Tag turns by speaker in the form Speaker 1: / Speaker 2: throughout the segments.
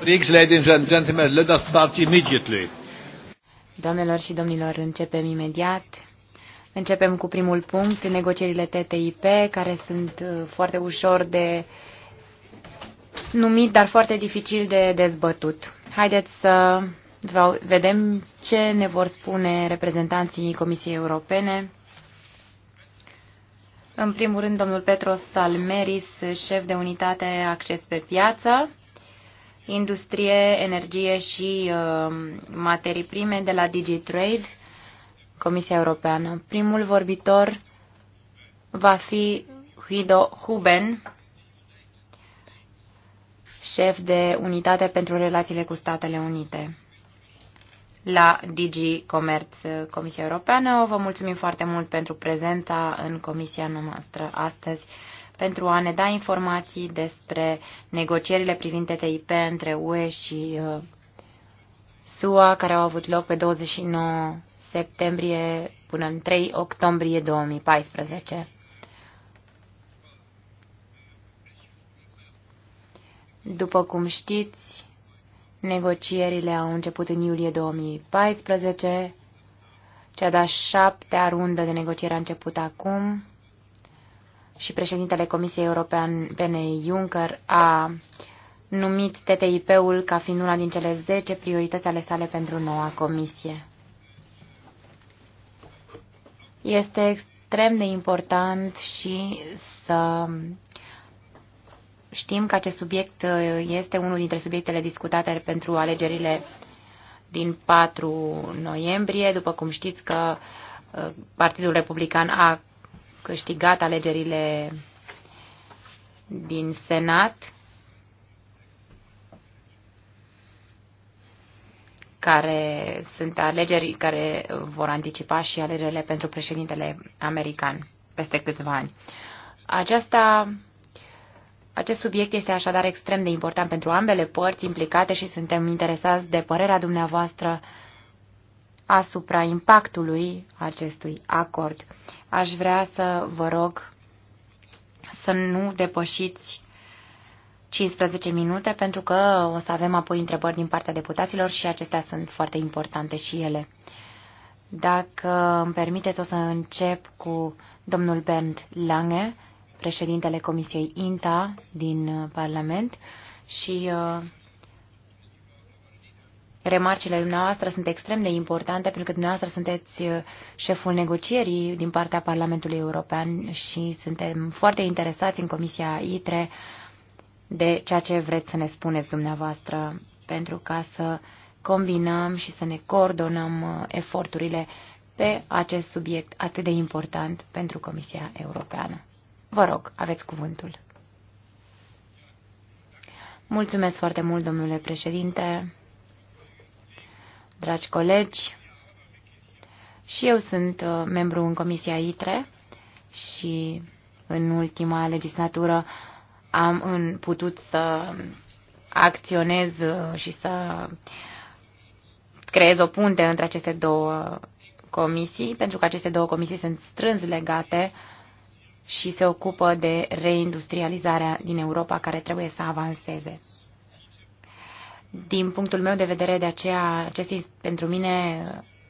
Speaker 1: Colleagues, ladies and gentlemen, let us start immediately.
Speaker 2: Doamnelor și domnilor, începem imediat. Începem cu primul punct, negocierile TTIP, care sunt uh, foarte ușor de numit, dar foarte dificil de dezbătut. Haideți să vedem ce ne vor spune reprezentanții Comisiei Europene. În primul rând, domnul Petros Salmeris, șef de unitate acces pe piață industrie, energie și uh, materii prime de la DigiTrade, Comisia Europeană. Primul vorbitor va fi Guido Huben, șef de unitate pentru relațiile cu Statele Unite la Digi Comerț uh, Comisia Europeană. Vă mulțumim foarte mult pentru prezența în comisia noastră astăzi pentru a ne da informații despre negocierile privind TTIP între UE și uh, SUA, care au avut loc pe 29 septembrie până în 3 octombrie 2014. După cum știți, negocierile au început în iulie 2014, cea de-a șaptea rundă de negociere a început acum și președintele Comisiei Europene Juncker a numit TTIP-ul ca fiind una din cele 10 priorități ale sale pentru noua comisie. Este extrem de important și să știm că acest subiect uh, este unul dintre subiectele discutate pentru alegerile din 4 noiembrie. După cum știți că uh, Partidul Republican a câștigat alegerile din Senat, care sunt alegeri care vor anticipa și alegerile pentru președintele american peste câțiva ani. Aceasta, acest subiect este așadar extrem de important pentru ambele părți implicate și suntem interesați de părerea dumneavoastră uh, asupra impactului acestui acord. Aș vrea să vă rog să nu depășiți 15 minute, pentru că o să avem apoi întrebări din partea deputaților și acestea sunt foarte importante și ele. Dacă îmi permiteți, o să încep cu domnul Bernd Lange, președintele Comisiei INTA din Parlament și uh, remarcile dumneavoastră sunt extrem de importante, pentru că dumneavoastră sunteți uh, șeful negocierii din partea Parlamentului European și suntem foarte interesați în Comisia ITRE de ceea ce vreți să ne spuneți dumneavoastră, pentru ca să combinăm și să ne coordonăm uh, eforturile pe acest subiect atât de important pentru Comisia Europeană. Vă rog, aveți cuvântul. Mulțumesc foarte mult, domnule președinte dragi colegi, și eu sunt uh, membru în Comisia ITRE și în ultima legislatură am putut să acționez uh, și să creez o punte între aceste două comisii, pentru că aceste două comisii sunt strâns legate și se ocupă de reindustrializarea din Europa care trebuie să avanseze. Din punctul meu de vedere, de aceea, acest, pentru mine,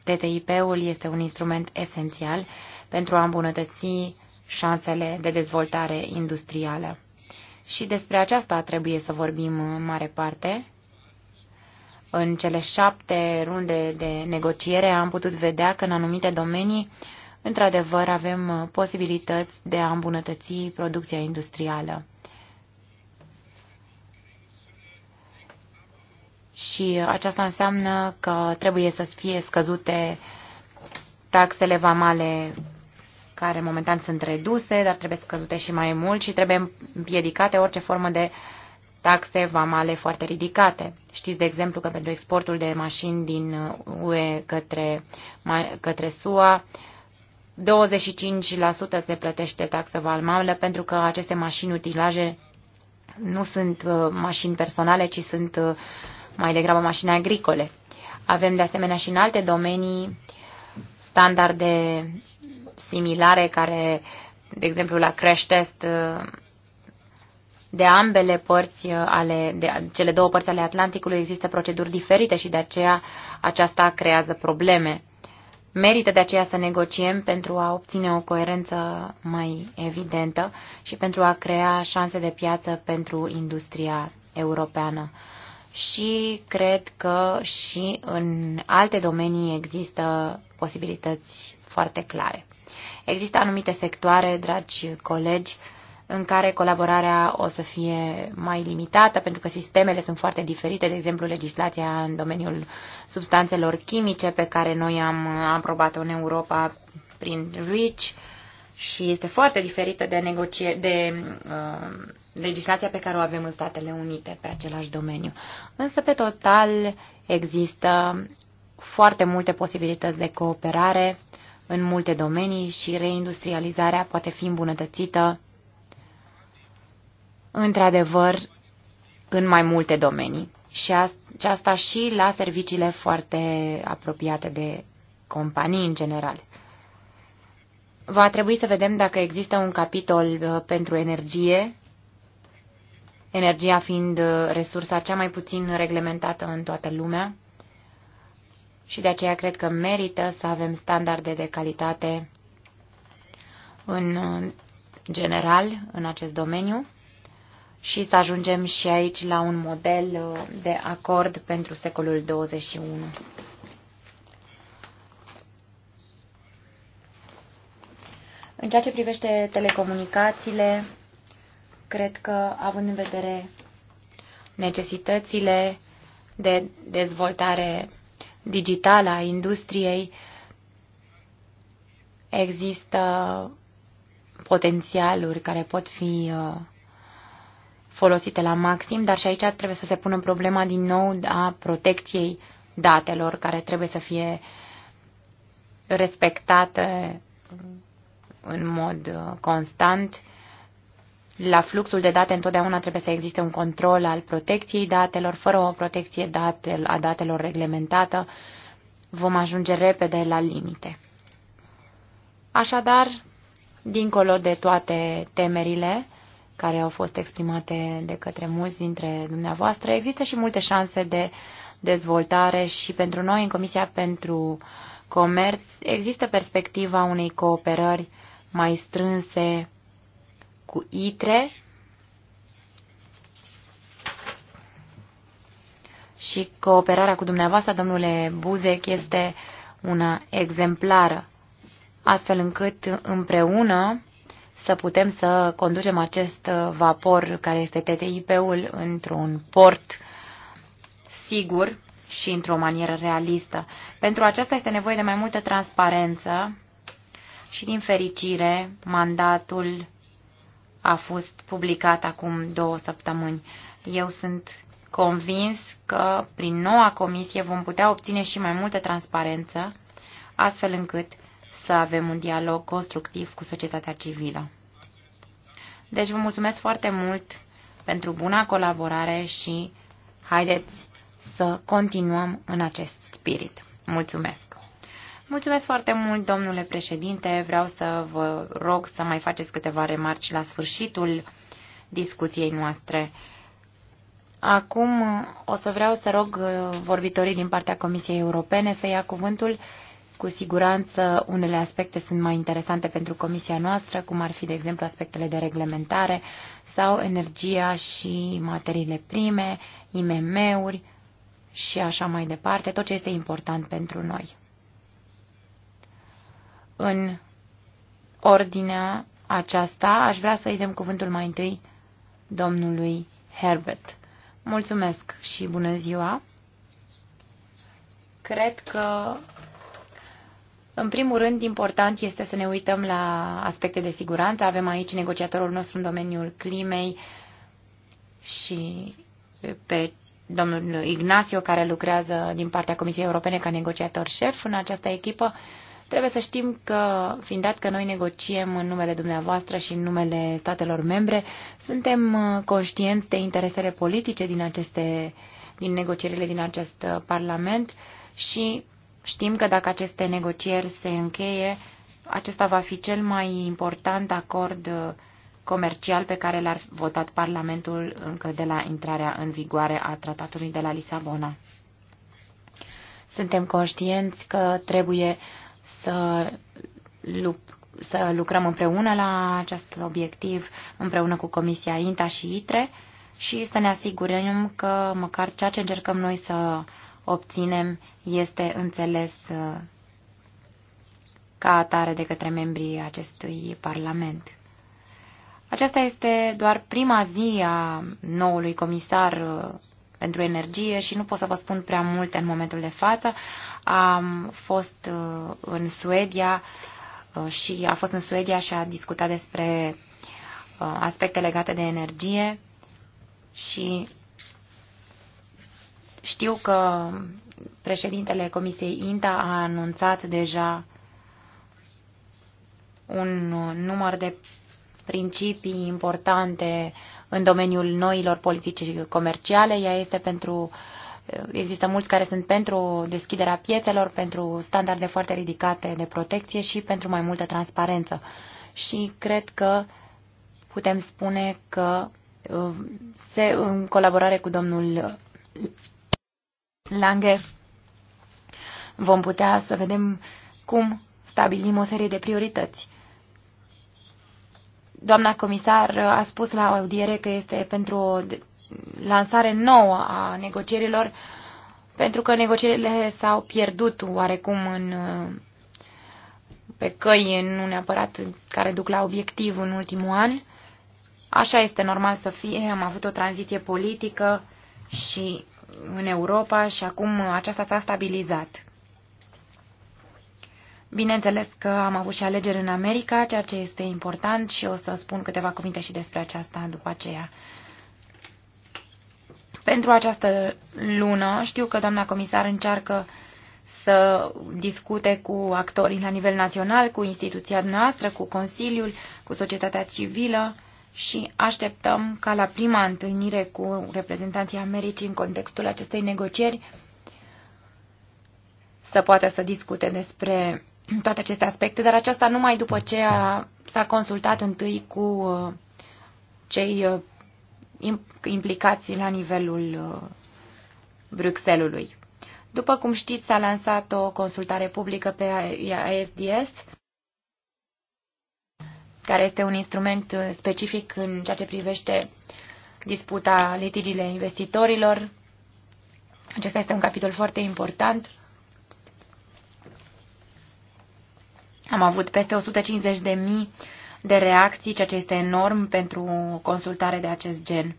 Speaker 2: TTIP-ul este un instrument esențial pentru a îmbunătăți șansele de dezvoltare industrială. Și despre aceasta trebuie să vorbim în mare parte. În cele șapte runde de negociere am putut vedea că în anumite domenii, într-adevăr, avem posibilități de a îmbunătăți producția industrială. și aceasta înseamnă că trebuie să fie scăzute taxele vamale care momentan sunt reduse, dar trebuie scăzute și mai mult și trebuie împiedicate orice formă de taxe vamale foarte ridicate. Știți, de exemplu, că pentru exportul de mașini din UE către, către SUA, 25% se plătește taxă vamală pentru că aceste mașini utilaje nu sunt uh, mașini personale, ci sunt uh, mai degrabă mașini agricole. Avem de asemenea și în alte domenii standarde similare care, de exemplu, la crash test de ambele părți uh, ale, de cele două părți ale Atlanticului există proceduri diferite și de aceea aceasta creează probleme. Merită de aceea să negociem pentru a obține o coerență mai evidentă și pentru a crea șanse de piață pentru industria europeană și cred că și în alte domenii există posibilități foarte clare. Există anumite sectoare, dragi colegi, în care colaborarea o să fie mai limitată, pentru că sistemele sunt foarte diferite, de exemplu legislația în domeniul substanțelor chimice pe care noi am aprobat-o în Europa prin RICH și este foarte diferită de, negocie- de uh, legislația pe care o avem în Statele Unite pe același domeniu. Însă, pe total, există foarte multe posibilități de cooperare în multe domenii și reindustrializarea poate fi îmbunătățită într-adevăr în mai multe domenii și asta și la serviciile foarte apropiate de companii în general. Va trebui să vedem dacă există un capitol uh, pentru energie energia fiind uh, resursa cea mai puțin reglementată în toată lumea și de aceea cred că merită să avem standarde de calitate în uh, general în acest domeniu și să ajungem și aici la un model uh, de acord pentru secolul 21. În ceea ce privește telecomunicațiile, Cred că, având în vedere necesitățile de dezvoltare digitală a industriei, există potențialuri care pot fi uh, folosite la maxim, dar și aici trebuie să se pună problema din nou a protecției datelor care trebuie să fie respectate în mod uh, constant la fluxul de date întotdeauna trebuie să existe un control al protecției datelor, fără o protecție date, a datelor reglementată, vom ajunge repede la limite. Așadar, dincolo de toate temerile care au fost exprimate de către mulți dintre dumneavoastră, există și multe șanse de dezvoltare și pentru noi în Comisia pentru Comerț există perspectiva unei cooperări mai strânse cu ITRE și cooperarea cu dumneavoastră, domnule Buzec, este una exemplară, astfel încât împreună să putem să conducem acest vapor care este TTIP-ul într-un port sigur și într-o manieră realistă. Pentru aceasta este nevoie de mai multă transparență și, din fericire, mandatul a fost publicat acum două săptămâni. Eu sunt convins că prin noua comisie vom putea obține și mai multă transparență, astfel încât să avem un dialog constructiv cu societatea civilă. Deci vă mulțumesc foarte mult pentru buna colaborare și haideți să continuăm în acest spirit. Mulțumesc! Mulțumesc foarte mult, domnule președinte. Vreau să vă rog să mai faceți câteva remarci la sfârșitul discuției noastre. Acum o să vreau să rog uh, vorbitorii din partea Comisiei Europene să ia cuvântul. Cu siguranță unele aspecte sunt mai interesante pentru Comisia noastră, cum ar fi, de exemplu, aspectele de reglementare sau energia și materiile prime, IMM-uri și așa mai departe, tot ce este important pentru noi în ordinea aceasta, aș vrea să-i dăm cuvântul mai întâi domnului Herbert. Mulțumesc și bună ziua! Cred că, în primul rând, important este să ne uităm la aspecte de siguranță. Avem aici negociatorul nostru în domeniul climei și pe domnul Ignacio, care lucrează din partea Comisiei Europene ca negociator șef în această echipă. Trebuie să știm că, fiind dat că noi negociem în numele dumneavoastră și în numele statelor membre, suntem uh, conștienți de interesele politice din, aceste, din negocierile din acest uh, Parlament și știm că dacă aceste negocieri se încheie, acesta va fi cel mai important acord uh, comercial pe care l-ar votat Parlamentul încă de la intrarea în vigoare a tratatului de la Lisabona. Suntem conștienți că trebuie să, lup, să lucrăm împreună la acest obiectiv, împreună cu Comisia INTA și ITRE și să ne asigurăm că măcar ceea ce încercăm noi să obținem este înțeles uh, ca atare de către membrii acestui Parlament. Aceasta este doar prima zi a noului comisar uh, pentru energie și nu pot să vă spun prea multe în momentul de față. Am fost uh, în Suedia uh, și a fost în Suedia și a discutat despre uh, aspecte legate de energie și știu că președintele Comisiei INTA a anunțat deja un număr de principii importante în domeniul noilor politici comerciale. Ea este pentru Există mulți care sunt pentru deschiderea piețelor, pentru standarde foarte ridicate de protecție și pentru mai multă transparență. Și cred că putem spune că uh, se, în colaborare cu domnul Lange vom putea să vedem cum stabilim o serie de priorități. Doamna comisar a spus la audiere că este pentru o lansare nouă a negocierilor, pentru că negocierile s-au pierdut oarecum în, pe căi, nu neapărat care duc la obiectiv în ultimul an. Așa este normal să fie, am avut o tranziție politică și în Europa și acum aceasta s-a stabilizat. Bineînțeles că am avut și alegeri în America, ceea ce este important și o să spun câteva cuvinte și despre aceasta după aceea. Pentru această lună știu că doamna comisar încearcă să discute cu actorii la nivel național, cu instituția noastră, cu Consiliul, cu societatea civilă și așteptăm ca la prima întâlnire cu reprezentanții Americii în contextul acestei negocieri să poată să discute despre toate aceste aspecte, dar aceasta numai după ce a, s-a consultat întâi cu uh, cei uh, implicați la nivelul uh, Bruxellesului. După cum știți, s-a lansat o consultare publică pe ASDS, care este un instrument specific în ceea ce privește disputa litigiile investitorilor. Acesta este un capitol foarte important Am avut peste 150.000 de de reacții, ceea ce este enorm pentru consultare de acest gen.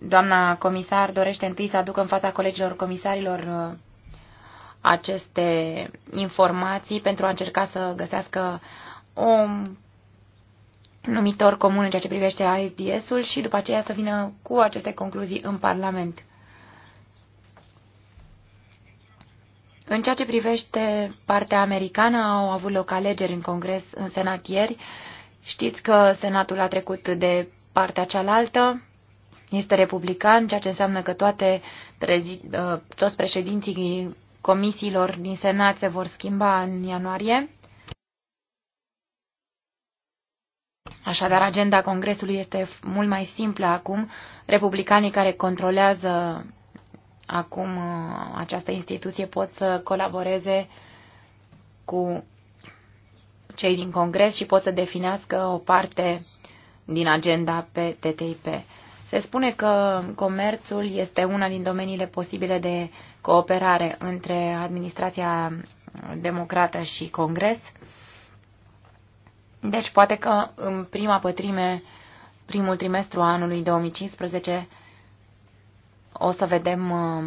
Speaker 2: Doamna comisar dorește întâi să aducă în fața colegilor comisarilor uh, aceste informații pentru a încerca să găsească un numitor comun în ceea ce privește ASDS-ul și după aceea să vină cu aceste concluzii în Parlament. În ceea ce privește partea americană, au avut loc alegeri în Congres, în Senat ieri. Știți că Senatul a trecut de partea cealaltă, este republican, ceea ce înseamnă că toate prezi, uh, toți președinții comisiilor din Senat se vor schimba în ianuarie. Așadar, agenda Congresului este mult mai simplă acum. Republicanii care controlează acum uh, această instituție pot să colaboreze cu cei din Congres și pot să definească o parte din agenda pe TTIP. Se spune că comerțul este una din domeniile posibile de cooperare între administrația democrată și Congres. Deci poate că în prima pătrime, primul trimestru anului 2015, o să vedem uh,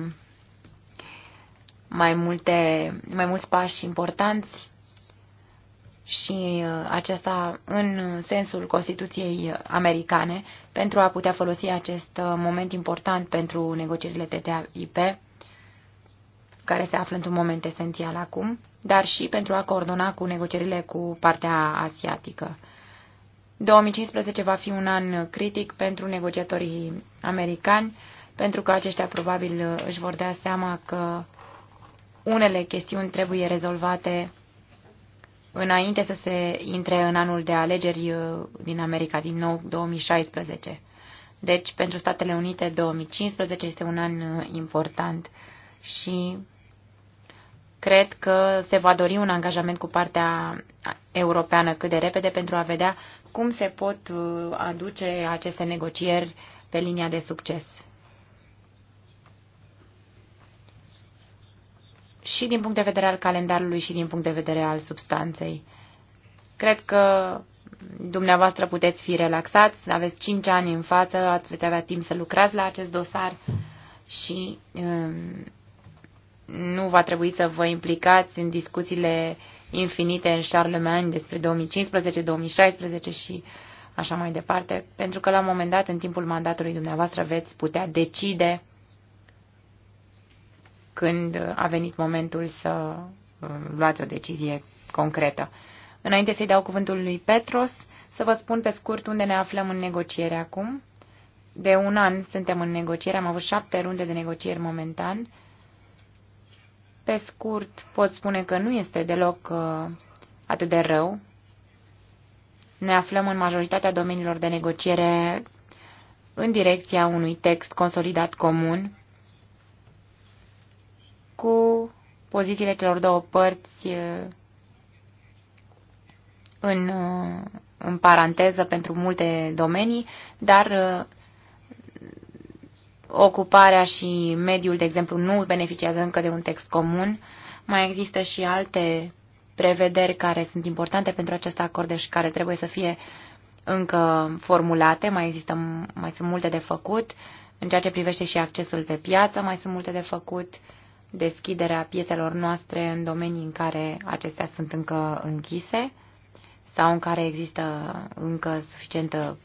Speaker 2: mai, multe, mai mulți pași importanți și uh, aceasta în sensul Constituției americane pentru a putea folosi acest uh, moment important pentru negocierile TTIP, care se află într-un moment esențial acum, dar și pentru a coordona cu negocierile cu partea asiatică. 2015 va fi un an critic pentru negociatorii americani pentru că aceștia probabil uh, își vor da seama că unele chestiuni trebuie rezolvate înainte să se intre în anul de alegeri uh, din America din nou, 2016. Deci, pentru Statele Unite, 2015 este un an uh, important și cred că se va dori un angajament cu partea europeană cât de repede pentru a vedea cum se pot aduce aceste negocieri pe linia de succes. și din punct de vedere al calendarului și din punct de vedere al substanței. Cred că dumneavoastră puteți fi relaxați, aveți 5 ani în față, veți avea timp să lucrați la acest dosar și um, nu va trebui să vă implicați în discuțiile infinite în Charlemagne despre 2015, 2016 și așa mai departe, pentru că la un moment dat, în timpul mandatului dumneavoastră, veți putea decide când a venit momentul să uh, luați o decizie concretă. Înainte să-i dau cuvântul lui Petros, să vă spun pe scurt unde ne aflăm în negociere acum. De un an suntem în negociere, am avut șapte runde de negocieri momentan. Pe scurt, pot spune că nu este deloc uh, atât de rău. Ne aflăm în majoritatea domeniilor de negociere în direcția unui text consolidat comun cu pozițiile celor două părți uh, în, uh, în paranteză pentru multe domenii, dar uh, ocuparea și mediul, de exemplu, nu beneficiază încă de un text comun. Mai există și alte prevederi care sunt importante pentru acest acord și deci care trebuie să fie încă formulate. Mai, există, mai sunt multe de făcut. În ceea ce privește și accesul pe piață, mai sunt multe de făcut. Uh, deschiderea piețelor noastre în domenii în care acestea sunt încă închise sau în care există încă suficientă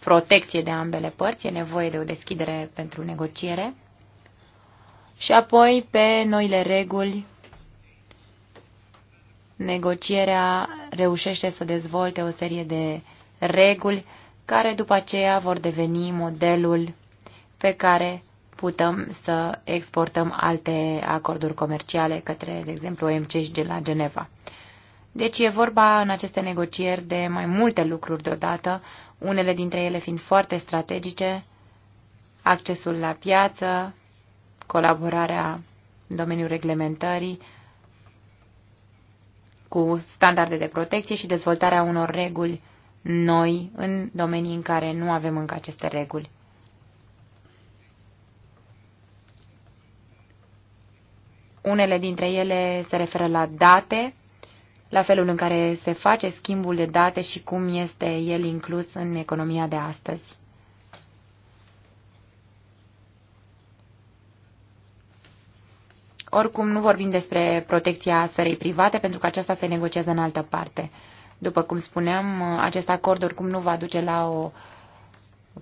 Speaker 2: protecție de ambele părți, e nevoie de o deschidere pentru negociere. Și apoi, pe noile reguli, negocierea reușește să dezvolte o serie de reguli care după aceea vor deveni modelul pe care putem să exportăm alte acorduri comerciale către, de exemplu, OMC și de la Geneva. Deci e vorba în aceste negocieri de mai multe lucruri deodată, unele dintre ele fiind foarte strategice, accesul la piață, colaborarea în domeniul reglementării, cu standarde de protecție și dezvoltarea unor reguli noi în domenii în care nu avem încă aceste reguli. Unele dintre ele se referă la date, la felul în care se face schimbul de date și cum este el inclus în economia de astăzi. Oricum, nu vorbim despre protecția sărei private, pentru că aceasta se negociază în altă parte. După cum spuneam, acest acord oricum nu va duce la o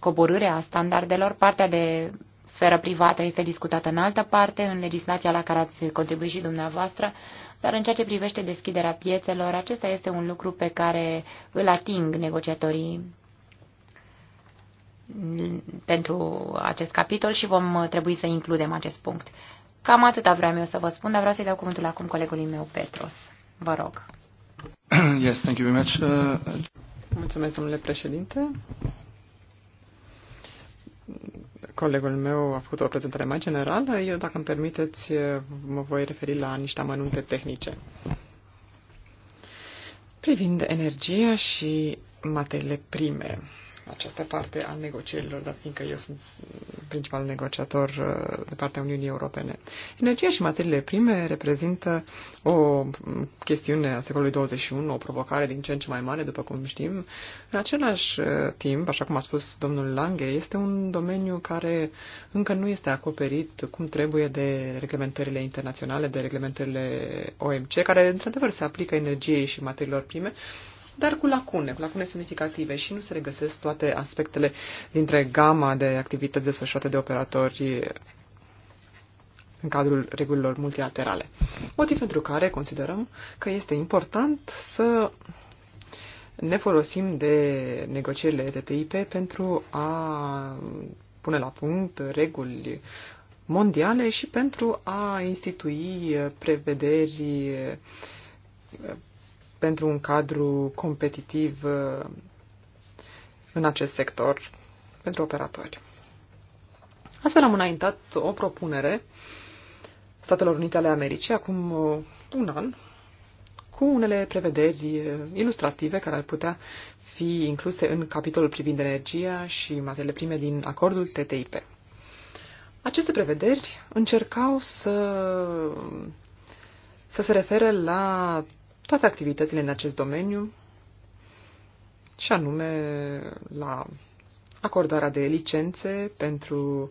Speaker 2: coborâre a standardelor. Partea de Sfera privată este discutată în altă parte, în legislația la care ați contribuit și dumneavoastră, dar în ceea ce privește deschiderea piețelor, acesta este un lucru pe care îl ating negociatorii pentru acest capitol și vom trebui să includem acest punct. Cam atâta vreau eu să vă spun, dar vreau să-i dau cuvântul acum colegului meu, Petros. Vă rog.
Speaker 3: Yes, thank you very much. Uh...
Speaker 2: Mulțumesc, domnule președinte.
Speaker 3: Colegul meu a făcut o prezentare mai generală. Eu, dacă îmi permiteți, mă voi referi la niște amănunte tehnice. Privind energia și materiile prime, această parte a negocierilor, dat fiindcă eu sunt principalul negociator uh, de partea Uniunii Europene. Energia și materiile prime reprezintă o chestiune a secolului 21, o provocare din ce în ce mai mare, după cum știm. În același uh, timp, așa cum a spus domnul Lange, este un domeniu care încă nu este acoperit cum trebuie de reglementările internaționale, de reglementările OMC, care într-adevăr se aplică energiei și materiilor prime, dar cu lacune, cu lacune semnificative și nu se regăsesc toate aspectele dintre gama de activități desfășurate de operatori în cadrul regulilor multilaterale. Motiv pentru care considerăm că este important să ne folosim de negocierile TTIP pentru a pune la punct reguli mondiale și pentru a institui prevederi pentru un cadru competitiv uh, în acest sector pentru operatori. Astfel am înaintat o propunere Statelor Unite ale Americii acum uh, un an cu unele prevederi uh, ilustrative care ar putea fi incluse în capitolul privind energia și materiile prime din acordul TTIP. Aceste prevederi încercau să, să se refere la toate activitățile în acest domeniu, și anume la acordarea de licențe pentru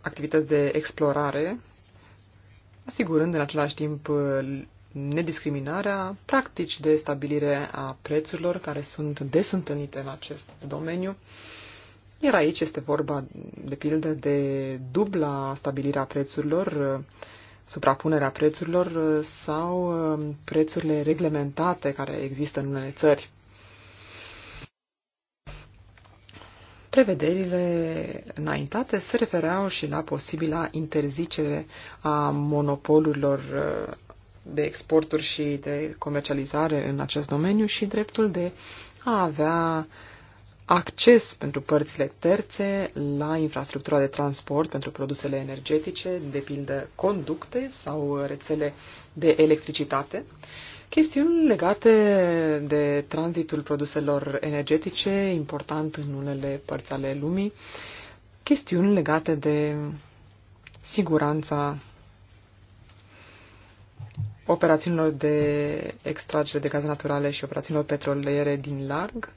Speaker 3: activități de explorare, asigurând în același timp uh, nediscriminarea, practici de stabilire a prețurilor care sunt des întâlnite în acest domeniu. Iar aici este vorba, de pildă, de dubla stabilire a prețurilor, uh, suprapunerea prețurilor uh, sau uh, prețurile reglementate care există în unele țări. Prevederile înaintate se refereau și la posibila interzicere a monopolurilor uh, de exporturi și de comercializare în acest domeniu și dreptul de a avea uh, acces pentru părțile terțe la infrastructura de transport pentru produsele energetice, de pildă conducte sau rețele de electricitate, chestiuni legate de tranzitul produselor energetice, important în unele părți ale lumii, chestiuni legate de siguranța operațiunilor de extragere de gaze naturale și operațiunilor petroliere din larg, uh,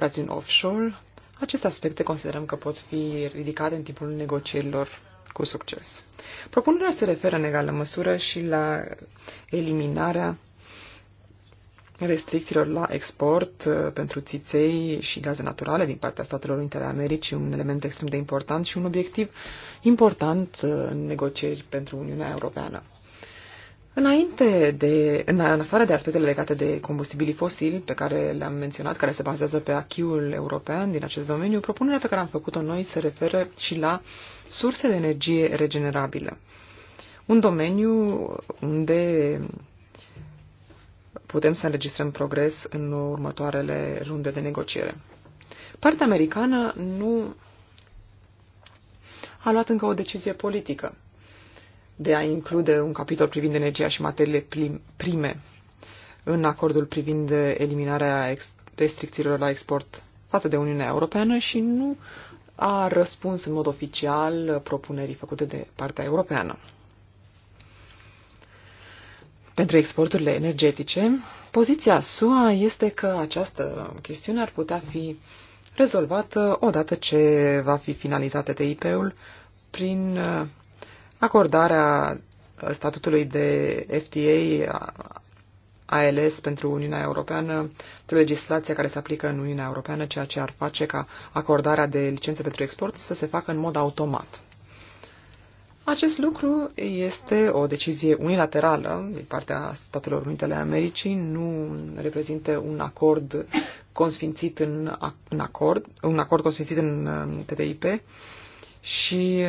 Speaker 3: operațiuni offshore, aceste aspecte considerăm că pot fi ridicate în timpul negocierilor cu succes. Propunerea se referă în egală măsură și la eliminarea restricțiilor la export uh, pentru țiței și gaze naturale din partea Statelor Unite ale Americii, un element extrem de important și un obiectiv important uh, în negocieri pentru Uniunea Europeană. Înainte de, în afară de aspectele legate de combustibilii fosili pe care le-am menționat, care se bazează pe achiul european din acest domeniu, propunerea pe care am făcut-o noi se referă și la surse de energie regenerabilă. Un domeniu unde putem să înregistrăm progres în următoarele runde de negociere. Partea americană nu a luat încă o decizie politică de a include un capitol privind energia și materiile prime în acordul privind eliminarea restricțiilor la export față de Uniunea Europeană și nu a răspuns în mod oficial propunerii făcute de partea europeană. Pentru exporturile energetice, poziția SUA este că această chestiune ar putea fi rezolvată odată ce va fi finalizat tip ul prin uh, Acordarea statutului de FTA ALS pentru Uniunea Europeană, pentru legislația care se aplică în Uniunea Europeană, ceea ce ar face ca acordarea de licențe pentru export să se facă în mod automat. Acest lucru este o decizie unilaterală din partea Statelor Unite ale Americii, nu reprezintă un acord consfințit în, în acord, un acord consfințit în TTIP și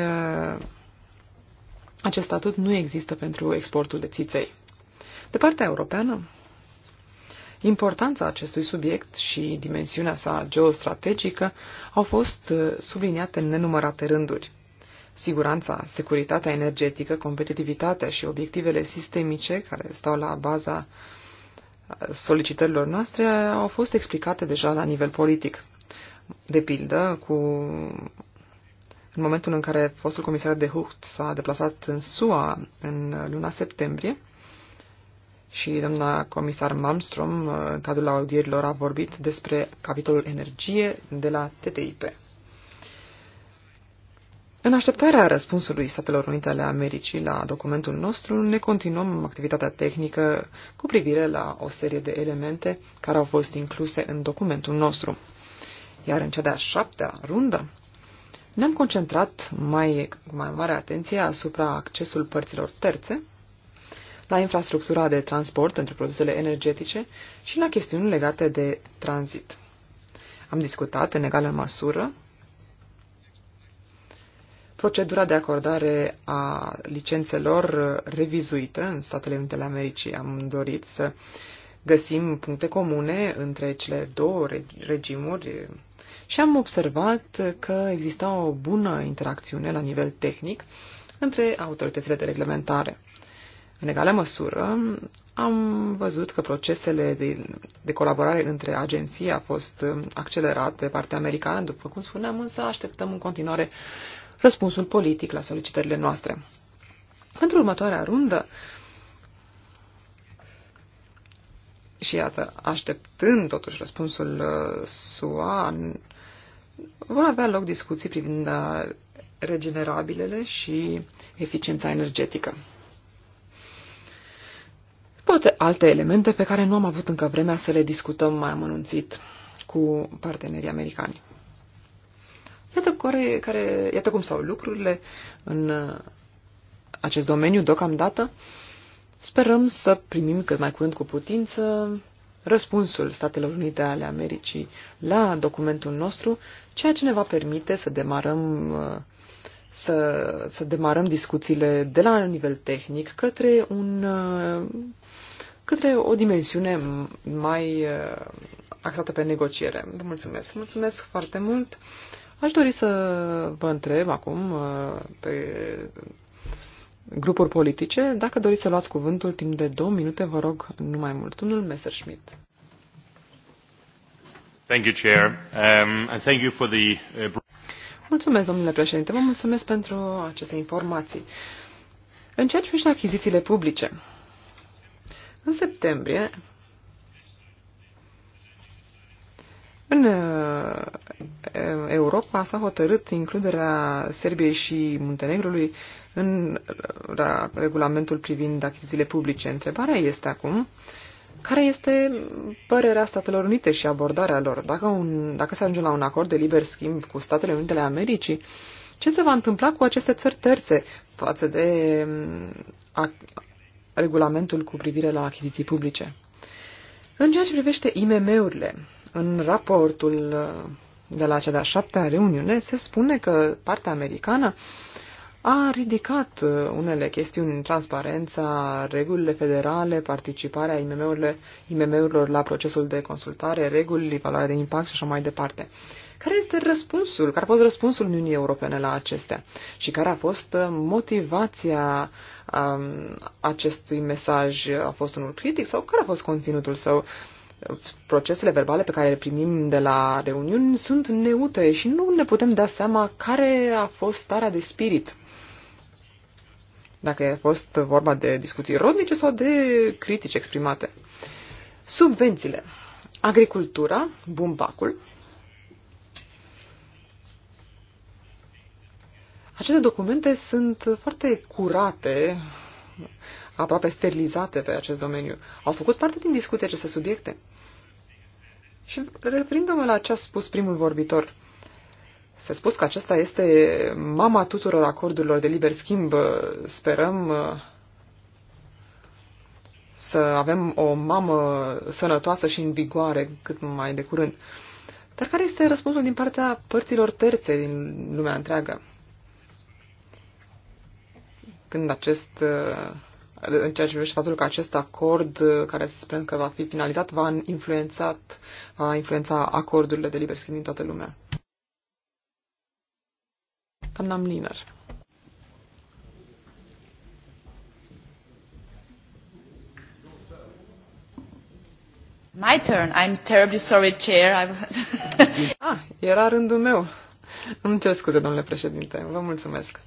Speaker 3: acest statut nu există pentru exportul de țiței. De partea europeană, importanța acestui subiect și dimensiunea sa geostrategică au fost uh, subliniate în nenumărate rânduri. Siguranța, securitatea energetică, competitivitatea și obiectivele sistemice care stau la baza uh, solicitărilor noastre au fost explicate deja la nivel politic. De pildă, cu în momentul în care fostul comisar de Hucht s-a deplasat în SUA în luna septembrie și doamna comisar Malmström, în cadrul audierilor, a vorbit despre capitolul energie de la TTIP. În așteptarea răspunsului Statelor Unite ale Americii la documentul nostru, ne continuăm activitatea tehnică cu privire la o serie de elemente care au fost incluse în documentul nostru. Iar în cea de-a șaptea rundă ne-am concentrat mai, cu mai mare atenție asupra accesul părților terțe, la infrastructura de transport pentru produsele energetice și la chestiuni legate de tranzit. Am discutat în egală măsură procedura de acordare a licențelor revizuită în Statele Unite ale Americii. Am dorit să găsim puncte comune între cele două regimuri și am observat că exista o bună interacțiune la nivel tehnic între autoritățile de reglementare. În egală măsură, am văzut că procesele de, de colaborare între agenții a fost accelerat de partea americană, după cum spuneam, însă așteptăm în continuare răspunsul politic la solicitările noastre. Pentru următoarea rundă, și iată, așteptând totuși răspunsul uh, SUA, vor avea loc discuții privind uh, regenerabilele și eficiența energetică. Poate alte elemente pe care nu am avut încă vremea să le discutăm mai amănunțit cu partenerii americani. Iată, care, care, iată cum stau lucrurile în uh, acest domeniu deocamdată. Sperăm să primim cât mai curând cu putință răspunsul Statelor Unite ale Americii la documentul nostru, ceea ce ne va permite să demarăm uh, să, să demarăm discuțiile de la nivel tehnic către un uh, către o dimensiune mai uh, axată pe negociere. Vă mulțumesc. Mulțumesc foarte mult. Aș dori să vă întreb acum pe grupuri politice. Dacă doriți să luați cuvântul timp de două minute, vă rog, nu mai mult. Domnul Messerschmidt.
Speaker 1: Thank you, Chair, um, and thank you for the... Uh,
Speaker 3: mulțumesc, domnule președinte. Vă mulțumesc pentru aceste informații. În ceea ce privește achizițiile publice, în septembrie, În uh, Europa s-a hotărât includerea Serbiei și Muntenegrului în regulamentul privind achizițiile publice. Întrebarea este acum care este părerea Statelor Unite și abordarea lor. Dacă, un, dacă se ajunge la un acord de liber schimb cu Statele Unite ale Americii, ce se va întâmpla cu aceste țări terțe față de mm, a, regulamentul cu privire la achiziții publice? În ceea ce privește IMM-urile, în raportul uh, de la cea de-a șaptea reuniune se spune că partea americană a ridicat uh, unele chestiuni, în transparența, regulile federale, participarea IMM-urilor, IMM la procesul de consultare, reguli, valoare de impact și așa mai departe. Care este răspunsul, care a fost răspunsul Uniunii Europene la acestea și care a fost uh, motivația um, acestui mesaj? A fost unul critic sau care a fost conținutul său? procesele verbale pe care le primim de la reuniuni sunt neutre și nu ne putem da seama care a fost starea de spirit. Dacă a fost vorba de discuții rodnice sau de critici exprimate. Subvențiile. Agricultura, bumbacul. Aceste documente sunt foarte curate aproape sterilizate pe acest domeniu. Au făcut parte din discuție aceste subiecte. Și referindu-mă la ce a spus primul vorbitor, s-a spus că acesta este mama tuturor acordurilor de liber schimb. Sperăm uh, să avem o mamă sănătoasă și în vigoare cât mai de curând. Dar care este răspunsul din partea părților terțe din lumea întreagă? Când acest uh, în ceea ce privește faptul că acest acord, uh, care se sperăm că va fi finalizat, va, influențat, va influența acordurile de liber schimb din toată lumea.
Speaker 2: Cam n-am liner. My turn. I'm terribly sorry, chair. ah,
Speaker 3: era rândul meu. Îmi cer scuze, domnule președinte, vă mulțumesc.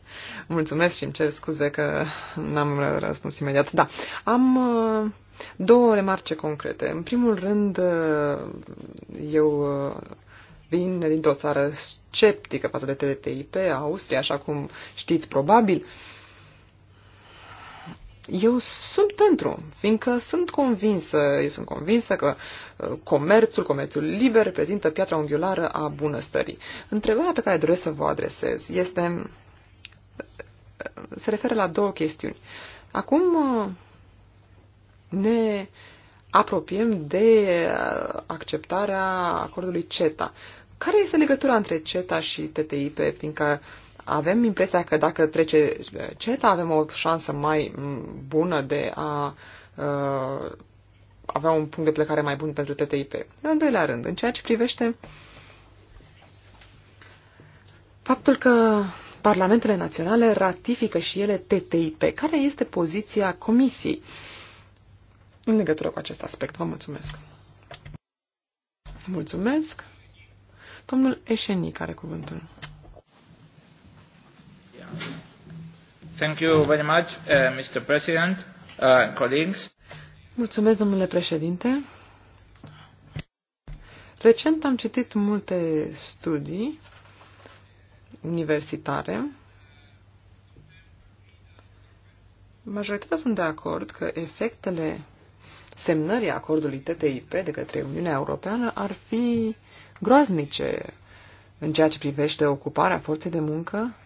Speaker 3: Mulțumesc și îmi cer scuze că n-am răspuns imediat. Da, am uh, două remarce concrete. În primul rând, uh, eu uh, vin dintr-o țară sceptică față de TTIP, Austria, așa cum știți probabil, uh, eu sunt pentru, fiindcă sunt convinsă, eu sunt convinsă că uh, comerțul, comerțul liber reprezintă piatra unghiulară a bunăstării. Întrebarea pe care doresc să vă adresez este, uh, se referă la două chestiuni. Acum uh, ne apropiem de acceptarea acordului CETA. Care este legătura între CETA și TTIP, fiindcă uh, avem impresia că dacă trece eh, CETA, avem o șansă mai mm, bună de a uh, avea un punct de plecare mai bun pentru TTIP. În doilea rând, în ceea ce privește faptul că parlamentele naționale ratifică și ele TTIP, care este poziția Comisiei în legătură cu acest aspect? Vă mulțumesc. Mulțumesc. Domnul Eșeni care cuvântul.
Speaker 1: Thank you very much, uh, Mr. President, uh, colleagues.
Speaker 3: Mulțumesc, domnule președinte. Recent am citit multe studii universitare. Majoritatea sunt de acord că efectele semnării acordului TTIP de către Uniunea Europeană ar fi groaznice în ceea ce privește ocuparea forței de muncă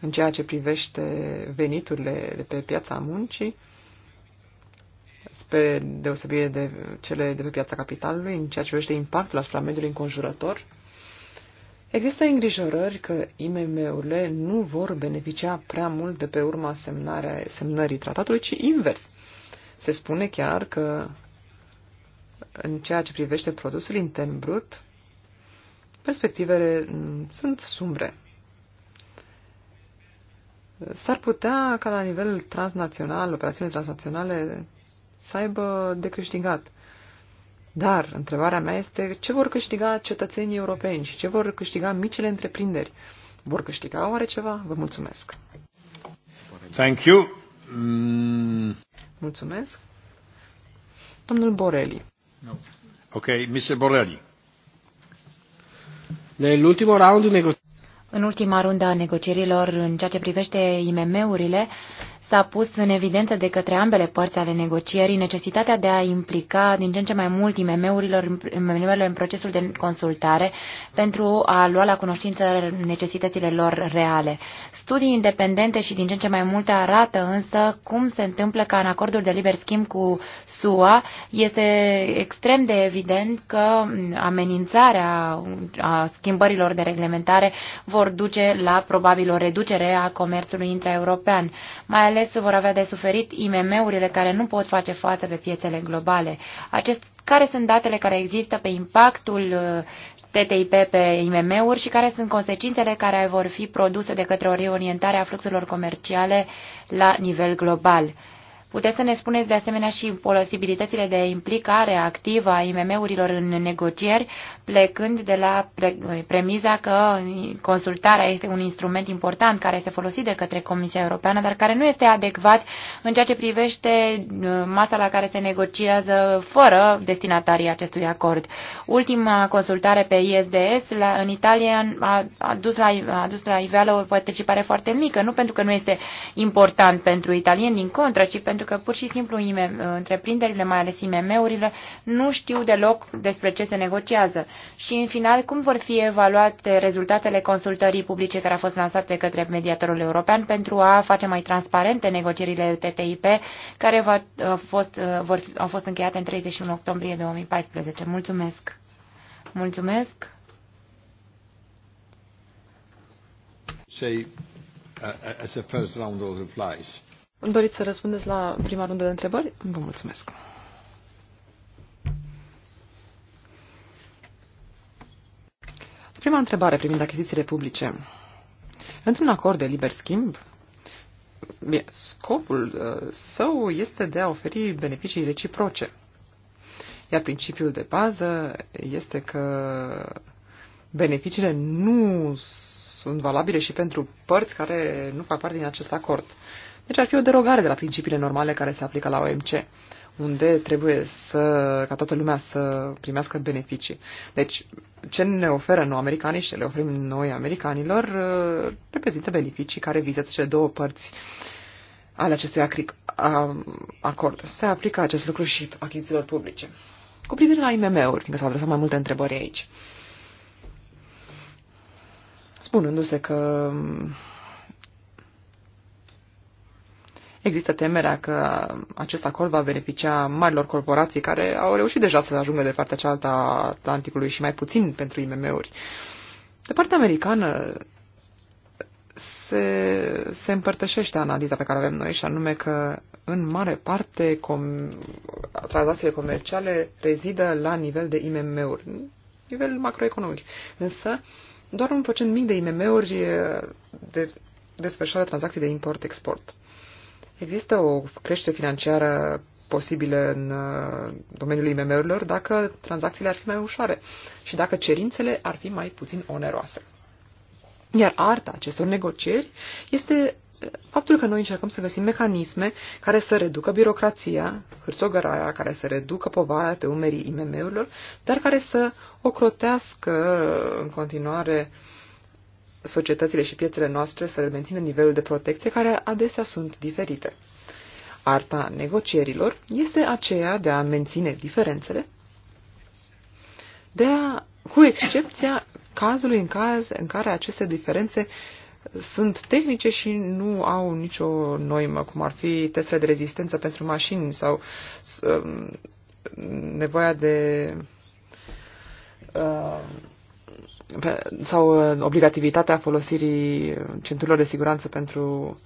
Speaker 3: în ceea ce privește veniturile de pe piața muncii, spre deosebire de cele de pe piața capitalului, în ceea ce privește impactul asupra mediului înconjurător, există îngrijorări că IMM-urile nu vor beneficia prea mult de pe urma semnării tratatului, ci invers. Se spune chiar că în ceea ce privește produsul intern brut, perspectivele sunt sumbre s-ar putea ca la nivel transnațional, operațiunile transnaționale, să aibă de câștigat. Dar întrebarea mea este ce vor câștiga cetățenii europeni și ce vor câștiga micile întreprinderi? Vor câștiga oare ceva? Vă
Speaker 1: mulțumesc! Thank you. Mm.
Speaker 3: Mulțumesc. Domnul Borelli. No.
Speaker 1: Ok, Mr. Borelli. Nell'ultimo round di
Speaker 2: în ultima rundă a negocierilor în ceea ce privește IMM-urile, S-a pus în evidență de către ambele părți ale negocierii necesitatea de a implica din ce în ce mai mult IMM-urilor în procesul de consultare pentru a lua la cunoștință necesitățile lor reale. Studii independente și din ce în ce mai multe arată însă cum se întâmplă ca în acordul de liber schimb cu SUA este extrem de evident că amenințarea a schimbărilor de reglementare vor duce la probabil o reducere a comerțului intraeuropean, mai ales vor avea de suferit IMM-urile care nu pot face față pe piețele globale. Acest, care sunt datele care există pe impactul uh, TTIP pe IMM-uri și care sunt consecințele care vor fi produse de către o reorientare a fluxurilor comerciale la nivel global? Puteți să ne spuneți de asemenea și posibilitățile de implicare activă a IMM-urilor în negocieri, plecând de la premiza că consultarea este un instrument important care este folosit de către Comisia Europeană, dar care nu este adecvat în ceea ce privește uh, masa la care se negociază fără destinatarii acestui acord. Ultima consultare pe ISDS la, în Italia a, a, dus la, a dus la iveală o participare foarte mică, nu pentru că nu este important pentru italieni, din contră, ci pentru pentru că pur și simplu uh, întreprinderile, mai ales IMM-urile, nu știu deloc despre ce se negociază. Și în final, cum vor fi evaluate rezultatele consultării publice care a fost lansate către mediatorul european pentru a face mai transparente negocierile TTIP care va, a uh, fost, uh, vor, au fost încheiate în 31 octombrie 2014. Mulțumesc! Mulțumesc!
Speaker 1: Say, uh, as a first round of replies.
Speaker 2: Doriți să răspundeți la prima
Speaker 3: rundă de întrebări? Vă mulțumesc. Prima întrebare privind achizițiile publice. Într-un acord de liber schimb, scopul uh, său este de a oferi beneficii reciproce. Iar principiul de bază este că beneficiile nu sunt valabile și pentru părți care nu fac parte din acest acord. Deci ar fi o derogare de la principiile normale care se aplică la OMC, unde trebuie să, ca toată lumea să primească beneficii. Deci, ce ne oferă noi americanii și ce le oferim noi americanilor uh, reprezintă beneficii care vizează cele două părți ale acestui acord. Se aplică acest lucru și achizițiilor publice. Cu privire la IMM-uri, fiindcă s-au adresat mai multe întrebări aici, spunându-se că Există temerea că acest acord va beneficia marilor corporații care au reușit deja să ajungă de partea cealaltă a Atlanticului și mai puțin pentru IMM-uri. De partea americană se, se împărtășește analiza pe care avem noi și anume că în mare parte com, tranzacțiile comerciale rezidă la nivel de IMM-uri, nivel macroeconomic. Însă, doar un procent mic de IMM-uri de, desfășoară tranzacții de import-export. Există o creștere financiară posibilă în uh, domeniul IMM-urilor dacă tranzacțiile ar fi mai ușoare și dacă cerințele ar fi mai puțin oneroase. Iar arta acestor negocieri este uh, faptul că noi încercăm să găsim mecanisme care să reducă birocrația, hârțogăraia, care să reducă povara pe umerii IMM-urilor, dar care să ocrotească în continuare uh, societățile și piețele noastre să le mențină nivelul de protecție care adesea sunt diferite. Arta negocierilor este aceea de a menține diferențele, de a, cu excepția cazului în, caz, în care aceste diferențe sunt tehnice și nu au nicio noimă, cum ar fi testele de rezistență pentru mașini sau um, nevoia de uh, sau obligativitatea folosirii centurilor de siguranță pentru,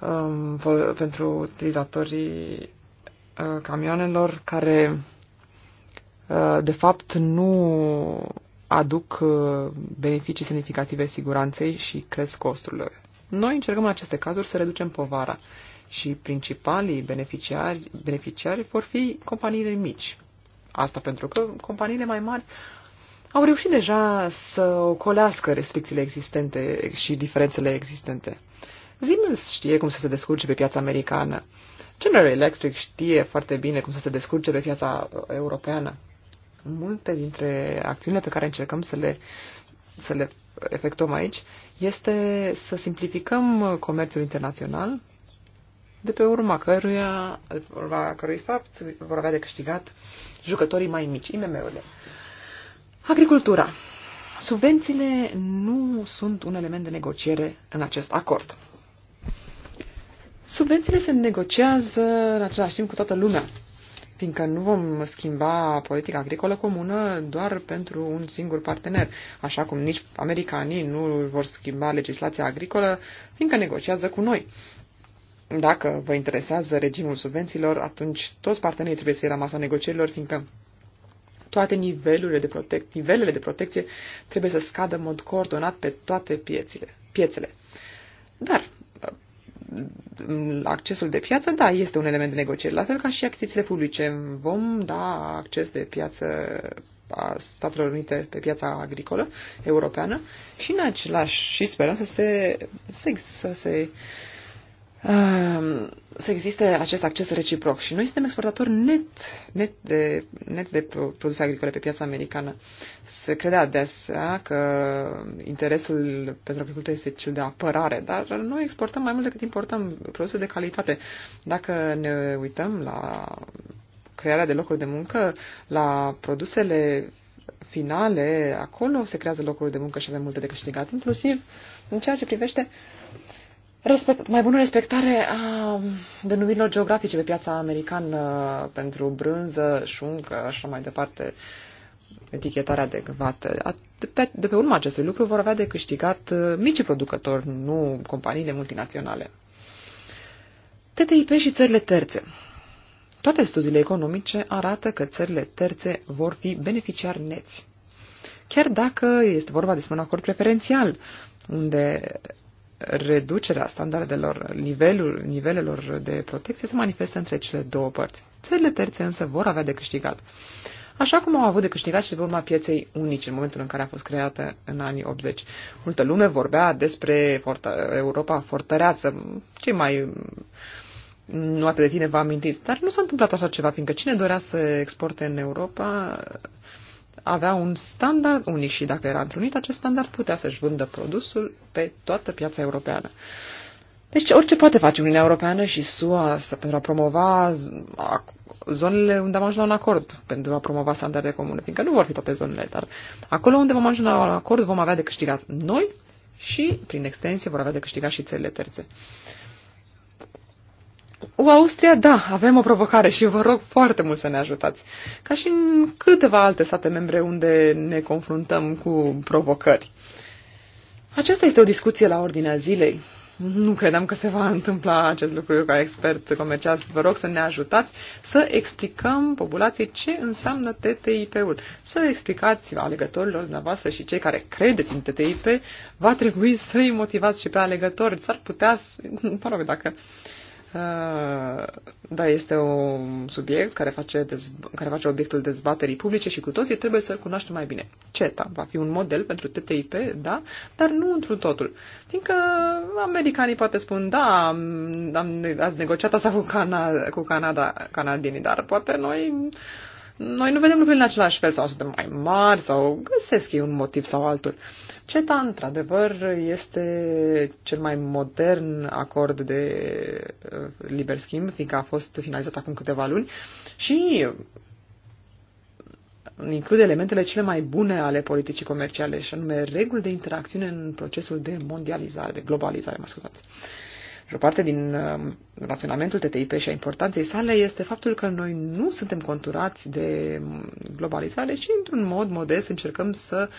Speaker 3: um, pentru utilizatorii uh, camioanelor care uh, de fapt nu aduc uh, beneficii semnificative siguranței și cresc costurile. Noi încercăm în aceste cazuri să reducem povara și principalii beneficiari, beneficiari vor fi companiile mici. Asta pentru că companiile mai mari au reușit deja să ocolească restricțiile existente și diferențele existente. Siemens știe cum să se descurce pe piața americană. General Electric știe foarte bine cum să se descurce pe piața uh, europeană. Multe dintre acțiunile pe care încercăm să le, să le efectuăm aici este să simplificăm comerțul internațional, de pe urma căruia, de pe urma cărui fapt vor avea de câștigat jucătorii mai mici, IMM-urile. Agricultura. Subvențiile nu sunt un element de negociere în acest acord. Subvențiile se negociază în același timp cu toată lumea, fiindcă nu vom schimba politica agricolă comună doar pentru un singur partener, așa cum nici americanii nu vor schimba legislația agricolă, fiindcă negociază cu noi. Dacă vă interesează regimul subvențiilor, atunci toți partenerii trebuie să fie la masa negocierilor, fiindcă toate nivelurile de protecție, nivelele de protecție trebuie să scadă în mod coordonat pe toate piețile, piețele. Dar uh, accesul de piață, da, este un element de negociere, la fel ca și achizițiile publice. Vom da acces de piață a Statelor Unite pe piața agricolă europeană și în același și sperăm să se, să, să se Ehm, să existe acest acces reciproc. Și noi suntem exportatori net, net, de, net de produse agricole pe piața americană. Se crede adesea că interesul pentru agricultură este cel de apărare, dar noi exportăm mai mult decât importăm produse de calitate. Dacă ne uităm la crearea de locuri de muncă, la produsele finale, acolo se creează locuri de muncă și avem multe de câștigat, inclusiv în ceea ce privește respect, mai bună respectare a denumirilor geografice pe piața americană pentru brânză, șuncă, așa mai departe, etichetarea adecvată. De pe, de pe urma acestui lucru vor avea de câștigat uh, mici producători, nu companiile multinaționale. TTIP și țările terțe. Toate studiile economice arată că țările terțe vor fi beneficiari neți. Chiar dacă este vorba despre un acord preferențial, unde reducerea standardelor nivelul, nivelelor de protecție se manifestă între cele două părți. Țările terțe însă vor avea de câștigat. Așa cum au avut de câștigat și de urma pieței unice în momentul în care a fost creată în anii 80. Multă lume vorbea despre Europa fortăreață, cei mai nu atât de tine vă amintiți, dar nu s-a întâmplat așa ceva, fiindcă cine dorea să exporte în Europa avea un standard unic și dacă era întrunit acest standard, putea să-și vândă produsul pe toată piața europeană. Deci orice poate face Uniunea Europeană și SUA să, pentru a promova zonele unde am ajuns la un acord, pentru a promova standarde comune, fiindcă nu vor fi toate zonele, dar acolo unde vom ajunge la un acord vom avea de câștigat noi și, prin extensie, vor avea de câștigat și țările terțe. Cu Austria, da, avem o provocare și vă rog foarte mult să ne ajutați. Ca și în câteva alte state membre unde ne confruntăm cu provocări. Aceasta este o discuție la ordinea zilei. Nu credeam că se va întâmpla acest lucru. Eu, ca expert comercial, vă rog să ne ajutați să explicăm populației ce înseamnă TTIP-ul. Să explicați alegătorilor dumneavoastră și cei care credeți în TTIP, va trebui să-i motivați și pe alegători. S-ar putea, mă rog, dacă uh, Uh, da, este un subiect care face, dezb- care face obiectul dezbaterii publice și cu toții trebuie să-l cunoaștem mai bine. CETA va fi un model pentru TTIP, da, dar nu într-un totul. Fiindcă americanii poate spun, da, am, am, ați negociat asta cu, Cana- cu Canada, canadienii, dar poate noi noi nu vedem lucrurile în același fel sau suntem mai mari sau găsesc ei un motiv sau altul. CETA, într-adevăr, este cel mai modern acord de uh, liber schimb, fiindcă a fost finalizat acum câteva luni și include elementele cele mai bune ale politicii comerciale, și anume reguli de interacțiune în procesul de mondializare, de globalizare, mă scuzați. Și o parte din uh, raționamentul TTIP și a importanței sale este faptul că noi nu suntem conturați de globalizare, ci într-un mod modest încercăm să uh,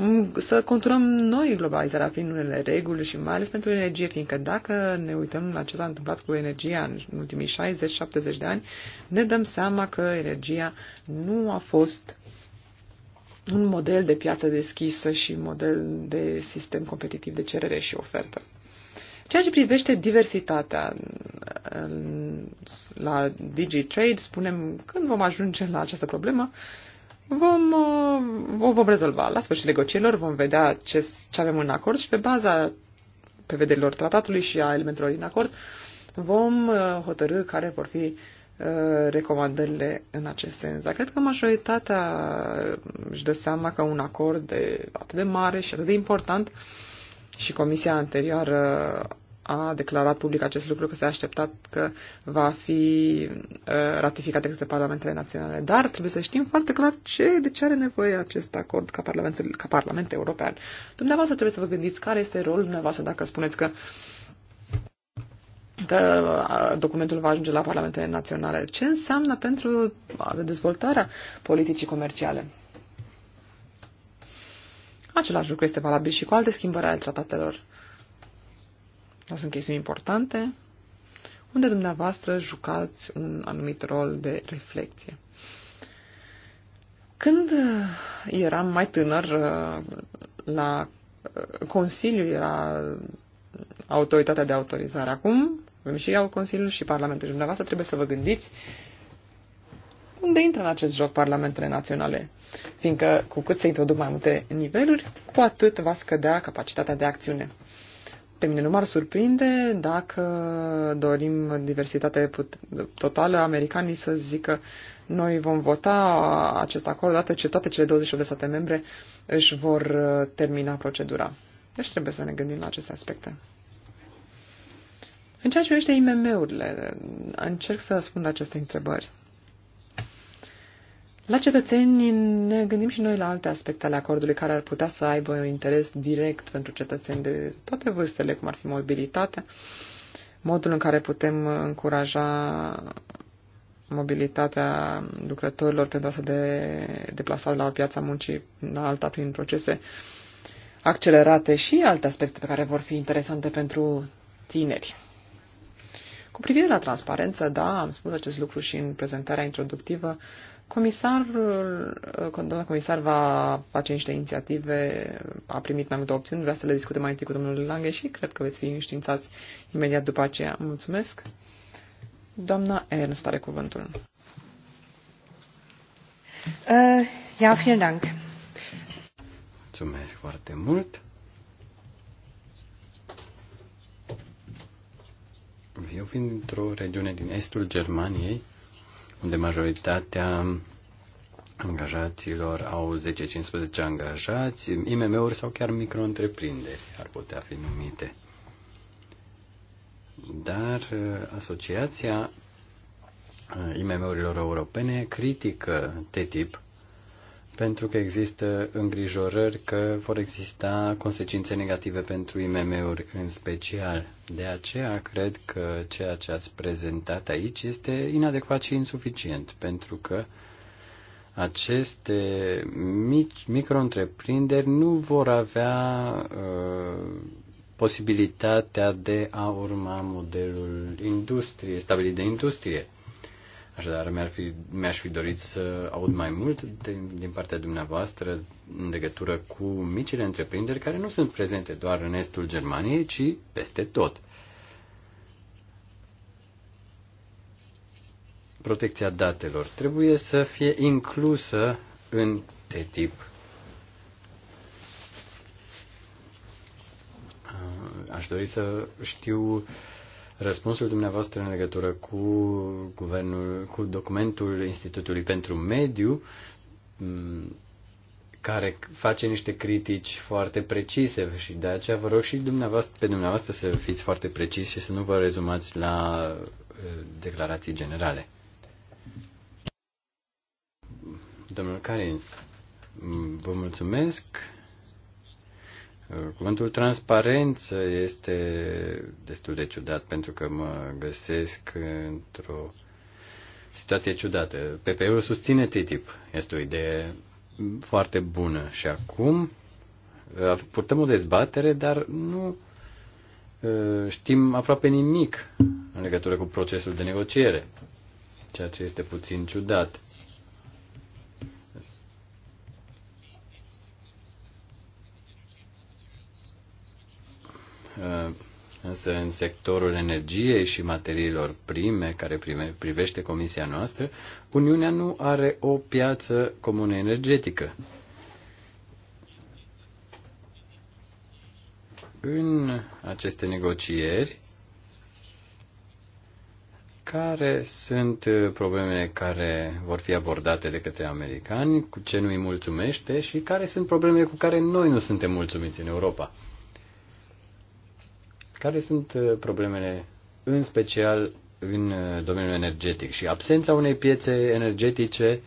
Speaker 3: Mm, să conturăm noi globalizarea prin unele reguli și mai ales pentru energie, fiindcă dacă ne uităm la ce s-a întâmplat cu energia în ultimii 60-70 de ani, ne dăm seama că energia nu a fost un model de piață deschisă și model de sistem competitiv de cerere și ofertă. Ceea ce privește diversitatea, la DigiTrade spunem când vom ajunge la această problemă, vom, uh, o vom rezolva. La sfârșitul negocierilor vom vedea ce, ce avem în acord și pe baza prevederilor tratatului și a elementelor din acord vom uh, hotărâ care vor fi uh, recomandările în acest sens. Dar cred că majoritatea își dă seama că un acord de atât de mare și atât de important și comisia anterioară a declarat public acest lucru, că se așteptat că va fi uh, ratificat de către parlamentele naționale. Dar trebuie să știm foarte clar ce, de ce are nevoie acest acord ca parlament, ca parlament european. Dumneavoastră trebuie să vă gândiți care este rolul dumneavoastră dacă spuneți că că uh, documentul va ajunge la parlamentele naționale. Ce înseamnă pentru dezvoltarea politicii comerciale? Același lucru este valabil și cu alte schimbări ale tratatelor dar sunt chestiuni importante unde dumneavoastră jucați un anumit rol de reflexie. Când eram mai tânăr, la Consiliu era autoritatea de autorizare. Acum, și eu Consiliul și Parlamentul și dumneavoastră trebuie să vă gândiți unde intră în acest joc parlamentele naționale. Fiindcă cu cât se introduc mai multe niveluri, cu atât va scădea capacitatea de acțiune. Pe mine nu m-ar surprinde dacă dorim diversitate totală, americanii să zică noi vom vota acest acord odată ce toate cele 28 de state membre își vor uh, termina procedura. Deci trebuie să ne gândim la aceste aspecte. În ceea ce privește IMM-urile, încerc să răspund aceste întrebări. La cetățeni ne gândim și noi la alte aspecte ale acordului care ar putea să aibă interes direct pentru cetățeni de toate vârstele, cum ar fi mobilitatea, modul în care putem încuraja mobilitatea lucrătorilor pentru a se de, deplasa la o piață a muncii la alta prin procese accelerate și alte aspecte pe care vor fi interesante pentru tineri. Cu privire la transparență, da, am spus acest lucru și în prezentarea introductivă, Comisarul, uh, doamna comisar va face niște inițiative, a primit mai multe opțiuni, vrea să le discute mai întâi cu domnul Lange și cred că veți fi înștiințați imediat după aceea. Mulțumesc. Doamna Ernst are cuvântul. Uh, ja, vielen Dank.
Speaker 1: Mulțumesc foarte mult. Eu vin într-o regiune din estul Germaniei, unde majoritatea angajaților au 10-15 angajați, IMM-uri sau chiar micro-întreprinderi ar putea fi numite. Dar uh, Asociația uh, IMM-urilor europene critică TTIP pentru că există îngrijorări că vor exista consecințe negative pentru IMM-uri în special. De aceea cred că ceea ce ați prezentat aici este inadecvat și insuficient, pentru că aceste micro-întreprinderi nu vor avea uh, posibilitatea de a urma modelul industrie, stabilit de industrie. Așadar, mi-ar fi, mi-aș fi dorit să aud mai mult de, din partea dumneavoastră în legătură cu micile întreprinderi care nu sunt prezente doar în estul Germaniei, ci peste tot. Protecția datelor trebuie să fie inclusă în TTIP. Aș dori să știu uh, răspunsul dumneavoastră în legătură cu, guvernul, cu documentul Institutului pentru Mediu, mm, care face niște critici foarte precise și de aceea vă rog și dumneavoastră, pe dumneavoastră să fiți foarte precis și să nu vă rezumați la eh, declarații generale. Domnul Carins, mm, vă mulțumesc. Cuvântul transparență este destul de ciudat pentru că mă găsesc într-o situație ciudată. PP-ul susține TTIP. Este o idee foarte bună și acum purtăm o dezbatere, dar nu știm aproape nimic în legătură cu procesul de negociere, ceea ce este puțin ciudat. Uh, însă în sectorul energiei și materiilor prime care prime, privește comisia noastră, Uniunea nu are o piață comună energetică. În aceste negocieri, care sunt problemele care vor fi abordate de către americani, cu ce nu îi mulțumește și care sunt problemele cu care noi nu suntem mulțumiți în Europa? Care sunt uh, problemele, în special în uh, domeniul energetic? Și absența unei piețe energetice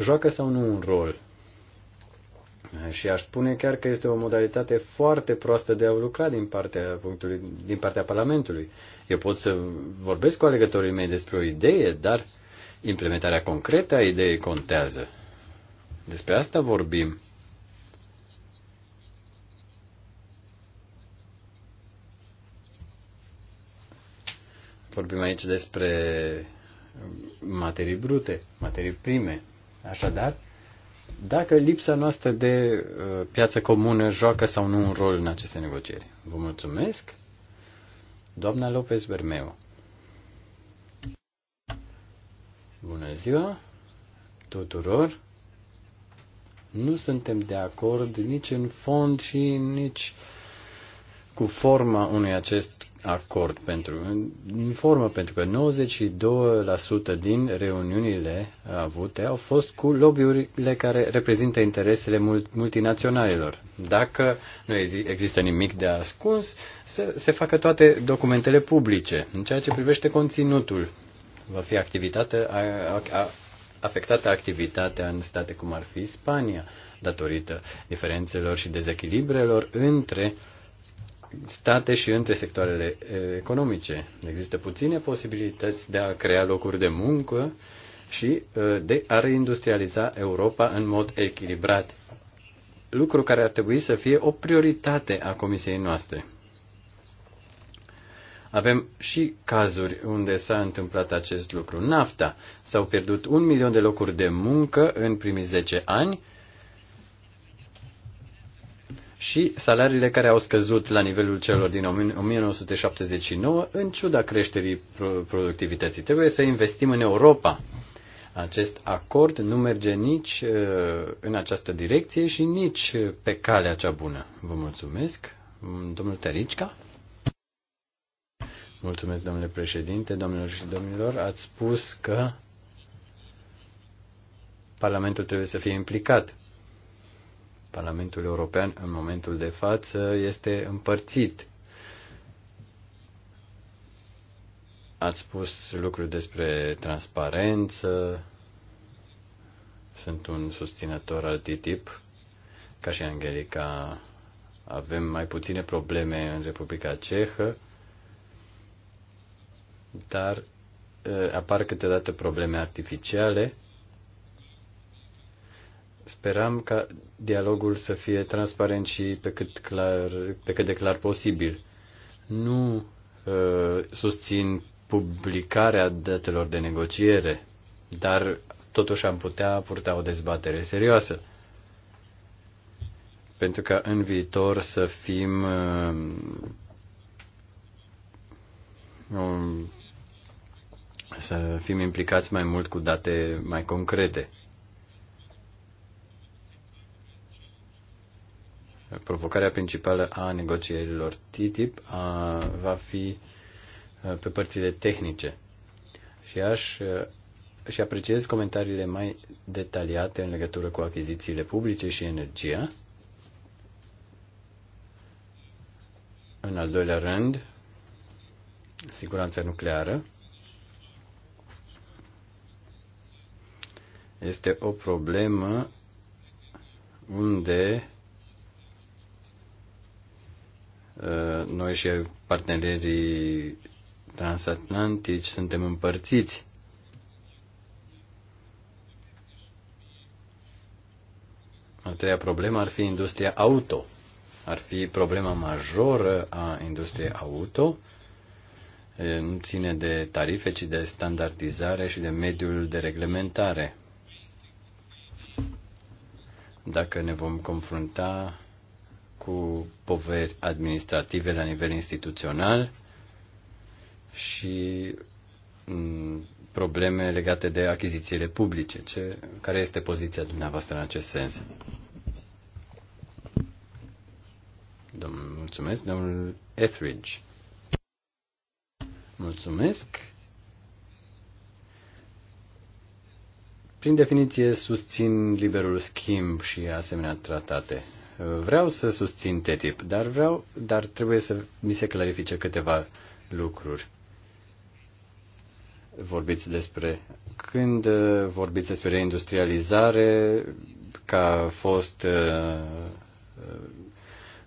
Speaker 1: joacă sau nu un rol? Uh, și aș spune chiar că este o modalitate foarte proastă de a lucra din partea, punctului, din partea Parlamentului. Eu pot să vorbesc cu alegătorii mei despre o idee, dar implementarea concretă a ideii contează. Despre asta vorbim. Vorbim aici despre materii brute, materii prime. Așadar, dacă lipsa noastră de uh, piață comună joacă sau nu un rol în aceste negocieri. Vă mulțumesc, doamna Lopez Bermeo. Bună ziua tuturor! Nu suntem de acord nici în fond și nici cu forma unui acest acord pentru, formă, pentru că 92% din reuniunile avute au fost cu lobbyurile care reprezintă interesele multinaționalelor. Dacă nu există nimic de ascuns, să se facă toate documentele publice. În ceea ce privește conținutul, va fi a, a, a, afectată activitatea în state cum ar fi Spania, datorită diferențelor și dezechilibrelor între uh, state și între sectoarele economice. Există puține posibilități de a crea locuri de muncă și de a reindustrializa Europa în mod echilibrat, lucru care ar trebui să fie o prioritate a Comisiei noastre. Avem și cazuri unde s-a întâmplat acest lucru. NAFTA s-au pierdut un milion de locuri de muncă în primii 10 ani și salariile care au scăzut la nivelul celor din 1979 în ciuda creșterii productivității. Trebuie să investim în Europa. Acest acord nu merge nici uh, în această direcție și nici pe calea cea bună. Vă mulțumesc. Domnul Tericca? Mulțumesc, domnule președinte, domnilor și domnilor. Ați spus că Parlamentul trebuie să fie implicat Parlamentul European în momentul de față este împărțit. Ați spus lucruri despre transparență. Sunt un susținător al TTIP. Ca și Angelica, avem mai puține probleme în Republica Cehă, dar eh, apar câteodată probleme artificiale Speram ca dialogul să fie transparent și pe cât, clar, pe cât de clar posibil. Nu uh, susțin publicarea datelor de negociere, dar totuși am putea purta o dezbatere serioasă. Pentru că în viitor să fim uh, um, să fim implicați mai mult cu date mai concrete. provocarea principală a negocierilor TTIP a, va fi pe părțile tehnice. Și aș și apreciez comentariile mai detaliate în legătură cu achizițiile publice și energia. În al doilea rând, siguranța nucleară este o problemă unde Uh, noi și partenerii transatlantici suntem împărțiți. A treia problemă ar fi industria auto. Ar fi problema majoră a industriei auto. Nu ține de tarife, ci de standardizare și de mediul de reglementare. Dacă ne vom confrunta cu poveri administrative la nivel instituțional și mm, probleme legate de achizițiile publice. Ce, care este poziția dumneavoastră în acest sens? Domnul, mulțumesc. Domnul Etheridge. Mulțumesc. Prin definiție, susțin liberul schimb și asemenea tratate. Vreau să susțin TTIP, dar vreau, dar trebuie să mi se clarifice câteva lucruri. Vorbiți despre când vorbiți despre reindustrializare ca fost uh, uh,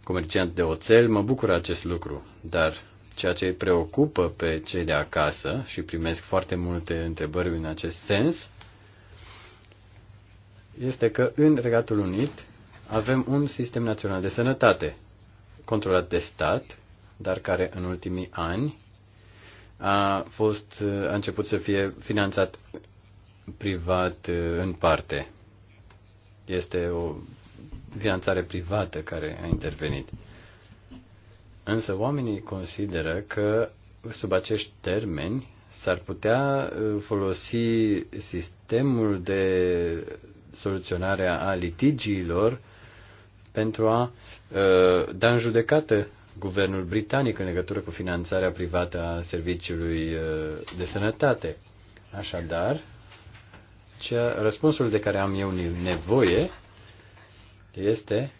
Speaker 1: comerciant de oțel, mă bucură acest lucru, dar ceea ce îi preocupă pe cei de acasă și primesc foarte multe întrebări în acest sens, este că în Regatul Unit avem un sistem național de sănătate, controlat de stat, dar care în ultimii ani a, fost, a început să fie finanțat privat uh, în parte. Este o finanțare privată care a intervenit. Însă oamenii consideră că sub acești termeni s-ar putea uh, folosi sistemul de soluționare a litigiilor pentru a ă, da în judecată guvernul britanic în legătură cu finanțarea privată a serviciului ă, de sănătate. Așadar, cea, răspunsul de care am eu nevoie este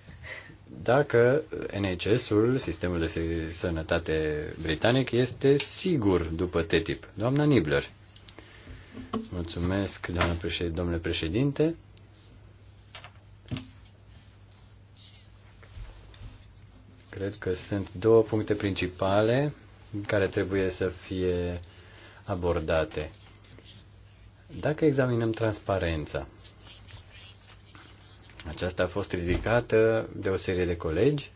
Speaker 1: dacă NHS-ul, sistemul de sănătate britanic, este sigur după TTIP. Doamna Nibler. Mulțumesc, doamna președ, domnule președinte. Cred că sunt două puncte principale care trebuie să fie abordate. Dacă examinăm transparența, aceasta a fost ridicată de o serie de colegi.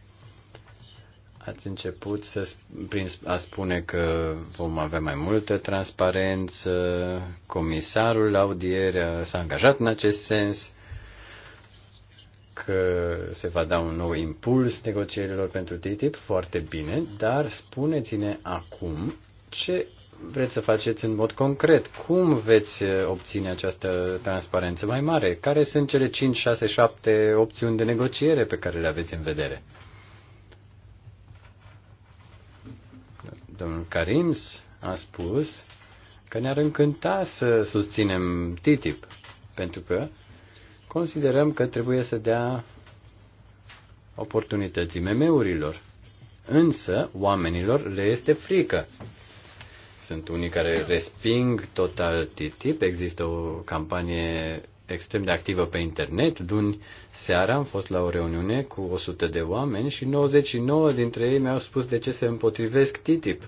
Speaker 1: Ați început să, prin a spune că vom avea mai multă transparență, comisarul la audiere s-a angajat în acest sens că se va da un nou impuls negocierilor pentru TTIP, foarte bine, dar spuneți-ne acum ce vreți să faceți în mod concret? Cum veți obține această transparență mai mare? Care sunt cele 5, 6, 7 opțiuni de negociere pe care le aveți în vedere? Domnul Karims a spus că ne-ar încânta să susținem TTIP, pentru că considerăm că trebuie să dea oportunității memeurilor. Însă, oamenilor le este frică. Sunt unii care resping total TTIP, există o campanie extrem de activă pe internet. Luni seara am fost la o reuniune cu 100 de oameni și 99 dintre ei mi-au spus de ce se împotrivesc TTIP.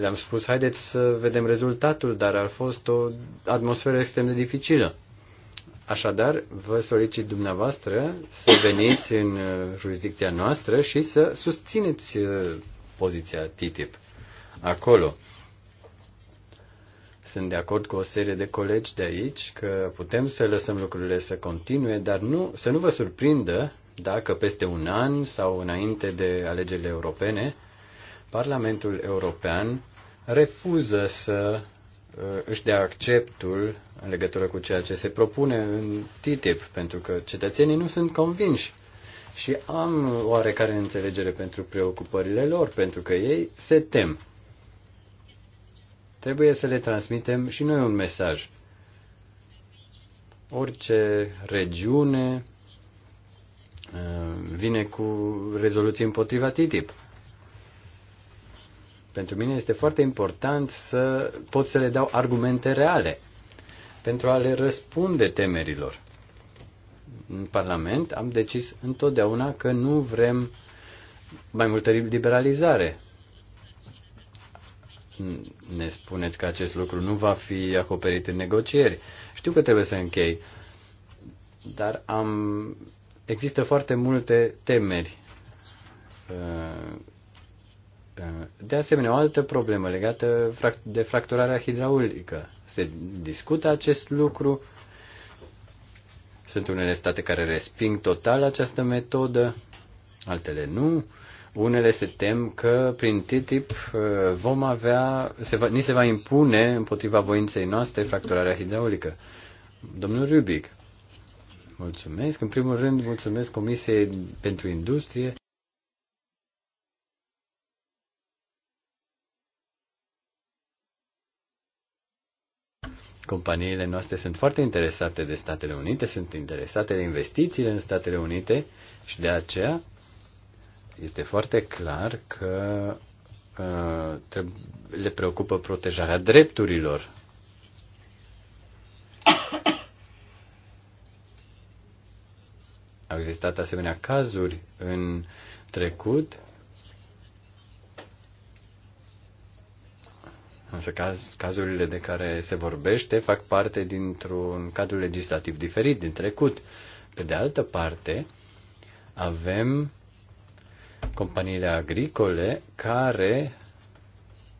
Speaker 1: Le-am spus, haideți să vedem rezultatul, dar a fost o atmosferă extrem de dificilă. Așadar, vă solicit dumneavoastră să veniți în uh, jurisdicția noastră și să susțineți uh, poziția TTIP acolo. Sunt de acord cu o serie de colegi de aici că putem să lăsăm lucrurile să continue, dar nu, să nu vă surprindă dacă peste un an sau înainte de alegerile europene Parlamentul European refuză să uh, își dea acceptul în legătură cu ceea ce se propune în TTIP, pentru că cetățenii nu sunt convinși și am oarecare înțelegere pentru preocupările lor, pentru că ei se tem. Trebuie să le transmitem și noi un mesaj. Orice regiune uh, vine cu rezoluții împotriva TTIP. Pentru mine este foarte important să pot să le dau argumente reale pentru a le răspunde temerilor. În Parlament am decis întotdeauna că nu vrem mai multă liberalizare. Ne spuneți că acest lucru nu va fi acoperit în negocieri. Știu că trebuie să închei, dar am, există foarte multe temeri uh, da. De asemenea, o altă problemă legată de fracturarea hidraulică. Se discută acest lucru. Sunt unele state care resping total această metodă, altele nu. Unele se tem că prin TTIP uh, vom avea, se va, ni se va impune împotriva voinței noastre fracturarea hidraulică. Domnul Rubic, mulțumesc. În primul rând, mulțumesc Comisiei pentru Industrie Companiile noastre sunt foarte interesate de Statele Unite, sunt interesate de investițiile în Statele Unite și de aceea este foarte clar că uh, le preocupă protejarea drepturilor. Au existat asemenea cazuri în trecut Însă caz, cazurile de care se vorbește fac parte dintr-un cadru legislativ diferit din trecut. Pe de altă parte, avem companiile agricole care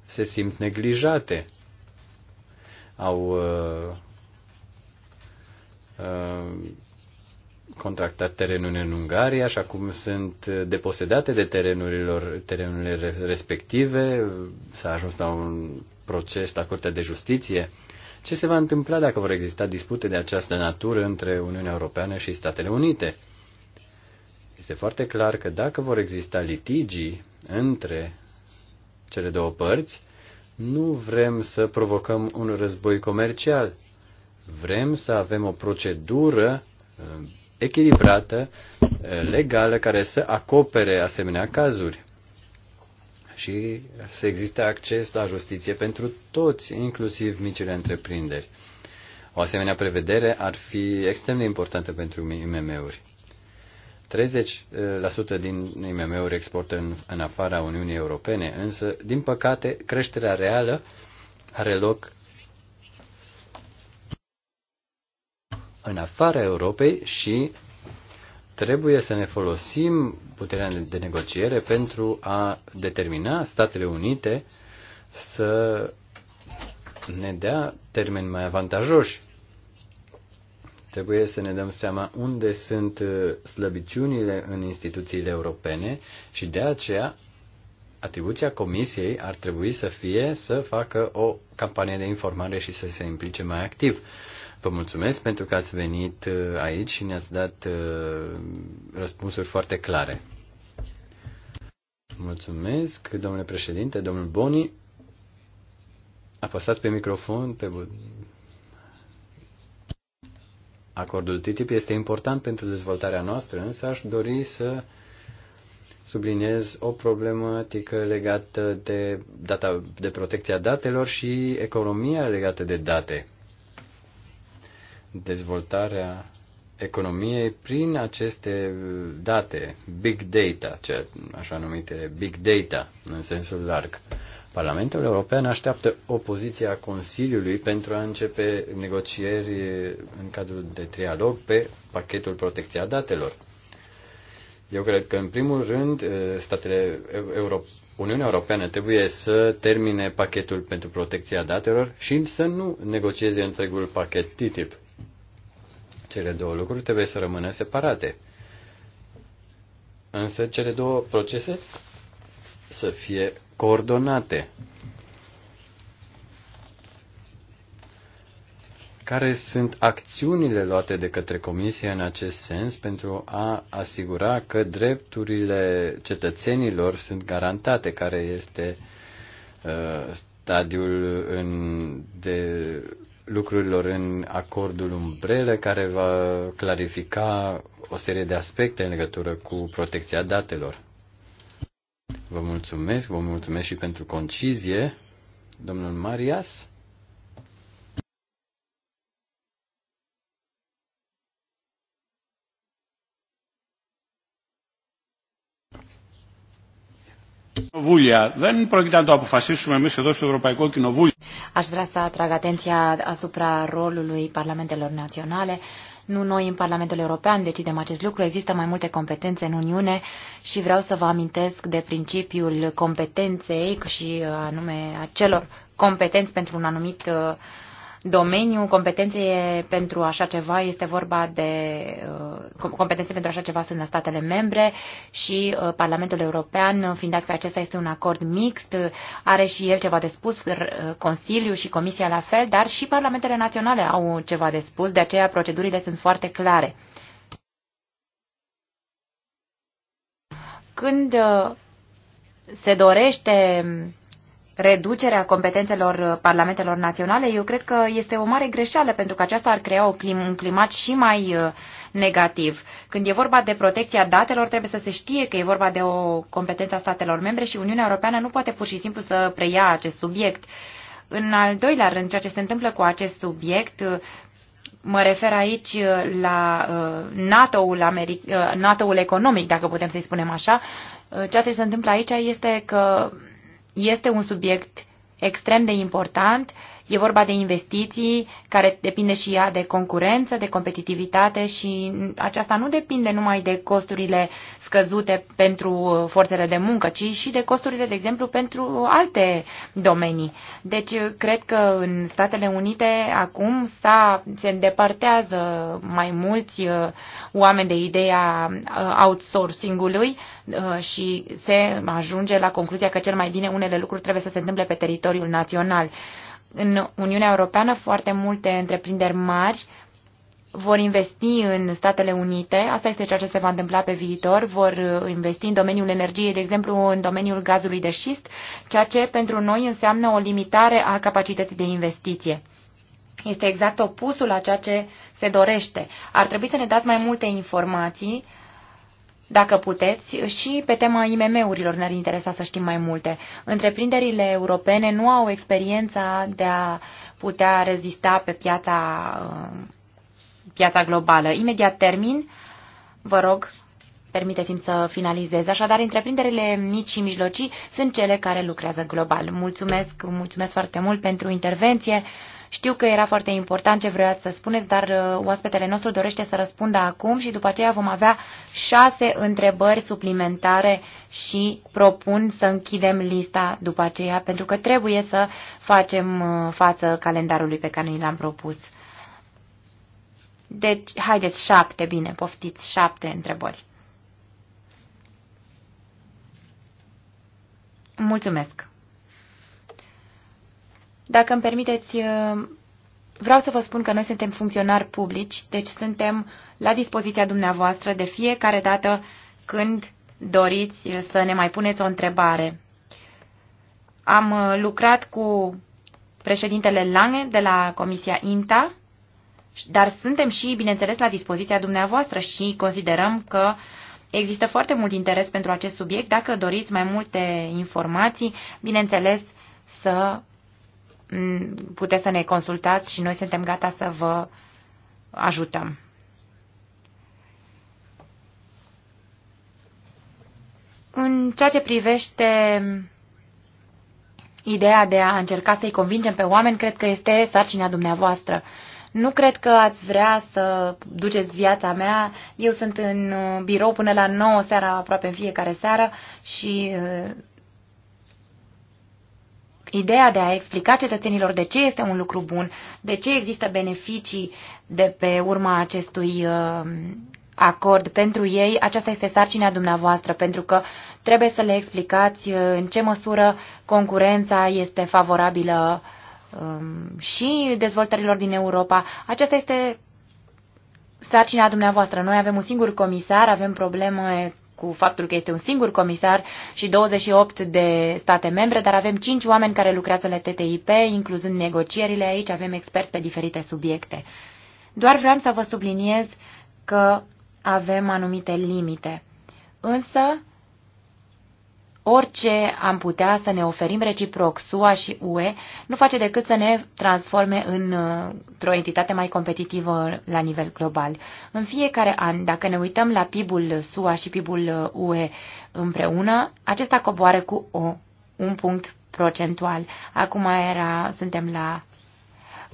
Speaker 1: se simt neglijate. Au uh, uh, contractat terenuri în Ungaria și acum sunt deposedate de terenurilor, terenurile respective. S-a ajuns la un proces la Curtea de Justiție, ce se va întâmpla dacă vor exista dispute de această natură între Uniunea Europeană și Statele Unite? Este foarte clar că dacă vor exista litigii între cele două părți, nu vrem să provocăm un război comercial. Vrem să avem o procedură uh, echilibrată, uh, legală, care să acopere asemenea cazuri și să existe acces la justiție pentru toți, inclusiv micile întreprinderi. O asemenea prevedere ar fi extrem de importantă pentru IMM-uri. 30% din IMM-uri exportă în, în afara Uniunii Europene, însă, din păcate, creșterea reală are loc în afara Europei și trebuie să ne folosim puterea de negociere pentru a determina Statele Unite să ne dea termeni mai avantajoși. Trebuie să ne dăm seama unde sunt uh, slăbiciunile în instituțiile europene și de aceea atribuția comisiei ar trebui să fie să facă o campanie de informare și să se implice mai activ. Vă mulțumesc pentru că ați venit uh, aici și ne-ați dat uh, răspunsuri foarte clare. Mulțumesc, domnule președinte, domnul Boni. Apăsați pe microfon, pe Acordul TTIP este important pentru dezvoltarea noastră, însă aș dori să subliniez o problematică legată de, data, de protecția datelor și economia legată de date dezvoltarea economiei prin aceste date, big data, ceea, așa numitele big data, în sensul larg. Parlamentul European așteaptă opoziția Consiliului pentru a începe negocieri în cadrul de trialog pe pachetul protecția datelor. Eu cred că, în primul rând, statele Euro- Uniunea Europeană trebuie să termine pachetul pentru protecția datelor și să nu negocieze întregul pachet TTIP cele două lucruri trebuie să rămână separate. Însă cele două procese să fie coordonate. Care sunt acțiunile luate de către Comisie în acest sens pentru a asigura că drepturile cetățenilor sunt garantate, care este uh, stadiul în, de lucrurilor în acordul umbrele care va clarifica o serie de aspecte în legătură cu protecția datelor. Vă mulțumesc, vă mulțumesc și pentru concizie, domnul Marias.
Speaker 2: Aș vrea să atrag atenția asupra rolului parlamentelor naționale. Nu noi în Parlamentul European decidem acest lucru, există mai multe competențe în Uniune și vreau să vă amintesc de principiul competenței și uh, anume a celor competenți pentru un anumit uh, domeniu. Competențe pentru așa ceva este vorba de uh, competențe pentru așa ceva sunt la statele membre și uh, Parlamentul European, fiind dat că acesta este un acord mixt, uh, are și el ceva de spus, uh, Consiliu și Comisia la fel, dar și Parlamentele Naționale au ceva de spus, de aceea procedurile sunt foarte clare. Când se dorește reducerea competențelor parlamentelor naționale, eu cred că este o mare greșeală, pentru că aceasta ar crea un climat și mai uh, negativ. Când e vorba de protecția datelor, trebuie să se știe că e vorba de o competență a statelor membre și Uniunea Europeană nu poate pur și simplu să preia acest subiect. În al doilea rând, ceea ce se întâmplă cu acest subiect, uh, mă refer aici uh, la NATO-ul, Americ- NATO-ul economic, dacă putem să-i spunem așa, ceea ce se întâmplă aici este că este un subiect extrem de important. E vorba de investiții care depinde și ea de concurență, de competitivitate și aceasta nu depinde numai de costurile scăzute pentru forțele de muncă, ci și de costurile, de exemplu, pentru alte domenii. Deci, cred că în Statele Unite acum s-a, se îndepărtează mai mulți uh, oameni de ideea uh, outsourcing-ului uh, și se ajunge la concluzia că cel mai bine unele lucruri trebuie să se întâmple pe teritoriul național. În Uniunea Europeană foarte multe întreprinderi mari vor investi în Statele Unite, asta este ceea ce se va întâmpla pe viitor, vor uh, investi în domeniul energiei, de exemplu în domeniul gazului de șist, ceea ce pentru noi înseamnă o limitare a capacității de investiție. Este exact opusul a ceea ce se dorește. Ar trebui să ne dați mai multe informații, dacă puteți, și pe tema IMM-urilor ne-ar interesa să știm mai multe. Întreprinderile europene nu au experiența de a putea rezista pe piața uh, piața globală. Imediat termin, vă rog, permiteți-mi să finalizez. Așadar, întreprinderile mici și mijlocii sunt cele care lucrează global. Mulțumesc, mulțumesc foarte mult pentru intervenție. Știu că era foarte important ce vreau să spuneți, dar uh, oaspetele nostru dorește să răspundă acum și după aceea vom avea șase întrebări suplimentare și propun să închidem lista după aceea, pentru că trebuie să facem uh, față calendarului pe care ni l-am propus. Deci, haideți șapte, bine, poftiți, șapte întrebări. Mulțumesc. Dacă îmi permiteți, uh, vreau să vă spun că noi suntem funcționari publici, deci suntem la dispoziția dumneavoastră de fiecare dată când doriți să ne mai puneți o întrebare. Am uh, lucrat cu președintele Lange de la Comisia INTA dar suntem și, bineînțeles, la dispoziția dumneavoastră și considerăm că există foarte mult interes pentru acest subiect. Dacă doriți mai multe informații, bineînțeles, să puteți să ne consultați și noi suntem gata să vă ajutăm. În ceea ce privește ideea de a încerca să-i convingem pe oameni, cred că este sarcina dumneavoastră. Uh, nu cred că ați vrea să duceți viața mea. Eu sunt în uh, birou până la 9 seara, aproape în fiecare seară și uh, ideea de a explica cetățenilor de ce este un lucru bun, de ce există beneficii de pe urma acestui uh, acord pentru ei, aceasta este sarcina dumneavoastră, pentru că trebuie să le explicați în ce măsură concurența este favorabilă uh, Um, și dezvoltărilor din Europa. Aceasta este sarcina dumneavoastră. Noi avem un singur comisar, avem probleme cu faptul că este un singur comisar și 28 de state membre, dar avem 5 oameni care lucrează la TTIP, incluzând negocierile aici, avem experți pe diferite subiecte. Doar vreau să vă subliniez că avem anumite limite. Însă, Orice am putea să ne oferim reciproc SUA și UE nu face decât să ne transforme în, uh, într-o entitate mai competitivă la nivel global. În fiecare an, dacă ne uităm la PIB-ul SUA și PIB-ul UE uh, împreună, acesta coboară cu o, un punct procentual. Acum era, suntem la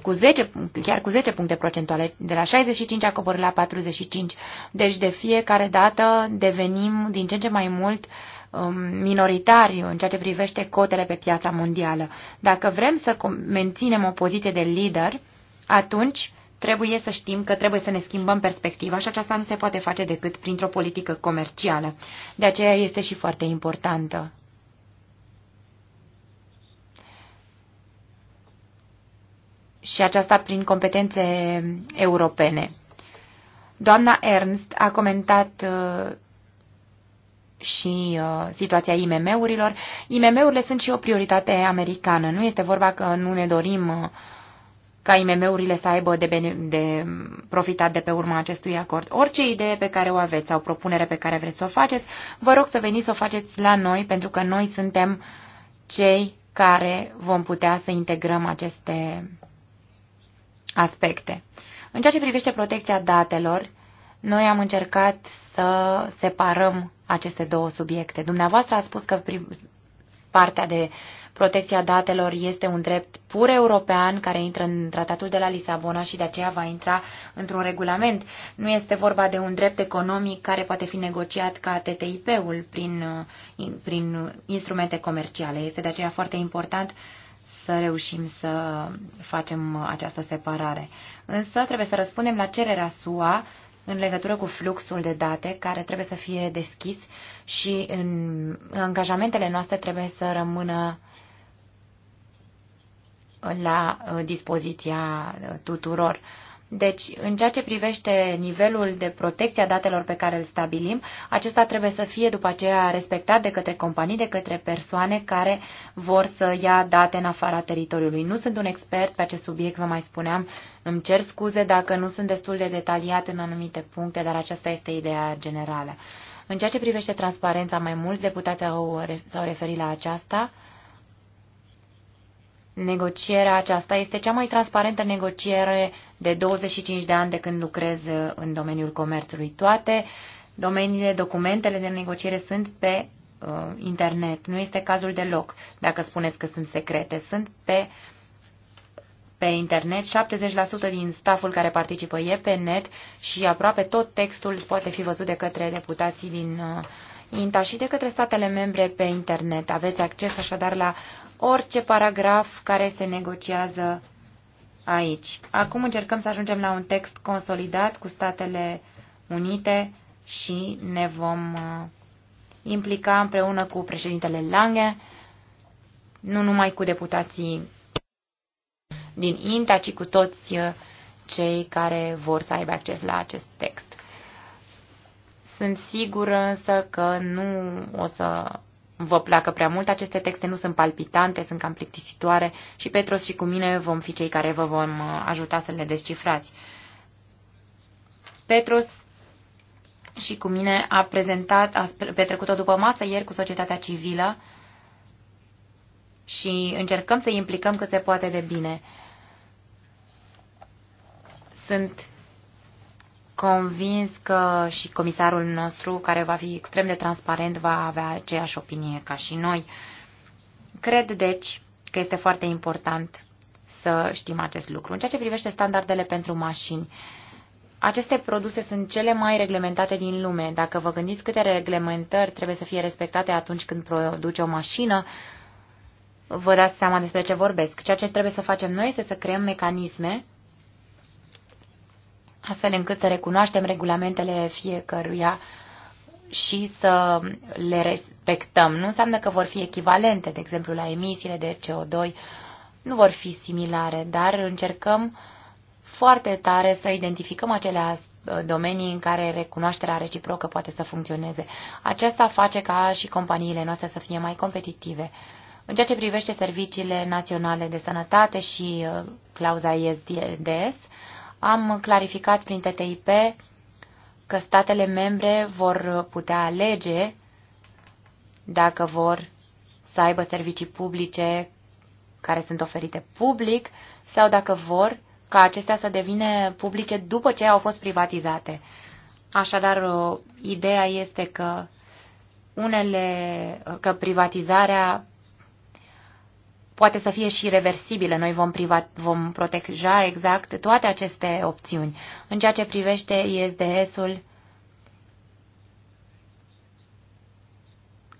Speaker 2: cu 10, chiar cu 10 puncte procentuale, de la 65 a coborât la 45. Deci de fiecare dată devenim din ce în ce mai mult uh, Um, minoritari în ceea ce privește cotele pe piața mondială. Dacă vrem să menținem o poziție de lider, atunci trebuie să știm că trebuie să ne schimbăm perspectiva și aceasta nu se poate face decât printr-o politică comercială. De aceea este și foarte importantă. Și aceasta prin competențe europene. Doamna Ernst a comentat uh, și uh, situația IMM-urilor. IMM-urile sunt și o prioritate americană. Nu este vorba că nu ne dorim uh, ca IMM-urile să aibă de, de profitat de pe urma acestui acord. Orice idee pe care o aveți sau propunere pe care vreți să o faceți, vă rog să veniți să o faceți la noi, pentru că noi suntem cei care vom putea să integrăm aceste aspecte. În ceea ce privește protecția datelor, noi am încercat să separăm aceste două subiecte. Dumneavoastră a spus că partea de protecția datelor este un drept pur european care intră în tratatul de la Lisabona și de aceea va intra într-un regulament. Nu este vorba de un drept economic care poate fi negociat ca TTIP-ul prin, uh, prin instrumente comerciale. Este de aceea foarte important să reușim să facem această separare. Însă trebuie să răspundem la cererea SUA în legătură cu fluxul de date care trebuie să fie deschis și în angajamentele noastre trebuie să rămână la uh, dispoziția uh, tuturor. Deci, în ceea ce privește nivelul de protecție a datelor pe care îl stabilim, acesta trebuie să fie după aceea respectat de către companii, de către persoane care vor să ia date în afara teritoriului. Nu sunt un expert pe acest subiect, vă mai spuneam, îmi cer scuze dacă nu sunt destul de detaliat în anumite puncte, dar aceasta este ideea generală. În ceea ce privește transparența, mai mulți deputați au, s-au referit la aceasta. Negocierea aceasta este cea mai transparentă negociere de 25 de ani de când lucrez în domeniul comerțului. Toate domeniile, documentele de negociere sunt pe uh, internet. Nu este cazul deloc dacă spuneți că sunt secrete. Sunt pe, pe internet. 70% din staful care participă e pe net și aproape tot textul poate fi văzut de către deputații din uh, INTA și de către statele membre pe internet. Aveți acces așadar la orice paragraf care se negociază aici. Acum încercăm să ajungem la un text consolidat cu Statele Unite și ne vom uh, implica împreună cu președintele Lange, nu numai cu deputații din INTA, ci cu toți uh, cei care vor să aibă acces la acest text. Sunt sigură însă că nu o să vă placă prea mult. Aceste texte nu sunt palpitante, sunt cam plictisitoare și Petros și cu mine vom fi cei care vă vom uh, ajuta să le descifrați. Petros și cu mine a prezentat, a petrecut o după masă ieri cu societatea civilă și încercăm să implicăm cât se poate de bine. Sunt convins că și comisarul nostru, care va fi extrem de transparent, va avea aceeași opinie ca și noi. Cred, deci, că este foarte important să știm acest lucru. În ceea ce privește standardele pentru mașini, aceste produse sunt cele mai reglementate din lume. Dacă vă gândiți câte reglementări trebuie să fie respectate atunci când produce o mașină, vă dați seama despre ce vorbesc. Ceea ce trebuie să facem noi este să creăm mecanisme astfel încât să recunoaștem regulamentele fiecăruia și să le respectăm. Nu înseamnă că vor fi echivalente, de exemplu, la emisiile de CO2, nu vor fi similare, dar încercăm foarte tare să identificăm acele domenii în care recunoașterea reciprocă poate să funcționeze. Aceasta face ca și companiile noastre să fie mai competitive. În ceea ce privește serviciile naționale de sănătate și uh, clauza ISDS, am clarificat prin TTIP că statele membre vor putea alege dacă vor să aibă servicii publice care sunt oferite public sau dacă vor ca acestea să devină publice după ce au fost privatizate. Așadar, ideea este că unele, că privatizarea poate să fie și reversibilă. Noi vom, privat, vom proteja exact toate aceste opțiuni. În ceea ce privește ISDS-ul,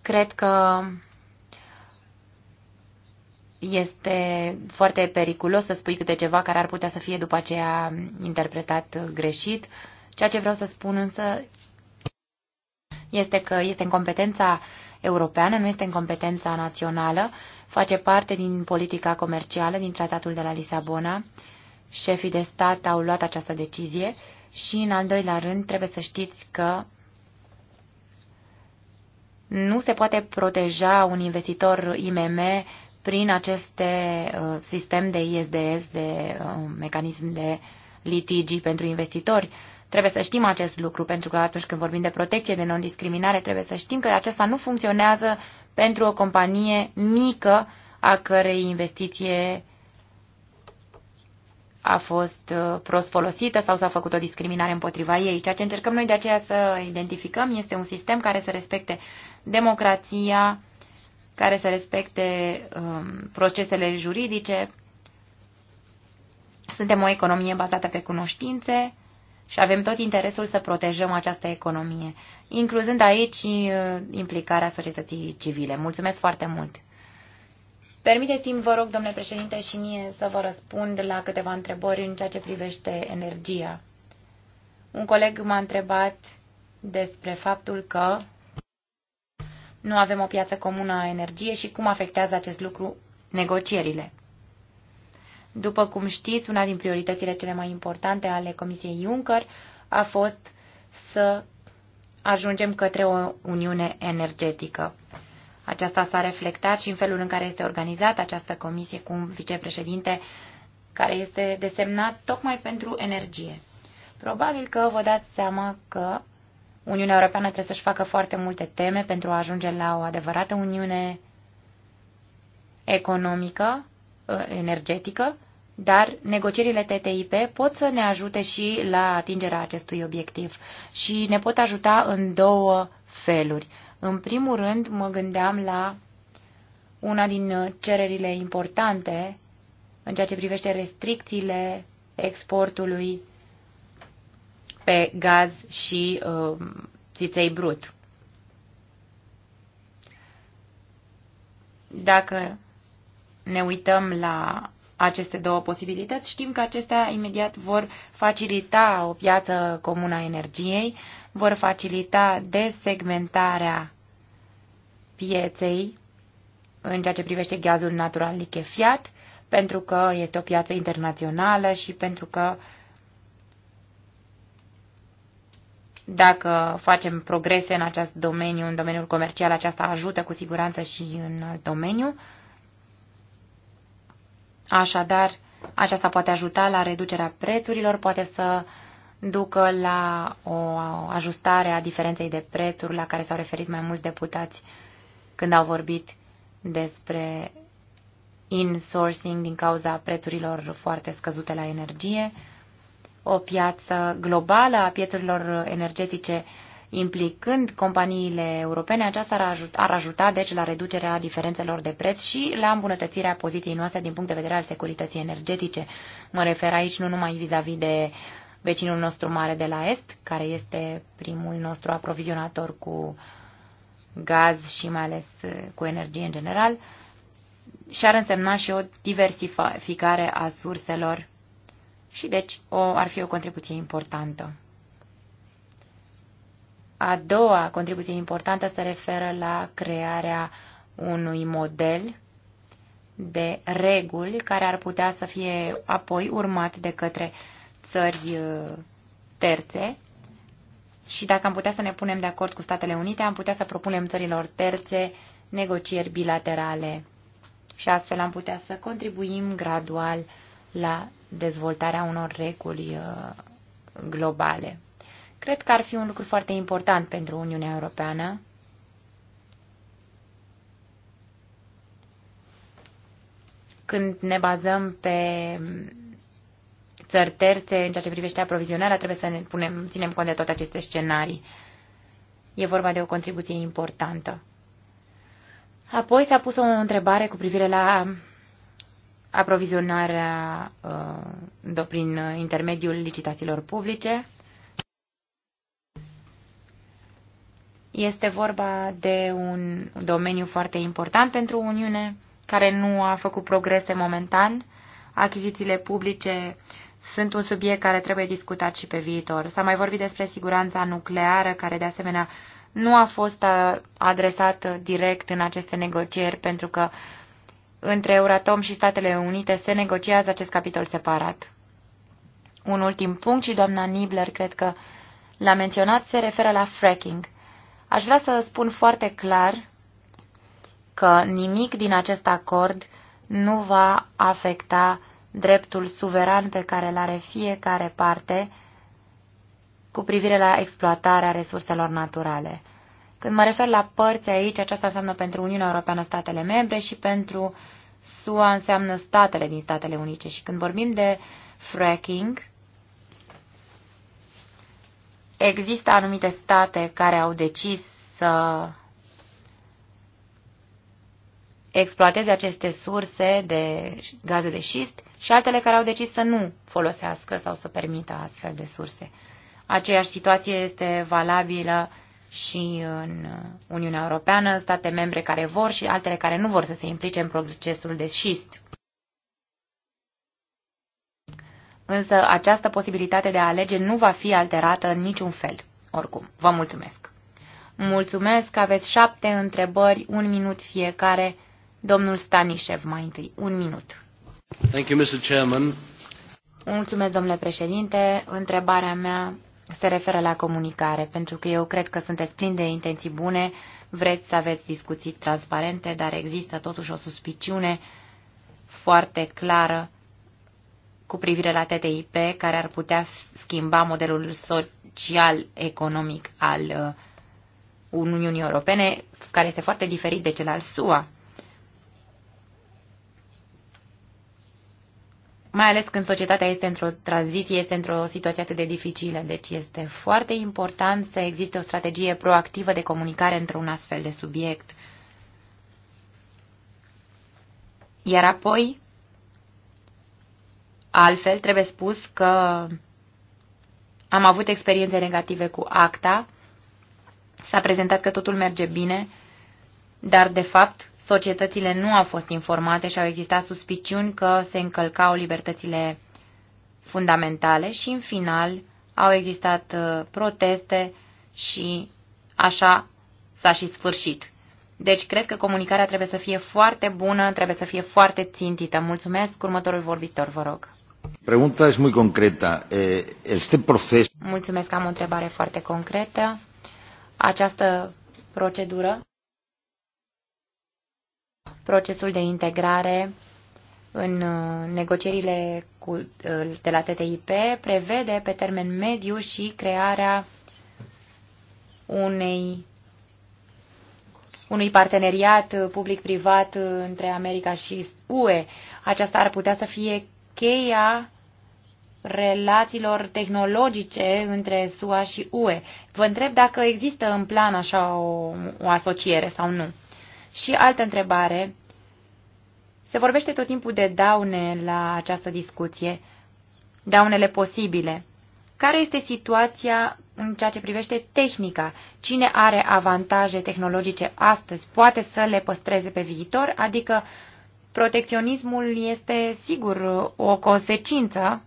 Speaker 2: cred că este foarte periculos să spui câte ceva care ar putea să fie după aceea interpretat greșit. Ceea ce vreau să spun însă este că este în competența uh, europeană, nu este în competența națională, face parte din politica comercială din Tratatul de la Lisabona. Șefii de stat au luat această decizie și, în al doilea rând, trebuie să știți că nu se poate proteja un investitor IMM prin aceste uh, sistem de ISDS, de uh, mecanism de litigii pentru investitori. Uh, Trebuie să știm acest lucru, pentru că atunci când vorbim de protecție, de non-discriminare, trebuie să știm că acesta nu funcționează pentru o companie mică a cărei investiție a fost uh, prost folosită sau s-a făcut o discriminare împotriva ei. Ceea ce încercăm noi de aceea să identificăm este un sistem care să respecte democrația, care să respecte um, procesele juridice. Suntem o economie bazată pe cunoștințe și avem tot interesul să protejăm această economie, incluzând aici uh, implicarea societății civile. Mulțumesc foarte mult! Permiteți-mi, vă rog, domnule președinte, și mie să vă răspund la câteva întrebări în ceea ce privește energia. Un coleg m-a întrebat despre faptul că nu avem o piață comună a energiei și cum afectează acest lucru negocierile. După cum știți, una din prioritățile cele mai importante ale Comisiei Juncker a fost să ajungem către o uniune energetică. Aceasta s-a reflectat și în felul în care este organizată această comisie cu un vicepreședinte care este desemnat tocmai pentru energie. Probabil că vă dați seama că Uniunea Europeană trebuie să-și facă foarte multe teme pentru a ajunge la o adevărată uniune economică, uh, energetică dar negocierile TTIP pot să ne ajute și la atingerea acestui obiectiv și ne pot ajuta în două feluri. În primul rând, mă gândeam la una din cererile importante în ceea ce privește restricțiile exportului pe gaz și uh, țiței brut. Dacă ne uităm la aceste două posibilități. Știm că acestea imediat vor facilita o piață comună a energiei, vor facilita desegmentarea pieței în ceea ce privește gazul natural lichefiat, pentru că este o piață internațională și pentru că dacă facem progrese în acest domeniu, în domeniul comercial, aceasta ajută cu siguranță și în alt domeniu. Așadar, aceasta poate ajuta la reducerea prețurilor, poate să ducă la o ajustare a diferenței de prețuri la care s-au referit mai mulți deputați când au vorbit despre insourcing din cauza prețurilor foarte scăzute la energie, o piață globală a piețurilor energetice Implicând companiile europene, aceasta ar ajuta, ar ajuta deci la reducerea diferențelor de preț și la îmbunătățirea poziției noastre din punct de vedere al securității energetice. Mă refer aici nu numai vis-a-vis -vis de vecinul nostru mare de la Est, care este primul nostru aprovizionator cu gaz și mai ales uh, cu energie în general, și ar însemna și o diversificare a surselor și deci o, ar fi o contribuție importantă. A doua contribuție importantă se referă la crearea unui model de reguli care ar putea să fie apoi urmat de către țări uh, terțe și dacă am putea să ne punem de acord cu Statele Unite, am putea să propunem țărilor terțe negocieri bilaterale și astfel am putea să contribuim gradual la dezvoltarea unor reguli uh, globale. Cred că ar fi un lucru foarte important pentru Uniunea Europeană. Când ne bazăm pe țări terțe în ceea ce privește aprovizionarea, trebuie să ne punem, ținem cont de toate aceste scenarii. E vorba de o contribuție importantă. Apoi s-a pus o întrebare cu privire la aprovizionarea uh, prin intermediul licitațiilor publice. Este vorba de un domeniu foarte important pentru Uniune, care nu a făcut progrese momentan. Achizițiile publice sunt un subiect care trebuie discutat și pe viitor. S-a mai vorbit despre siguranța nucleară, care de asemenea nu a fost uh, adresat direct în aceste negocieri, pentru că între Euratom și Statele Unite se negociază acest capitol separat. Un ultim punct și doamna Nibler cred că l-a menționat se referă la fracking. Aș vrea să spun foarte clar că nimic din acest acord nu va afecta dreptul suveran pe care îl are fiecare parte cu privire la exploatarea resurselor naturale. Când mă refer la părți aici, aceasta înseamnă pentru Uniunea Europeană statele membre și pentru SUA înseamnă statele din Statele Unice. Și când vorbim de fracking, Există anumite state care au decis să exploateze aceste surse de gaze de șist și altele care au decis să nu folosească sau să permită astfel de surse. Aceeași situație este valabilă și în Uniunea Europeană, state membre care vor și altele care nu vor să se implice în procesul de șist. însă această posibilitate de a alege nu va fi alterată în niciun fel. Oricum, vă mulțumesc. Mulțumesc, aveți șapte întrebări, un minut fiecare. Domnul Stanișev mai întâi, un minut.
Speaker 1: Thank you, Mr. Chairman.
Speaker 2: Mulțumesc, domnule președinte. Întrebarea mea se referă la comunicare, pentru că eu cred că sunteți plini de intenții bune, vreți să aveți discuții transparente, dar există totuși o suspiciune foarte clară cu privire la TTIP care ar putea schimba modelul social-economic al uh, Uniunii Europene, care este foarte diferit de cel al SUA. Mai ales când societatea este într-o tranziție, este într-o situație atât de dificilă. Deci este foarte important să existe o strategie proactivă de comunicare într-un astfel de subiect. Iar apoi, Altfel, trebuie spus că am avut experiențe negative cu acta, s-a prezentat că totul merge bine, dar de fapt societățile nu au fost informate și au existat suspiciuni că se încălcau libertățile fundamentale și în final au existat uh, proteste și așa s-a și sfârșit. Deci cred că comunicarea trebuie să fie foarte bună, trebuie să fie foarte țintită. Mulțumesc, următorul vorbitor, vă rog.
Speaker 1: Eh, este concreta.
Speaker 2: Mulțumesc, am o întrebare foarte concretă. Această procedură, procesul de integrare în uh, negocierile cu, uh, de la TTIP prevede pe termen mediu și crearea unei, unui parteneriat public-privat între America și UE. Aceasta ar putea să fie cheia relațiilor tehnologice între SUA și UE. Vă întreb dacă există în plan așa o, o asociere sau nu. Și altă întrebare. Se vorbește tot timpul de daune la această discuție, daunele posibile. Care este situația în ceea ce privește tehnica? Cine are avantaje tehnologice astăzi poate să le păstreze pe viitor? Adică uh, Protecționismul este sigur o consecință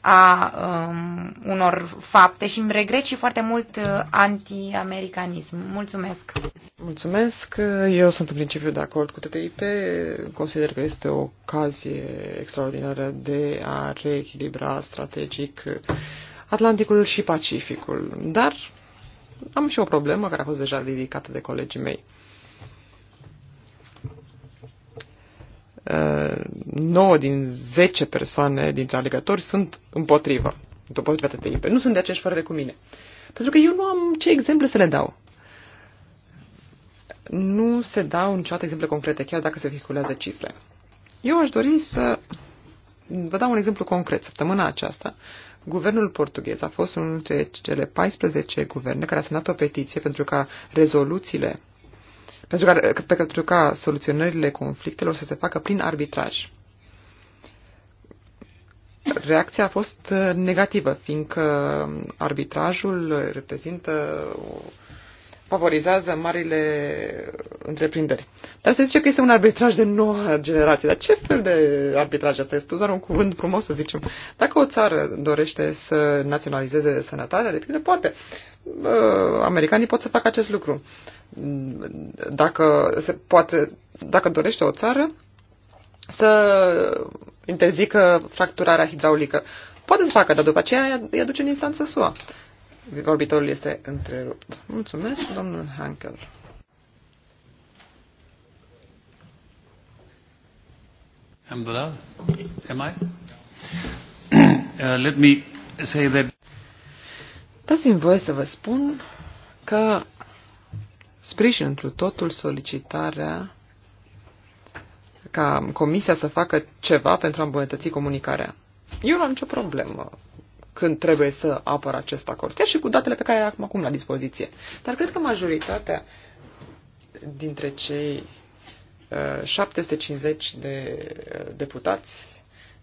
Speaker 2: a um, unor fapte și îmi regret și foarte mult uh, anti-americanism. Mulțumesc!
Speaker 3: Mulțumesc! Eu sunt în principiu de acord cu TTIP. Consider că este o ocazie extraordinară de a reechilibra strategic Atlanticul și Pacificul. Dar am și o problemă care a fost deja ridicată de colegii mei. 9 uh, din 10 persoane dintre alegători sunt împotrivă, împotriva TTIP. Nu sunt de aceeași părere cu mine. Pentru că eu nu am ce exemple să le dau. Nu se dau niciodată exemple concrete, chiar dacă se vehiculează cifre. Eu aș dori să vă dau un exemplu concret. Săptămâna aceasta, guvernul portughez a fost unul dintre cele 14 guverne care a semnat o petiție pentru ca rezoluțiile pentru ca, pentru ca soluționările conflictelor să se facă prin arbitraj. Reacția a fost uh, negativă, fiindcă arbitrajul reprezintă favorizează marile întreprinderi. Dar se zice că este un arbitraj de noua generație. Dar ce fel de arbitraj asta este? Doar un cuvânt frumos, să zicem. Dacă o țară dorește să naționalizeze sănătatea, depinde, poate. Uh, americanii pot să facă acest lucru dacă se poate, dacă dorește o țară să interzică fracturarea hidraulică. Poate să facă, dar după aceea îi aduce în instanță SUA. Vorbitorul este întrerupt. Mulțumesc, domnul Hankel.
Speaker 1: Am the Am I? let me say that...
Speaker 3: Dați-mi voie să vă spun că sprijin întru totul solicitarea ca comisia să facă ceva pentru a îmbunătăți comunicarea. Eu nu am nicio problemă când trebuie să apăr acest acord, chiar și cu datele pe care le am acum la dispoziție. Dar cred că majoritatea dintre cei 750 uh, de uh, deputați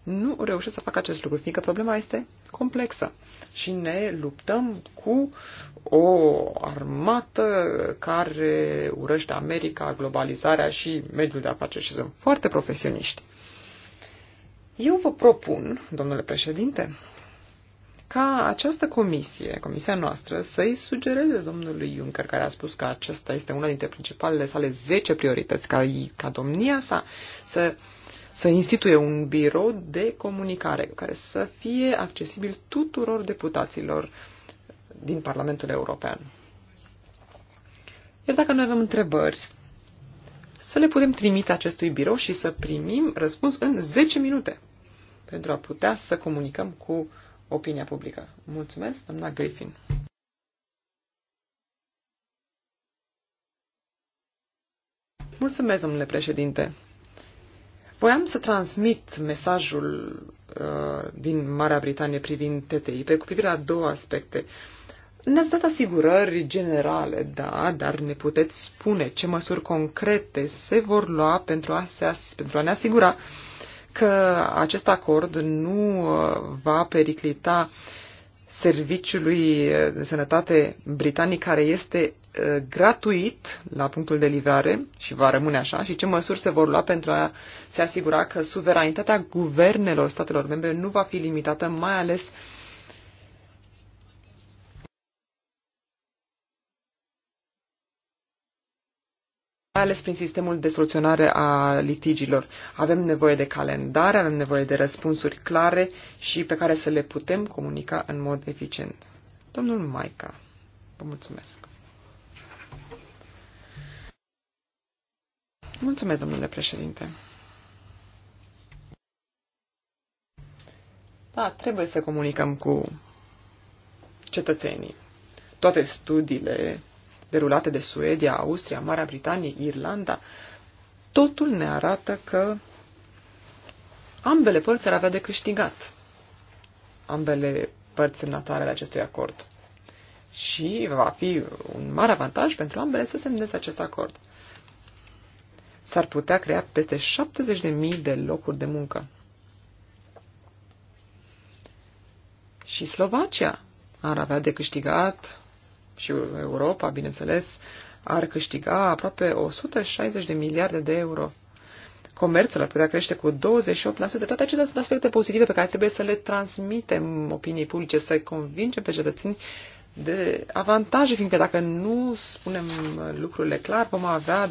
Speaker 3: nu reușesc să facă acest lucru, fiindcă problema este complexă și ne luptăm cu o armată care urăște America, globalizarea și mediul de afaceri și sunt foarte profesioniști. Eu vă propun, domnule președinte, ca această comisie, comisia noastră, să-i sugereze domnului Juncker, care a spus că acesta este una dintre principalele sale 10 priorități, ca, ca domnia sa să să instituie un birou de comunicare care să fie accesibil tuturor deputaților din Parlamentul European. Iar dacă noi avem întrebări, să le putem trimite acestui birou și să primim răspuns în 10 minute pentru a putea să comunicăm cu opinia publică. Mulțumesc, doamna Griffin. Mulțumesc, domnule președinte. Voiam să transmit mesajul uh, din Marea Britanie privind TTIP cu privire la două aspecte. Ne-ați dat asigurări generale, da, dar ne puteți spune ce măsuri concrete se vor lua pentru a, se, pentru a ne asigura că acest acord nu uh, va periclita serviciului de sănătate britanic care este Uh, gratuit la punctul de livrare și va rămâne așa și ce măsuri se vor lua pentru a se asigura că suveranitatea guvernelor statelor membre nu va fi limitată, mai ales mai ales prin sistemul de soluționare a litigilor. Avem nevoie de calendare, avem nevoie de răspunsuri clare și pe care să le putem comunica în mod eficient. Domnul Maica, vă mulțumesc. Mulțumesc, domnule președinte. Da, trebuie să comunicăm cu cetățenii. Toate studiile derulate de Suedia, Austria, Marea Britanie, Irlanda, totul ne arată că ambele părți ar avea de câștigat. Ambele părți semnatare ale acestui acord. Și va fi un mare avantaj pentru ambele să semneze acest acord s-ar putea crea peste 70.000 de locuri de muncă. Și Slovacia ar avea de câștigat, și Europa, bineînțeles, ar câștiga aproape 160 de miliarde de euro. Comerțul ar putea crește cu 28%. Toate acestea sunt aspecte pozitive pe care trebuie să le transmitem opiniei publice, să-i convingem pe cetățeni de avantaje, fiindcă dacă nu spunem lucrurile clar, vom avea uh,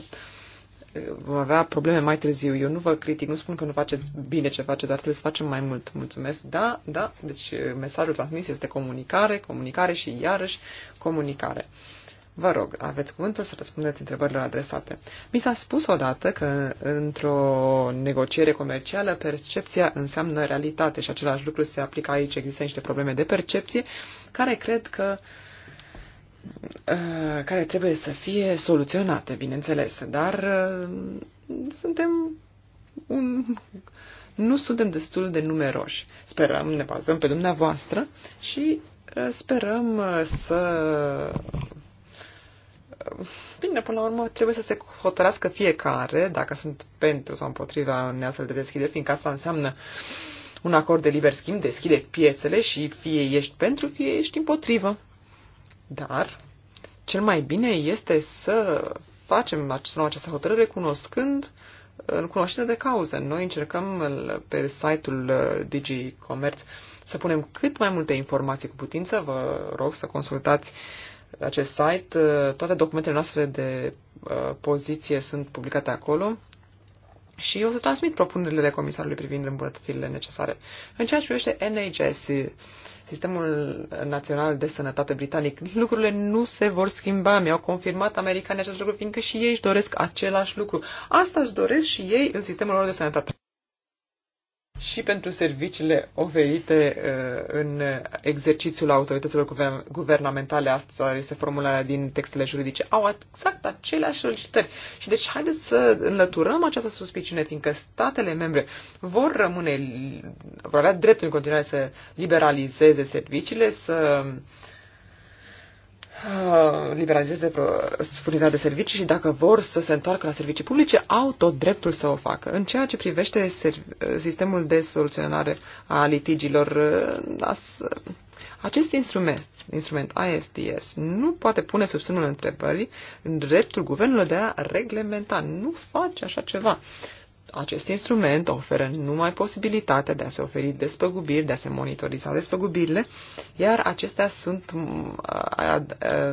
Speaker 3: vom avea probleme mai târziu. Eu nu vă critic, nu spun că nu faceți bine ce faceți, dar trebuie să facem mai mult. Mulțumesc. Da, da, deci mesajul transmis este comunicare, comunicare și iarăși comunicare. Vă rog, aveți cuvântul să răspundeți întrebărilor adresate. Mi s-a spus odată că într-o negociere comercială percepția înseamnă realitate și același lucru se aplică aici. Există niște probleme de percepție care cred că uh, Uh, care trebuie să fie soluționate, bineînțeles, dar uh, suntem un... nu suntem destul de numeroși. Sperăm, ne bazăm pe dumneavoastră și uh, sperăm să... Bine, până la urmă, trebuie să se hotărască fiecare dacă sunt pentru sau împotriva unei astfel de deschideri, fiindcă asta înseamnă un acord de liber schimb, deschide piețele și fie ești pentru, fie ești împotrivă. Dar cel mai bine este să facem această hotărâre cunoscând în cunoștință de cauze. Noi încercăm pe site-ul uh, Digi să punem cât mai multe informații cu putință. Vă rog să consultați acest site. Uh, toate documentele noastre de uh, poziție sunt publicate acolo și o să transmit propunerile comisarului privind îmbunătățirile necesare. În ceea ce privește NHS, Sistemul Național de Sănătate Britanic, lucrurile nu se vor schimba. Mi-au confirmat americanii acest lucru, fiindcă și ei își doresc același lucru. Asta își doresc și ei în sistemul lor de sănătate și pentru serviciile oferite uh, în exercițiul autorităților guvernamentale, asta este formularea din textele juridice, au exact aceleași solicitări. Și deci haideți să înlăturăm această suspiciune, fiindcă statele membre vor rămâne, vor avea dreptul în continuare să liberalizeze serviciile, să uh, Uh, liberalizeze uh, furnizarea de servicii și dacă vor să se întoarcă la servicii publice, au tot dreptul să o facă. În ceea ce privește sistemul de soluționare a litigilor, uh, acest instrument, instrument ISDS nu poate pune sub semnul întrebării în dreptul guvernului de a reglementa. Nu face așa ceva. Uh, acest instrument oferă numai posibilitatea de a se oferi despăgubiri, de a se monitoriza despăgubirile, iar acestea sunt, mm,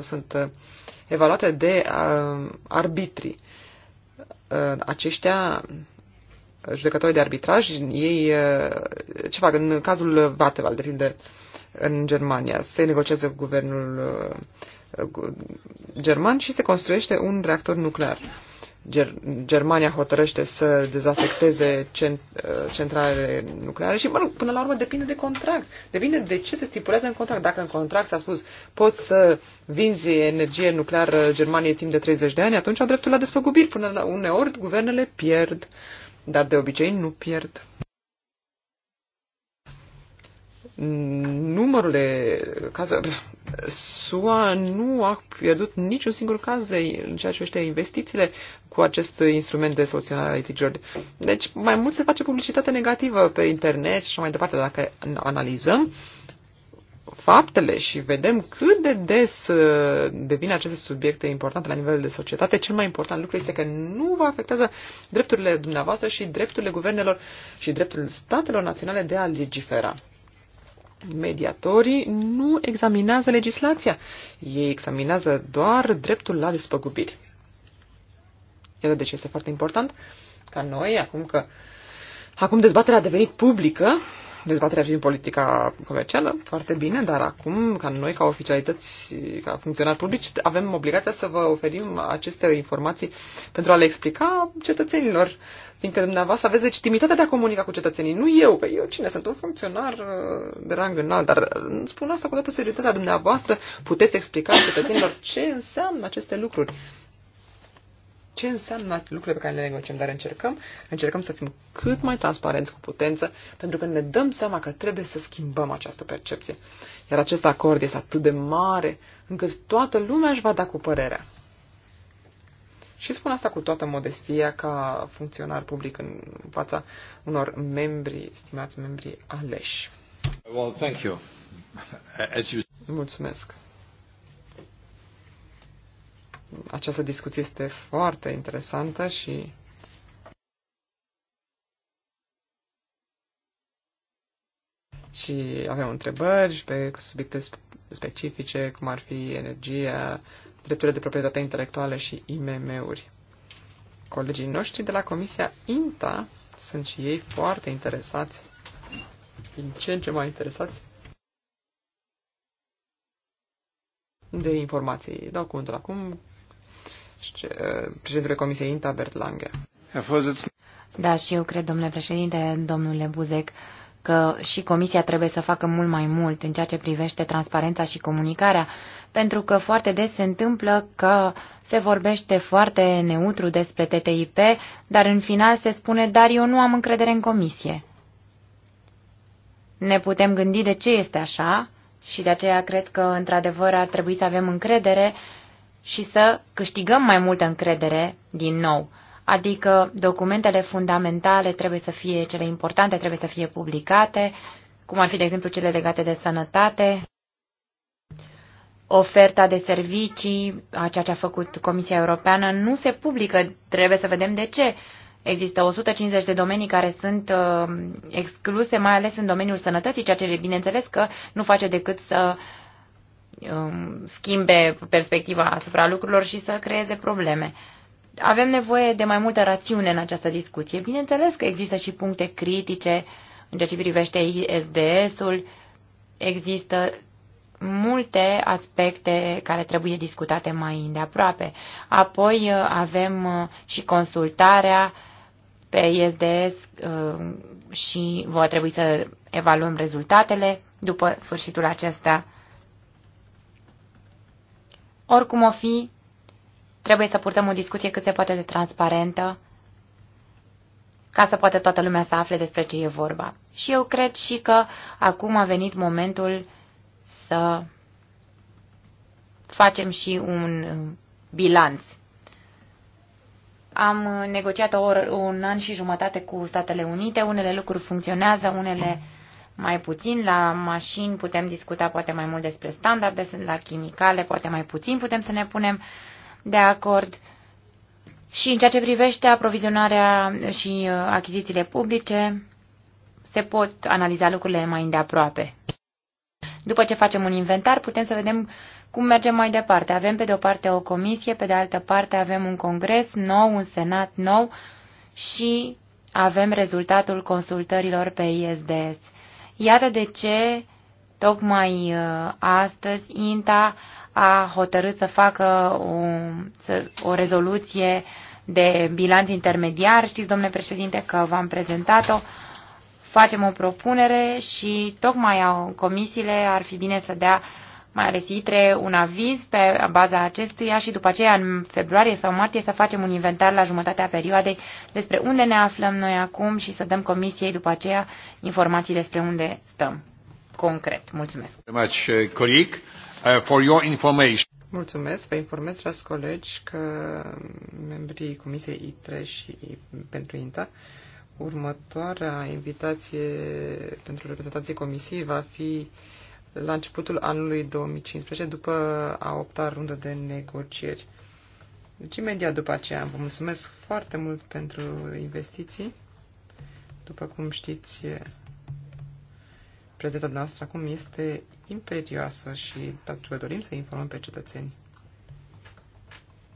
Speaker 3: sunt uh, evaluate de uh, arbitri. Uh, aceștia, judecători de arbitraj, ei ce fac? În cazul Vateval, de pildă, în Germania, se negociază cu guvernul german și se construiește un reactor nuclear Ger- Germania hotărăște să dezafecteze cent- uh, centrale nucleare și, mă rog, până la urmă depinde de contract. Depinde de ce se stipulează în contract. Dacă în contract s-a spus poți să vinzi energie nucleară Germaniei timp de 30 de ani, atunci au dreptul la despăgubiri. Până la uneori, guvernele pierd, dar de obicei nu pierd
Speaker 2: numărul
Speaker 3: de cazuri. SUA nu a pierdut niciun singur caz de, în ceea ce privește investițiile cu acest instrument de soluționare a litigiilor. Deci mai mult se face publicitate negativă pe internet și așa mai departe. Dacă analizăm faptele și vedem cât de des uh, devine aceste subiecte importante la nivel de societate, cel mai important lucru este că nu vă afectează drepturile dumneavoastră și drepturile guvernelor și drepturile statelor naționale de a legifera mediatorii nu examinează legislația, ei examinează doar dreptul la despăgubiri. Iată de ce este foarte important ca noi, acum că acum dezbaterea a devenit publică, dezbaterea în politica comercială, foarte bine, dar acum, ca noi, ca oficialități, ca funcționari publici, avem obligația să vă oferim aceste informații pentru a le explica cetățenilor, fiindcă dumneavoastră aveți legitimitatea de a comunica cu cetățenii, nu eu, că eu cine sunt, un funcționar uh, de rang înalt, dar uh, spun asta cu toată seriozitatea dumneavoastră, puteți explica cetățenilor ce înseamnă aceste lucruri ce înseamnă lucrurile pe care le negociem, dar încercăm, încercăm să fim cât mai transparenți cu putență, pentru că ne dăm seama că trebuie să schimbăm această percepție. Iar acest acord este atât de mare, încât toată lumea își va da cu părerea. Și spun asta cu toată modestia ca funcționar public în fața unor membri, stimați membri aleși.
Speaker 1: Well, thank you. As you...
Speaker 3: Mulțumesc. Această discuție este foarte interesantă și și avem întrebări pe subiecte specifice, cum ar fi energia, drepturile de proprietate intelectuală și IMM-uri. Colegii noștri de la Comisia INTA sunt și ei foarte interesați, din ce în ce mai interesați, de informații. Dau cuvântul acum președintele Comisiei INTA, Bert Lange.
Speaker 2: Da, și eu cred, domnule președinte, domnule Buzec, că și Comisia trebuie să facă mult mai mult în ceea ce privește transparența și comunicarea, pentru că foarte des se întâmplă că se vorbește foarte neutru despre TTIP, dar în final se spune, dar eu nu am încredere în Comisie. Ne putem gândi de ce este așa și de aceea cred că, într-adevăr, ar trebui să avem încredere și să câștigăm mai multă încredere din nou. Adică documentele fundamentale trebuie să fie cele importante, trebuie să fie publicate, cum ar fi, de exemplu, cele legate de sănătate, oferta de servicii, a ceea ce a făcut Comisia Europeană, nu se publică. Trebuie să vedem de ce. Există 150 de domenii care sunt uh, excluse, mai ales în domeniul sănătății, ceea ce, bineînțeles, că nu face decât să uh, Um, schimbe perspectiva asupra lucrurilor și să creeze probleme. Avem nevoie de mai multă rațiune în această discuție. Bineînțeles că există și puncte critice în ceea ce privește ISDS-ul. Există multe aspecte care trebuie discutate mai îndeaproape. Apoi uh, avem uh, și consultarea pe ISDS uh, și va trebui să evaluăm rezultatele după sfârșitul acesta oricum o fi, trebuie să purtăm o discuție cât se poate de transparentă, ca să poată toată lumea să afle despre ce e vorba. Și eu cred și că acum a venit momentul să facem și un uh, bilanț. Am uh, negociat o oră, un an și jumătate cu Statele Unite, unele lucruri funcționează, unele mai puțin, la mașini putem discuta poate mai mult despre standarde, la chimicale poate mai puțin putem să ne punem de acord. Și în ceea ce privește aprovizionarea și uh, achizițiile publice, se pot analiza lucrurile mai îndeaproape. După ce facem un inventar, putem să vedem cum mergem mai departe. Avem pe de o parte o comisie, pe de altă parte avem un congres nou, un senat nou și avem rezultatul consultărilor pe ISDS. Iată de ce tocmai uh, astăzi INTA a hotărât să facă o, să, o rezoluție de bilanț intermediar. Știți, domnule președinte, că v-am prezentat-o. Facem o propunere și tocmai comisiile ar fi bine să dea uh, mai ales ITRE, un aviz pe baza acestuia și după aceea în februarie sau martie să facem un inventar la jumătatea perioadei despre unde ne aflăm noi acum și să dăm comisiei după aceea informații despre unde stăm concret. Mulțumesc.
Speaker 1: Uh, uh,
Speaker 2: Mulțumesc, vă informez, dragi colegi, că membrii
Speaker 3: Comisiei ITRE și pentru INTA Următoarea invitație pentru reprezentanții comisiei va fi la începutul anului 2015, după a opta rundă de negocieri. Deci imediat după aceea vă mulțumesc foarte mult pentru investiții. După cum știți, prezența noastră acum este imperioasă și pentru că dorim să informăm pe cetățeni.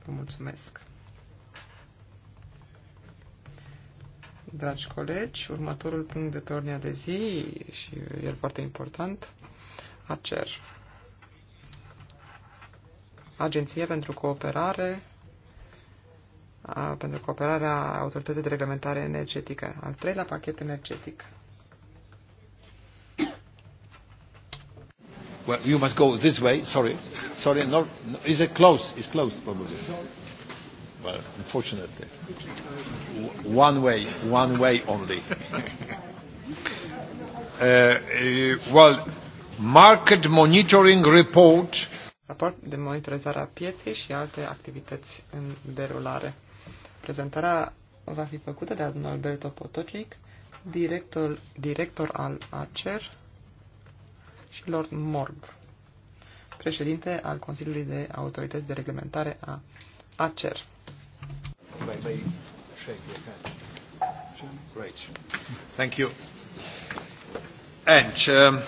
Speaker 3: Vă mulțumesc. Dragi colegi, următorul punct de pe ordinea de zi și el foarte important ACER. Agenția pentru Cooperare pentru cooperarea Autorității de Reglementare Energetică. Al treilea pachet energetic.
Speaker 1: Well, you must go this way. Sorry. Sorry. No, no, is it closed? It's closed, probably. Well, unfortunately. One way. One way only. uh, uh, well, Market Monitoring Report.
Speaker 3: Raport de monitorizare a pieței și alte activități în derulare. Prezentarea va fi făcută de domnul Alberto Potocic, director, director al ACER și Lord Morg, președinte al Consiliului de Autorități de Reglementare a ACER.
Speaker 1: Great. Thank you. And um,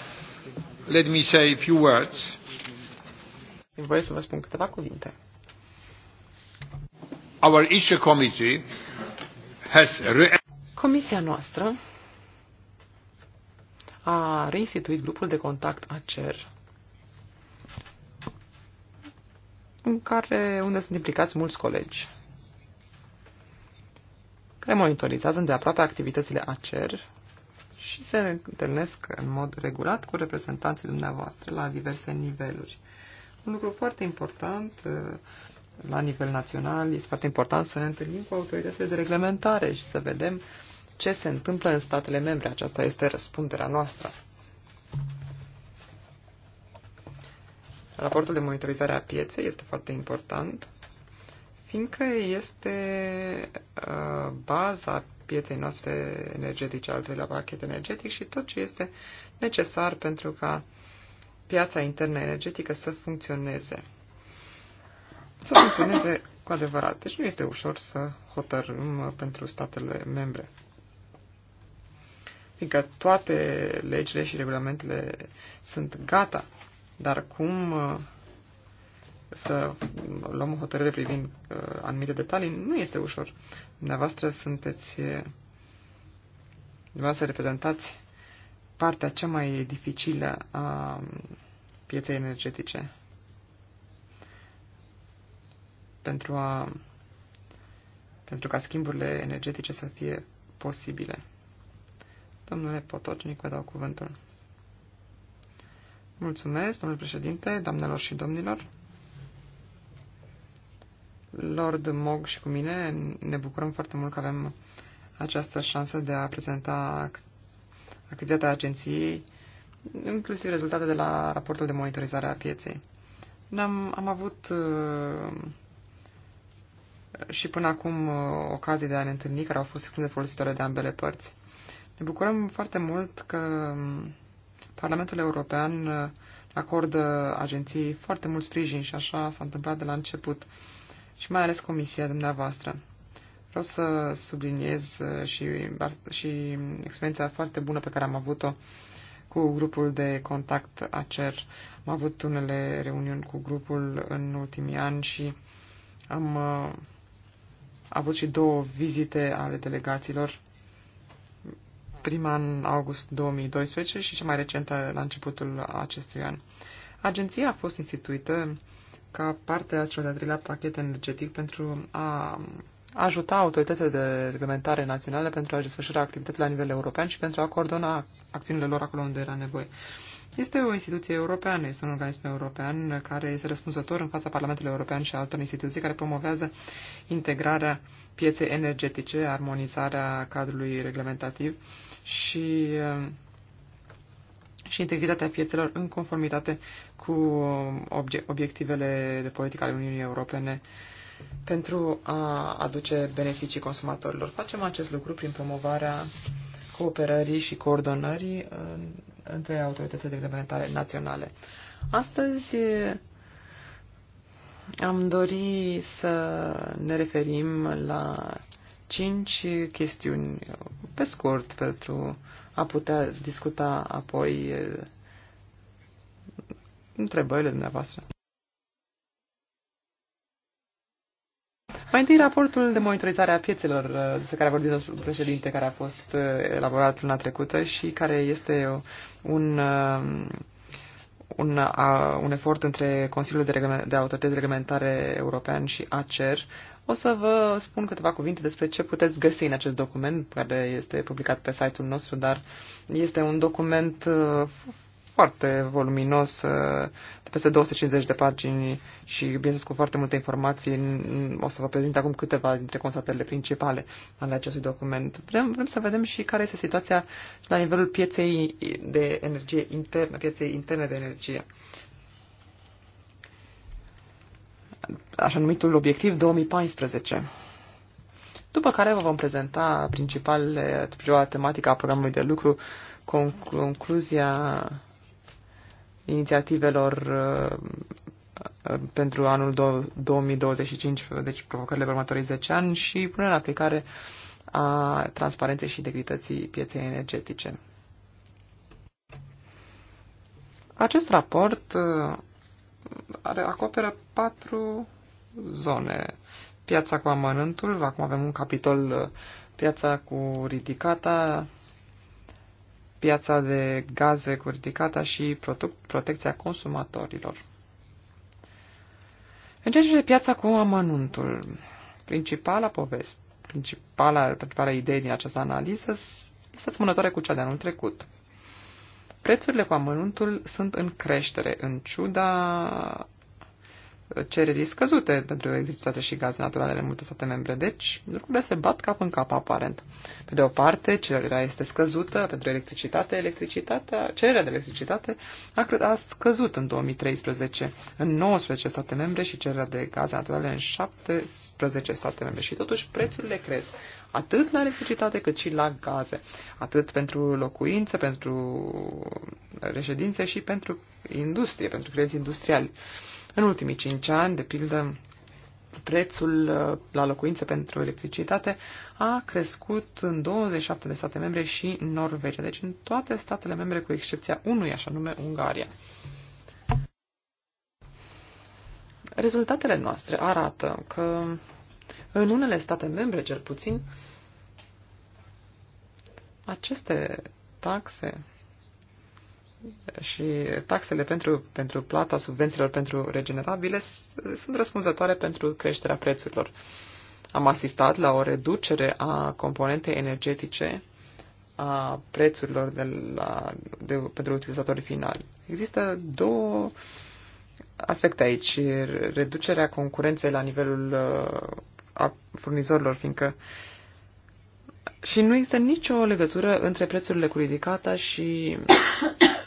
Speaker 1: let me say a few words.
Speaker 3: Îmi să vă spun câteva cuvinte.
Speaker 1: Our issue committee has re-
Speaker 3: Comisia noastră a reinstituit grupul de contact ACER în care, unde sunt implicați mulți colegi care monitorizează îndeaproape activitățile ACER și se întâlnesc în mod regulat cu reprezentanții dumneavoastră la diverse niveluri. Un lucru foarte important uh, la nivel național este foarte important să ne întâlnim cu autoritățile de reglementare și să vedem ce se întâmplă în statele membre. Aceasta este răspunderea noastră. Raportul de monitorizare a pieței este foarte important, fiindcă este uh, baza pieței noastre energetice, al doilea pachet energetic și tot ce este necesar pentru ca piața internă energetică să funcționeze. Să funcționeze cu adevărat. Deci nu este ușor să hotărâm pentru statele membre. Fiindcă toate legile și regulamentele sunt gata, dar cum să luăm o hotărâre privind uh, anumite detalii, nu este ușor. Dumneavoastră sunteți, uh, dumneavoastră reprezentați partea cea mai dificilă a um, pieței energetice. Pentru, a, pentru ca schimburile energetice să fie posibile. Domnule Potocnic, vă dau cuvântul. Mulțumesc, domnule președinte, doamnelor și domnilor. Lord Mog și cu mine ne bucurăm foarte mult că avem această șansă de a prezenta activitatea agenției, inclusiv rezultate de la raportul de monitorizare a pieței. N-am, am avut uh, și până acum uh, ocazii de a ne întâlni, care au fost extrem de folositoare de ambele părți. Ne bucurăm foarte mult că um, Parlamentul European uh, acordă agenției foarte mult sprijin și așa s-a întâmplat de la început. Uh, și mai ales comisia dumneavoastră. Vreau să subliniez uh, și, și experiența foarte bună pe care am avut-o cu grupul de contact ACER. Am avut unele reuniuni cu grupul în ultimii ani și am uh, avut și două vizite ale delegaților. Prima în august 2012 și cea mai recentă la începutul acestui an. Agenția a fost instituită ca parte a celor de treilea pachet energetic pentru a ajuta autoritățile de reglementare naționale pentru a desfășura activități la nivel european și pentru a coordona acțiunile lor acolo unde era nevoie. Este o instituție europeană, este un organism european care este răspunzător în fața Parlamentului European și altor instituții care promovează integrarea pieței energetice, armonizarea cadrului reglementativ și și integritatea piețelor în conformitate cu obiectivele de politică ale Uniunii Europene pentru a aduce beneficii consumatorilor. Facem acest lucru prin promovarea cooperării și coordonării uh, între autoritățile de reglementare naționale. Astăzi uh, am dori să ne referim la cinci chestiuni uh, pe scurt pentru a putea discuta apoi întrebările dumneavoastră. Mai întâi raportul de monitorizare a piețelor despre care a vorbit nostru președinte, care a fost elaborat luna trecută și care este un un, a, un efort între Consiliul de, de Autorități Reglementare European și ACER, o să vă spun câteva cuvinte despre ce puteți găsi în acest document, care este publicat pe site-ul nostru, dar este un document uh, foarte voluminos, de peste 250 de pagini și, bineînțeles, cu foarte multe informații. O să vă prezint acum câteva dintre constatările principale ale acestui document. Vrem, vrem să vedem și care este situația la nivelul pieței de energie internă, pieței interne de energie. Așa numitul obiectiv 2014 după care vă vom prezenta principalele, principala tematică a programului de lucru, conclu concluzia inițiativelor uh, uh, pentru anul 2025, deci provocările următorii 10 ani și punerea în aplicare a transparenței și integrității pieței energetice. Acest raport uh, are, acoperă patru zone. Piața cu amănântul, acum avem un capitol piața cu ridicata, piața de gaze cu ridicata și protecția consumatorilor. În ceea ce piața cu amănuntul, principala poveste, principala, principala idee din această analiză este asemănătoare cu cea de anul trecut. Prețurile cu amănuntul sunt în creștere, în ciuda cererii scăzute pentru electricitate și gaze naturale în multe state membre. Deci, lucrurile se bat cap în cap, aparent. Pe de o parte, cererea este scăzută pentru electricitate. Electricitatea, cererea de electricitate a, a scăzut în 2013 în 19 state membre și cererea de gaze naturale în 17 state membre. Și totuși, prețurile cresc atât la electricitate cât și la gaze. Atât pentru locuințe, pentru reședințe și pentru industrie, pentru clienți industriali. În ultimii cinci ani, de pildă, prețul uh, la locuință pentru electricitate a crescut în 27 de state membre și Norvegia, deci în toate statele membre cu excepția unui, așa nume Ungaria. Rezultatele noastre arată că în unele state membre, cel puțin, aceste taxe și taxele pentru, pentru plata subvențiilor pentru regenerabile sunt răspunzătoare pentru creșterea prețurilor. Am asistat la o reducere a componentei energetice a prețurilor de la, de, pentru utilizatorii finali. Există două aspecte aici. Reducerea concurenței la nivelul uh, a furnizorilor, fiindcă și nu există nicio legătură între prețurile cu ridicata și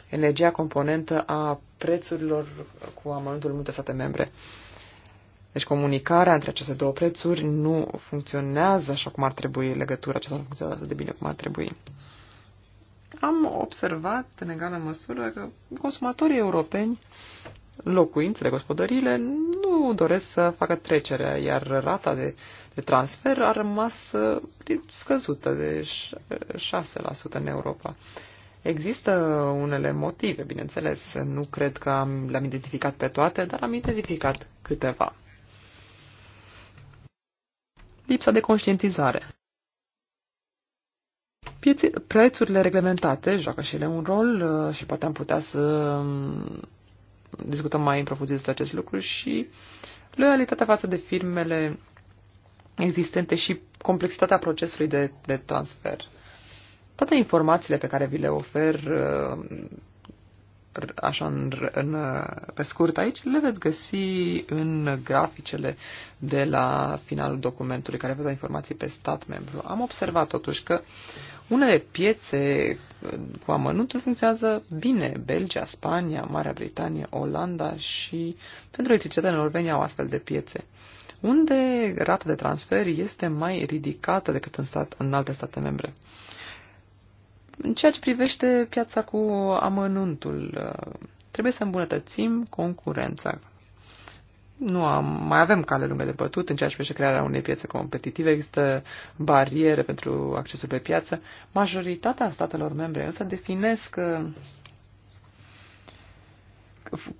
Speaker 3: energia componentă a prețurilor cu amănuntul multe state membre. Deci comunicarea între aceste două prețuri nu funcționează așa cum ar trebui, legătura aceasta nu funcționează de bine cum ar trebui. Am observat în egală măsură că consumatorii europeni, locuințele, gospodăriile, nu doresc să facă trecerea, iar rata de, de transfer a rămas eh, scăzută de 6% în Europa. Există unele motive, bineînțeles. Nu cred că am, le-am identificat pe toate, dar am identificat câteva. Lipsa de conștientizare. prețurile reglementate joacă și ele un rol uh, și poate am putea să um, discutăm mai în profunzime despre acest lucru și loialitatea față de firmele existente și complexitatea procesului de, de transfer. Toate informațiile pe care vi le ofer uh, așa în, în, uh, pe scurt aici, le veți găsi în graficele de la finalul documentului care vă dă informații pe stat membru. Am observat totuși că unele piețe uh, cu amănuntul funcționează bine. Belgia, Spania, Marea Britanie, Olanda și pentru electricitatea Norvegia au astfel de piețe unde rata de transfer este mai ridicată decât în, stat, în alte state membre. În ceea ce privește piața cu amănuntul, trebuie să îmbunătățim concurența. Nu am, mai avem cale lungă de bătut în ceea ce privește crearea unei piețe competitive. Există bariere pentru accesul pe piață. Majoritatea statelor membre însă definesc uh,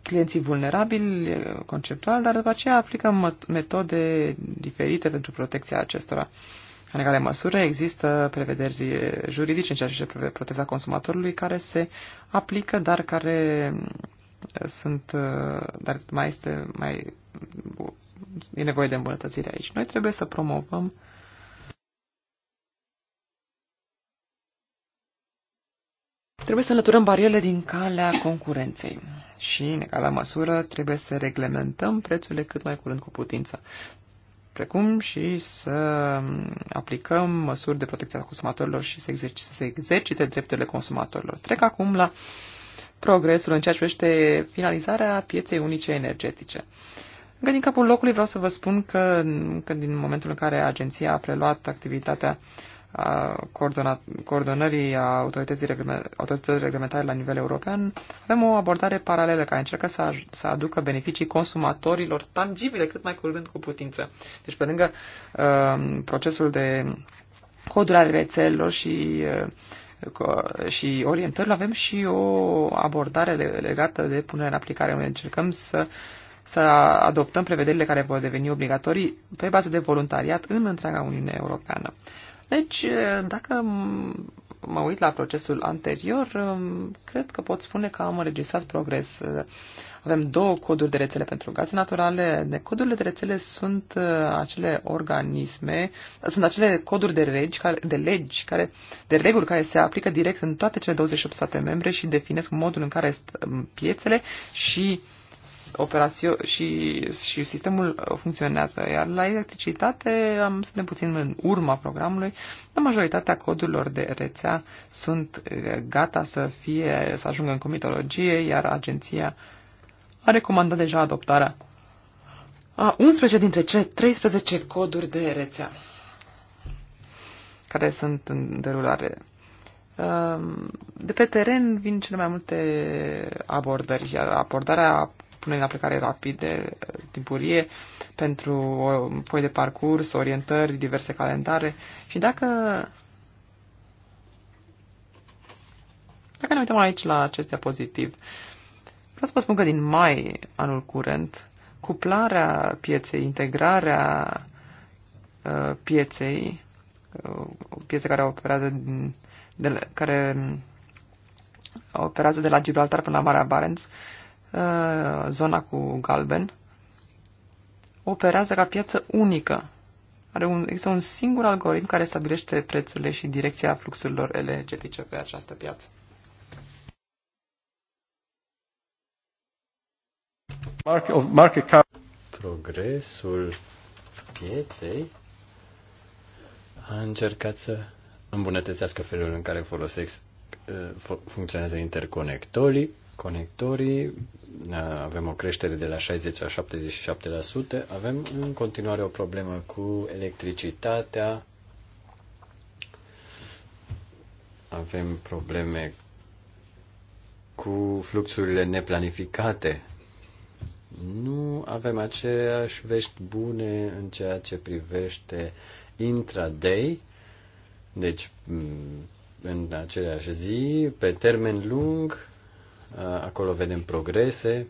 Speaker 3: clienții vulnerabili uh, conceptual, dar după aceea aplicăm metode diferite pentru protecția acestora. Uh, în egală măsură există prevederi juridice în ceea ce privește proteza consumatorului care se aplică, dar care uh, sunt, uh, dar mai este, mai e nevoie de îmbunătățire aici. Noi trebuie să promovăm Trebuie să înlăturăm barierele din calea concurenței și, în egală măsură, trebuie să reglementăm prețurile cât mai curând cu putință precum și să aplicăm măsuri de protecție a consumatorilor și să, exerc- să se exercite drepturile consumatorilor. Trec acum la progresul în ceea ce privește finalizarea pieței unice energetice. Încă din capul locului vreau să vă spun că, că din momentul în care agenția a preluat activitatea uh, coordonării autorității, autorității, autorității reglementare la nivel european, avem o abordare paralelă care încearcă să, să aducă beneficii consumatorilor tangibile cât mai curând cu putință. Deci, pe lângă uh, procesul de codurare rețelelor și uh, și orientări, avem și o abordare legată de punerea în aplicare. Noi încercăm să, să adoptăm prevederile care vor deveni obligatorii pe bază de voluntariat în întreaga Uniune Europeană. Deci, eh, dacă mă uit la procesul anterior, eh, cred că pot spune că am înregistrat progres. Eh, avem două coduri de rețele pentru gaze naturale. Codurile de rețele sunt acele organisme, sunt acele coduri de, regi, de legi, care, de reguli care se aplică direct în toate cele 28 state membre și definesc modul în care piețele și uh, operațio- și, și sistemul funcționează, iar la electricitate am, suntem puțin în urma programului, dar majoritatea codurilor de rețea sunt gata să fie, să ajungă în comitologie, iar agenția a recomandat deja adoptarea a 11 dintre cele 13 coduri de rețea care sunt în derulare. Ehm, de pe teren vin cele mai multe abordări, iar abordarea punere în aplicare rapide, timpurie, pentru o foi de parcurs, orientări, diverse calendare. Și dacă Dacă ne uităm aici la acestea pozitiv, vreau să vă spun că din mai anul curent, cuplarea pieței, integrarea uh, pieței, o uh, piețe care operează din, de la, care operează de la Gibraltar până la Marea Barents, Uh, zona cu galben, operează ca piață unică. Are un, există un singur algoritm care stabilește prețurile și direcția fluxurilor energetice pe această piață.
Speaker 1: Progresul pieței a încercat să îmbunătățească felul în care folosesc, uh, funcționează interconectorii conectorii, avem o creștere de la 60 la 77%, avem în continuare o problemă cu electricitatea, avem probleme cu fluxurile neplanificate. Nu avem aceeași vești bune în ceea ce privește intraday, deci în aceeași zi, pe termen lung, Uh, acolo vedem progrese.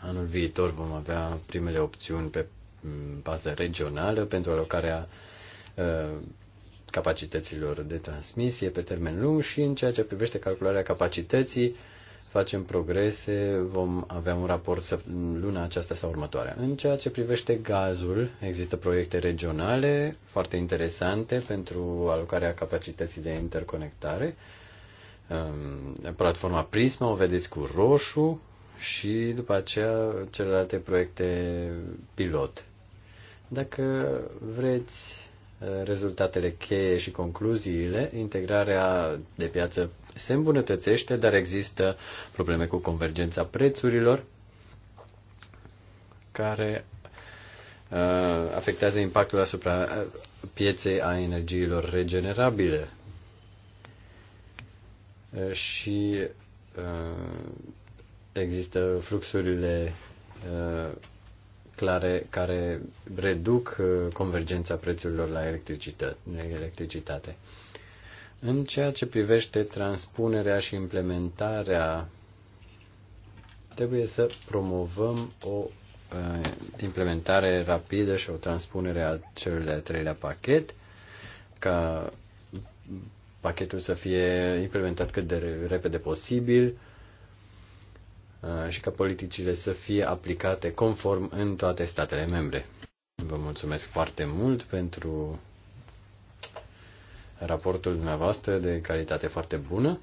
Speaker 1: Anul viitor vom avea primele opțiuni pe mm, bază regională pentru alocarea uh, capacităților de transmisie pe termen lung și în ceea ce privește calcularea capacității facem progrese, vom avea un raport luna aceasta sau următoarea. În ceea ce privește gazul, există proiecte regionale foarte interesante pentru alocarea capacității de interconectare. Ehm, platforma Prisma, o vedeți cu roșu și după aceea celelalte proiecte pilot. Dacă vreți eh, rezultatele cheie și concluziile, integrarea de piață se îmbunătățește, dar există probleme cu convergența prețurilor care eh, afectează impactul asupra eh, pieței a energiilor regenerabile și uh, există fluxurile uh, clare care reduc uh, convergența prețurilor la electricitate. În ceea ce privește transpunerea și implementarea, trebuie să promovăm o implementare rapidă și o transpunere a celui de-al treilea pachet, ca pachetul să fie implementat cât de repede posibil uh, și ca politicile să fie aplicate conform în toate statele membre. Vă mulțumesc foarte mult pentru raportul dumneavoastră de calitate foarte bună.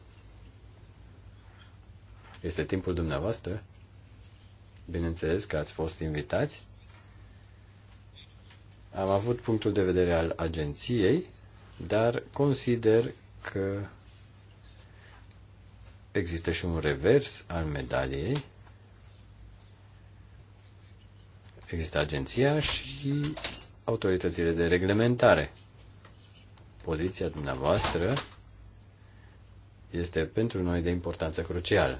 Speaker 1: Este timpul dumneavoastră. Bineînțeles că ați fost invitați. Am avut punctul de vedere al agenției, dar consider că există și un revers al medaliei. Există agenția și autoritățile de reglementare. Poziția dumneavoastră este pentru noi de importanță crucială.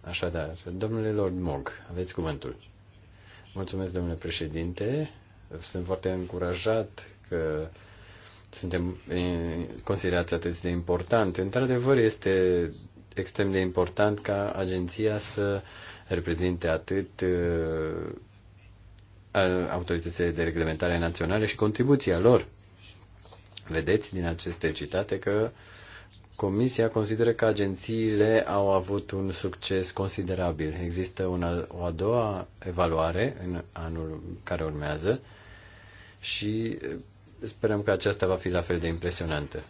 Speaker 1: Așadar, domnule Lord Mog, aveți cuvântul. Mulțumesc, domnule președinte. Sunt foarte încurajat că suntem considerați atât de important. Într-adevăr, este extrem de important ca agenția să reprezinte atât autoritățile de reglementare naționale și contribuția lor. Vedeți din aceste citate că Comisia consideră că agențiile au avut un succes considerabil. Există una, o a doua evaluare în anul care urmează și Sperăm că aceasta va fi la fel de impresionantă.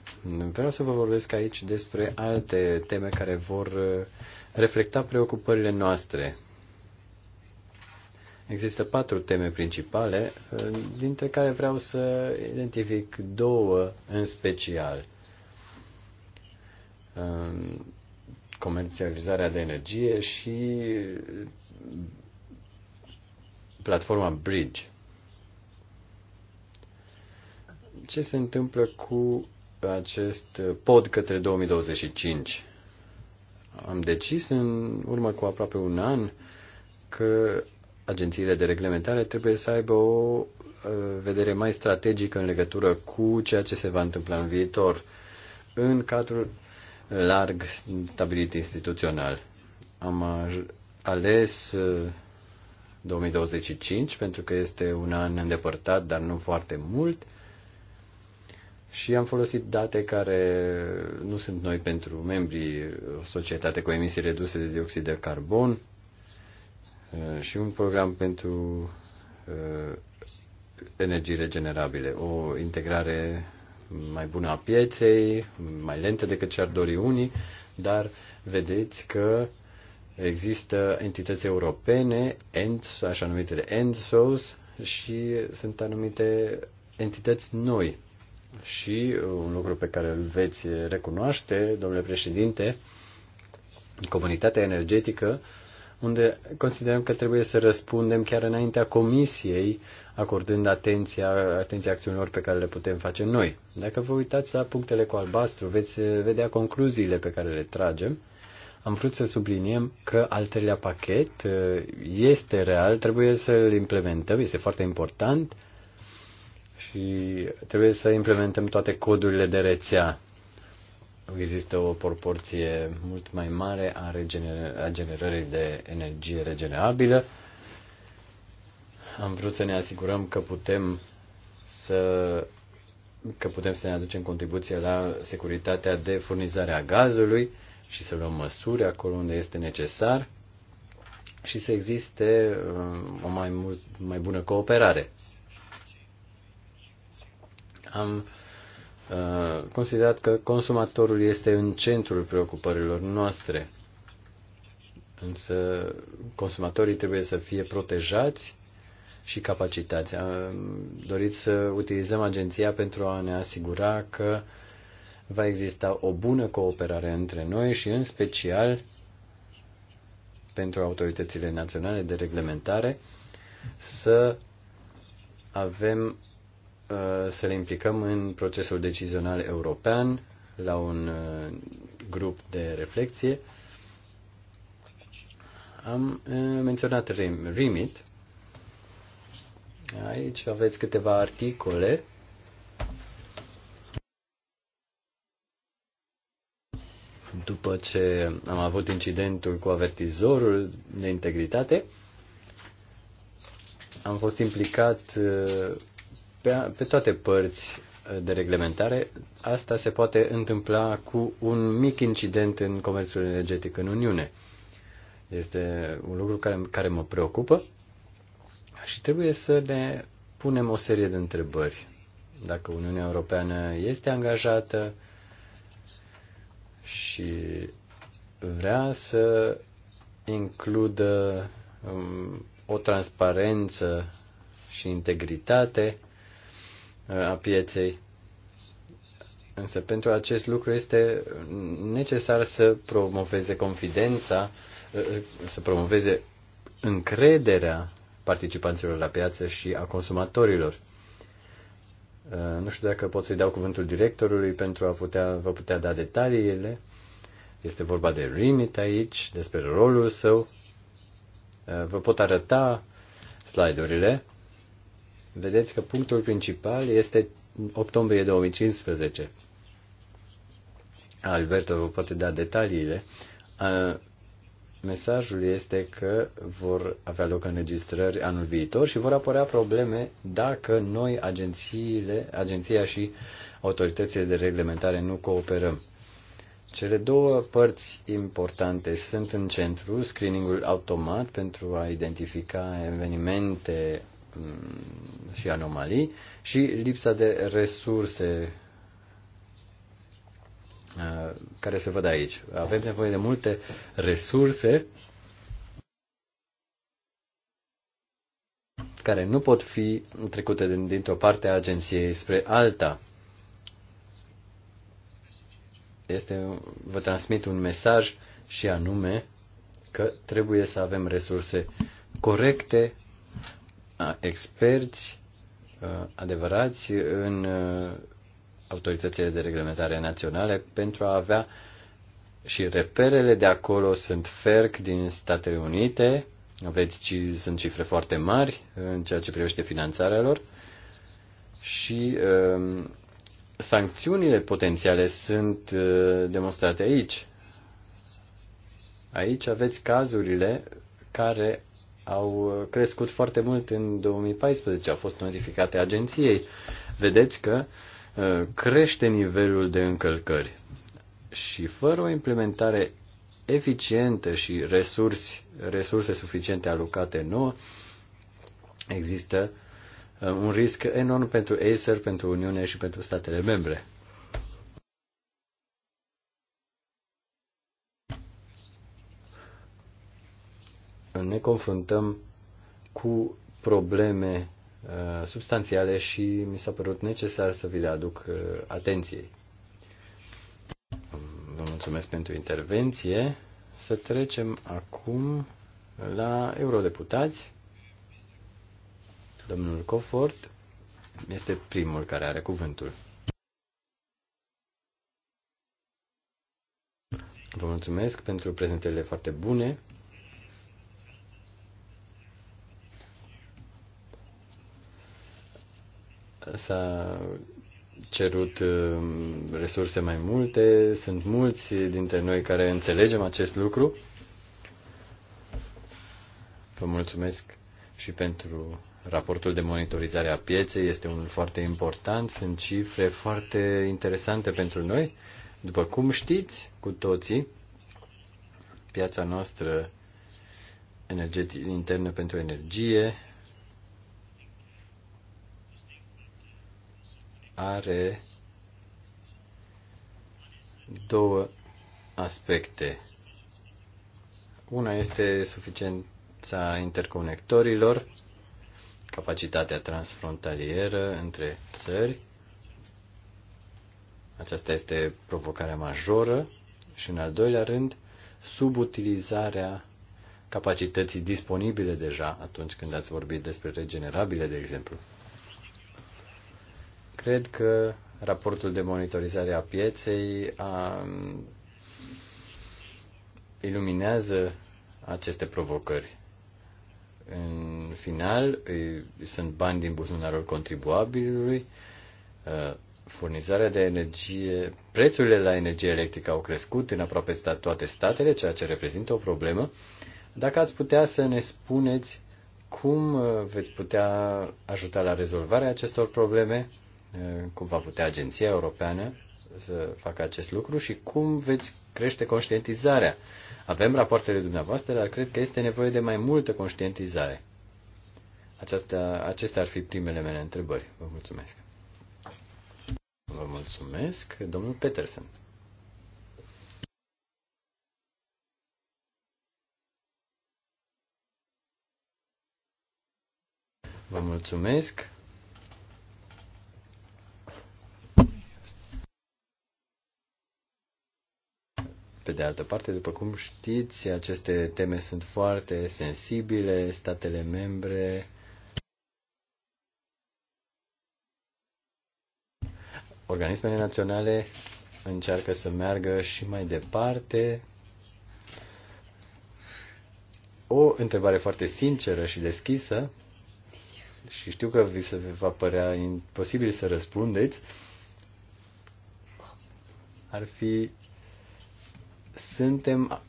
Speaker 1: Vreau să vă vorbesc aici despre alte teme care vor uh, reflecta preocupările noastre. Există patru teme principale, uh, dintre care vreau să identific două în special. Um, comercializarea de energie și platforma Bridge ce se întâmplă cu acest pod către 2025? Am decis în urmă cu aproape un an că agențiile de reglementare trebuie să aibă o uh, vedere mai strategică în legătură cu ceea ce se va întâmpla în viitor în cadrul larg stabilit instituțional. Am ales 2025 uh, pentru că este un an îndepărtat, dar nu foarte mult și am folosit date care nu sunt noi pentru membrii, societate cu emisii reduse de dioxid de carbon uh, și un program pentru uh, energii regenerabile, o integrare mai bună a pieței, mai lentă decât ce-ar dori unii, dar vedeți că există entități europene, ENTS, așa numitele ENSOs, și sunt anumite entități noi și uh, un lucru pe care îl veți recunoaște, domnule președinte, comunitatea energetică, unde considerăm că trebuie să răspundem chiar înaintea comisiei, acordând atenția, atenția acțiunilor pe care le putem face noi. Dacă vă uitați la punctele cu albastru, veți uh, vedea concluziile pe care le tragem. Am vrut să subliniem că al treilea pachet uh, este real, trebuie să-l implementăm, este foarte important, și trebuie să implementăm toate codurile de rețea. Există o proporție mult mai mare a, regener- a generării de energie regenerabilă. Am vrut să ne asigurăm că putem să că putem să ne aducem contribuție la securitatea de furnizare a gazului și să luăm măsuri acolo unde este necesar și să existe uh, o mai, mult, mai bună cooperare am uh, considerat că consumatorul este în centrul preocupărilor noastre. Însă consumatorii trebuie să fie protejați și capacitați. Am dorit să utilizăm agenția pentru a ne asigura că va exista o bună cooperare între noi și în special pentru autoritățile naționale de reglementare să avem Uh, să le implicăm în procesul decizional european, la un uh, grup de reflexie. Am uh, menționat REMIT. Aici aveți câteva articole după ce am avut incidentul cu avertizorul de integritate, am fost implicat pe, pe toate părți de reglementare, asta se poate întâmpla cu un mic incident în comerțul energetic în Uniune. Este un lucru care, care mă preocupă și trebuie să ne punem o serie de întrebări. Dacă Uniunea Europeană este angajată și vrea să includă um, o transparență și integritate, a pieței. Însă pentru acest lucru este necesar să promoveze confidența, ă, ă, să promoveze încrederea participanților la piață și a consumatorilor. Ă, nu știu dacă pot să-i dau cuvântul directorului pentru a putea, vă putea da detaliile. Este vorba de RIMIT aici, despre rolul său. Vă pot arăta slide-urile vedeți că punctul principal este octombrie 2015. Alberto vă poate da detaliile. Mesajul este că vor avea loc înregistrări anul viitor și vor apărea probleme dacă noi, agențiile, agenția și autoritățile de reglementare nu cooperăm. Cele două părți importante sunt în centru, screeningul automat pentru a identifica evenimente și anomalii și lipsa de resurse uh, care se văd aici. Avem nevoie de multe resurse care nu pot fi trecute dintr-o parte a agenției spre alta. Este, vă transmit un mesaj și anume că trebuie să avem resurse corecte experți adevărați în autoritățile de reglementare naționale pentru a avea și reperele de acolo sunt FERC din Statele Unite, aveți, sunt cifre foarte mari în ceea ce privește finanțarea lor și um, sancțiunile potențiale sunt uh, demonstrate aici. Aici aveți cazurile care au uh, crescut foarte mult în 2014, au fost notificate agenției. Vedeți că uh, crește nivelul de încălcări și fără o implementare eficientă și resurse, resurse suficiente alocate nouă, există uh, un risc enorm pentru Acer, pentru Uniune și pentru statele membre. ne confruntăm cu probleme uh, substanțiale și mi s-a părut necesar să vi le aduc uh, atenției. Vă mulțumesc pentru intervenție. Să trecem acum la eurodeputați. Domnul Cofort este primul care are cuvântul. Vă mulțumesc pentru prezentele foarte bune S-a cerut um, resurse mai multe, sunt mulți dintre noi care înțelegem acest lucru. Vă mulțumesc și pentru raportul de monitorizare a pieței, este unul foarte important, sunt cifre foarte interesante pentru noi. După cum știți cu toții, piața noastră energetic, internă pentru energie are două aspecte. Una este suficiența interconectorilor, capacitatea transfrontalieră între țări. Aceasta este provocarea majoră. Și în al doilea rând, subutilizarea capacității disponibile deja atunci când ați vorbit despre regenerabile, de exemplu. Cred că raportul de monitorizare a pieței a, iluminează aceste provocări. În final, sunt bani din buzunarul contribuabilului, furnizarea de energie, prețurile la energie electrică au crescut în aproape toate statele, ceea ce reprezintă o problemă. Dacă ați putea să ne spuneți cum veți putea ajuta la rezolvarea acestor probleme, cum va putea Agenția Europeană să facă acest lucru și cum veți crește conștientizarea. Avem rapoartele dumneavoastră, dar cred că este nevoie de mai multă conștientizare. Aceasta, acestea ar fi primele mele întrebări. Vă mulțumesc. Vă mulțumesc, domnul Peterson. Vă mulțumesc. Pe de altă parte, după cum știți, aceste teme sunt foarte sensibile, statele membre organismele naționale încearcă să meargă și mai departe. O întrebare foarte sinceră și deschisă, și știu că vi se va părea imposibil să răspundeți, ar fi suntem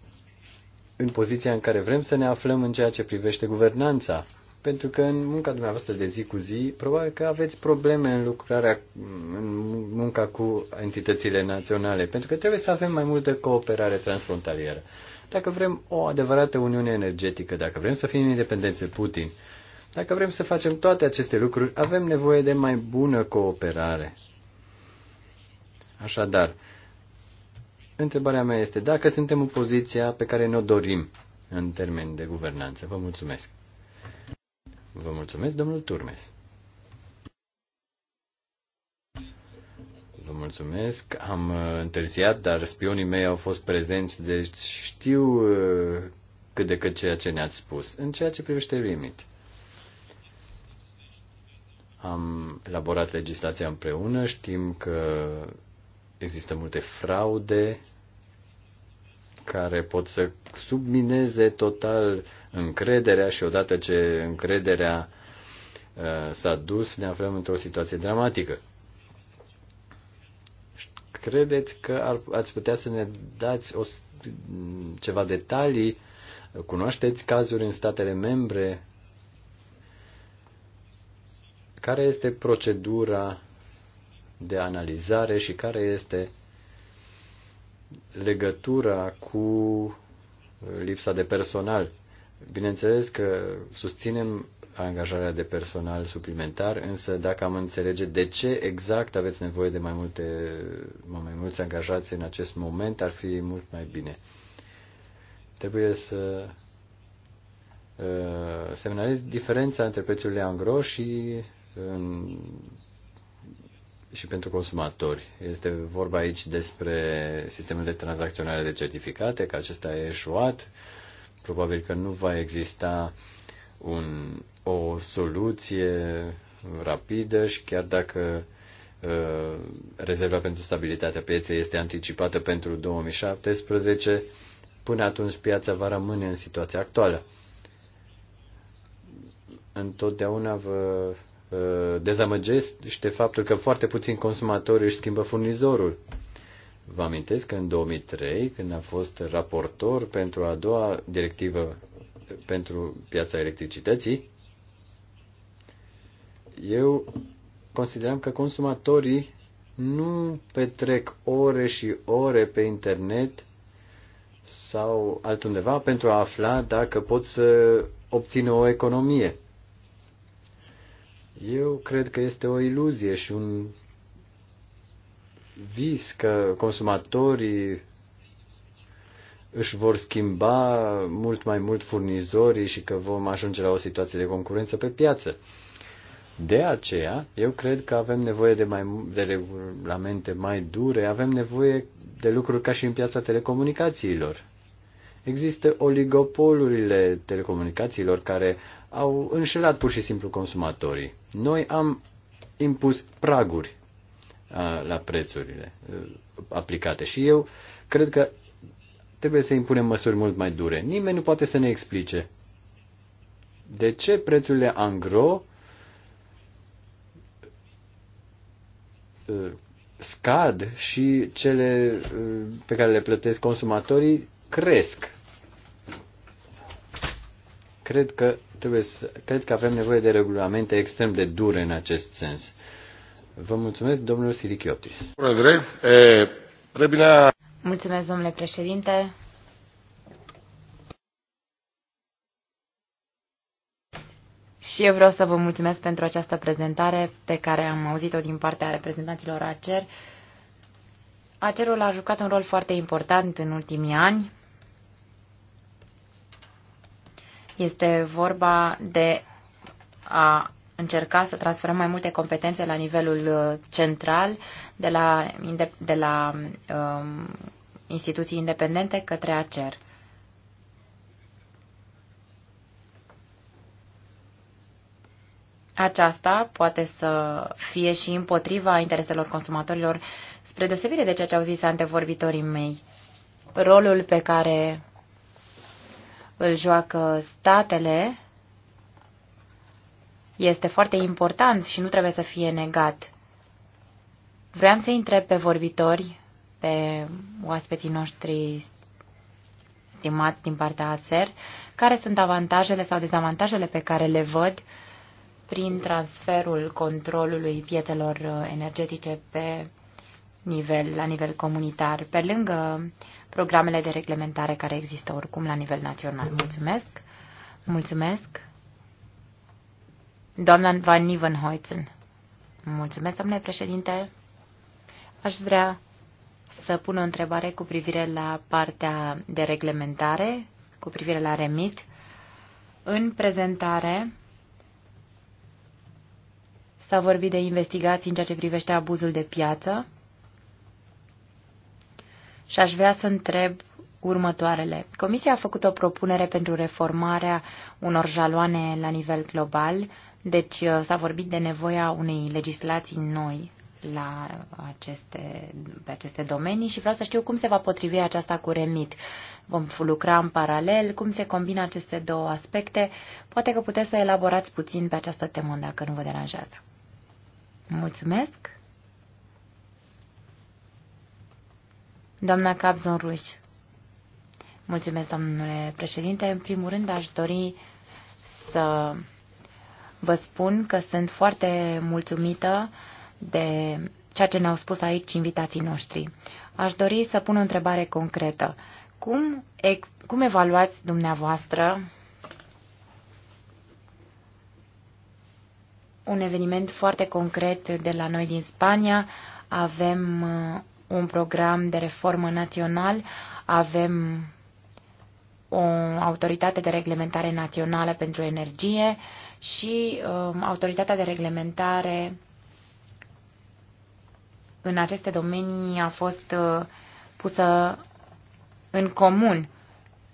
Speaker 1: în poziția în care vrem să ne aflăm în ceea ce privește guvernanța. Pentru că în munca dumneavoastră de zi cu zi, probabil că aveți probleme în lucrarea, în munca cu entitățile naționale, pentru că trebuie să avem mai multă cooperare transfrontalieră. Dacă vrem o adevărată uniune energetică, dacă vrem să fim independenți de Putin, dacă vrem să facem toate aceste lucruri, avem nevoie de mai bună cooperare. Așadar, Întrebarea mea este dacă suntem în poziția pe care ne-o dorim în termen de guvernanță. Vă mulțumesc. Vă mulțumesc, domnul Turmes. Vă mulțumesc. Am uh, întârziat, dar spionii mei au fost prezenți, deci știu uh, cât de cât ceea ce ne-ați spus. În ceea ce privește limit. Am elaborat legislația împreună, știm că există multe fraude care pot să submineze total încrederea și odată ce încrederea uh, s-a dus, ne aflăm într-o situație dramatică. Credeți că ar, ați putea să ne dați o, ceva detalii? Cunoașteți cazuri în statele membre? Care este procedura de analizare și care este legătura cu lipsa de personal. Bineînțeles că susținem angajarea de personal suplimentar, însă dacă am înțelege de ce exact aveți nevoie de mai, multe, mai mulți angajați în acest moment, ar fi mult mai bine. Trebuie să uh, semnalez diferența între prețurile angro și în și pentru consumatori. Este vorba aici despre sistemele tranzacționale de certificate, că acesta a eșuat. Probabil că nu va exista un, o soluție rapidă și chiar dacă uh, rezerva pentru stabilitatea pieței este anticipată pentru 2017, până atunci piața va rămâne în situația actuală. Întotdeauna vă Uh, dezamăgește faptul că foarte puțini consumatori își schimbă furnizorul. Vă amintesc că în 2003, când am fost raportor pentru a doua directivă pentru piața electricității, eu consideram că consumatorii nu petrec ore și ore pe internet sau altundeva pentru a afla dacă pot să obțină o economie. Eu cred că este o iluzie și un vis că consumatorii își vor schimba mult mai mult furnizorii și că vom ajunge la o situație de concurență pe piață. De aceea, eu cred că avem nevoie de, mai, de regulamente mai dure, avem nevoie de lucruri ca și în piața telecomunicațiilor. Există oligopolurile telecomunicațiilor care au înșelat pur și simplu consumatorii. Noi am impus praguri la prețurile aplicate și eu cred că trebuie să impunem măsuri mult mai dure. Nimeni nu poate să ne explice de ce prețurile angro scad și cele pe care le plătesc consumatorii cresc. Cred că, trebuie să, cred că avem nevoie de regulamente extrem de dure în acest sens. Vă mulțumesc, domnul Sirichiotis.
Speaker 2: Mulțumesc, domnule președinte. Și eu vreau să vă mulțumesc pentru această prezentare pe care am auzit-o din partea reprezentanților ACER. ACER-ul a jucat un rol foarte important în ultimii ani Este vorba de a încerca să transferăm mai multe competențe la nivelul uh, central, de la, de la um, instituții independente către ACER. Aceasta poate să fie și împotriva intereselor consumatorilor, spre deosebire de ceea ce au zis antevorbitorii mei. Rolul pe care îl joacă statele este foarte important și nu trebuie să fie negat. Vreau să întreb pe vorbitori, pe oaspeții noștri stimați din partea ASER, care sunt avantajele sau dezavantajele pe care le văd prin transferul controlului piețelor uh, energetice pe nivel, la nivel comunitar, pe lângă programele de reglementare care există oricum la nivel național. Mulțumesc! Mulțumesc! Doamna Van Nivenhoitzen. Mulțumesc, domnule președinte. Aș vrea să pun o întrebare cu privire la partea de reglementare, cu privire la remit. În prezentare s-a vorbit de investigații în ceea ce privește abuzul de piață și aș vrea să întreb următoarele. Comisia a făcut o propunere pentru reformarea unor jaloane la nivel global, deci uh, s-a vorbit de nevoia unei legislații noi la aceste, pe aceste domenii și vreau să știu cum se va potrivi aceasta cu REMIT. Vom lucra în paralel, cum se combină aceste două aspecte. Poate că puteți să elaborați puțin pe această temă, dacă nu vă deranjează. Mulțumesc! Doamna Capzon Ruiz. Mulțumesc, domnule președinte. În primul rând, aș dori să vă spun că sunt foarte mulțumită de ceea ce ne-au spus aici invitații noștri. Aș dori să pun o întrebare concretă. Cum, ex, cum evaluați dumneavoastră un eveniment foarte concret de la noi din Spania? Avem uh, un program de reformă național, avem o autoritate de reglementare națională pentru energie și um, autoritatea de reglementare în aceste domenii a fost uh, pusă în comun.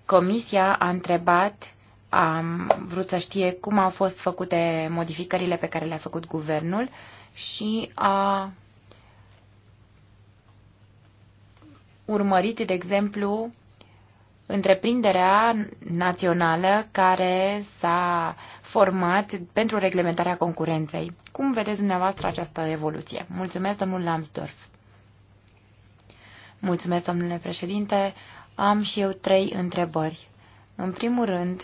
Speaker 2: Comisia a întrebat, a vrut să știe cum au fost făcute modificările pe care le-a făcut guvernul și a urmărit, de exemplu, întreprinderea națională care s-a format pentru reglementarea concurenței. Cum vedeți dumneavoastră această evoluție? Mulțumesc, domnul Lambsdorff. Mulțumesc, domnule președinte. Am și eu trei întrebări. În primul rând,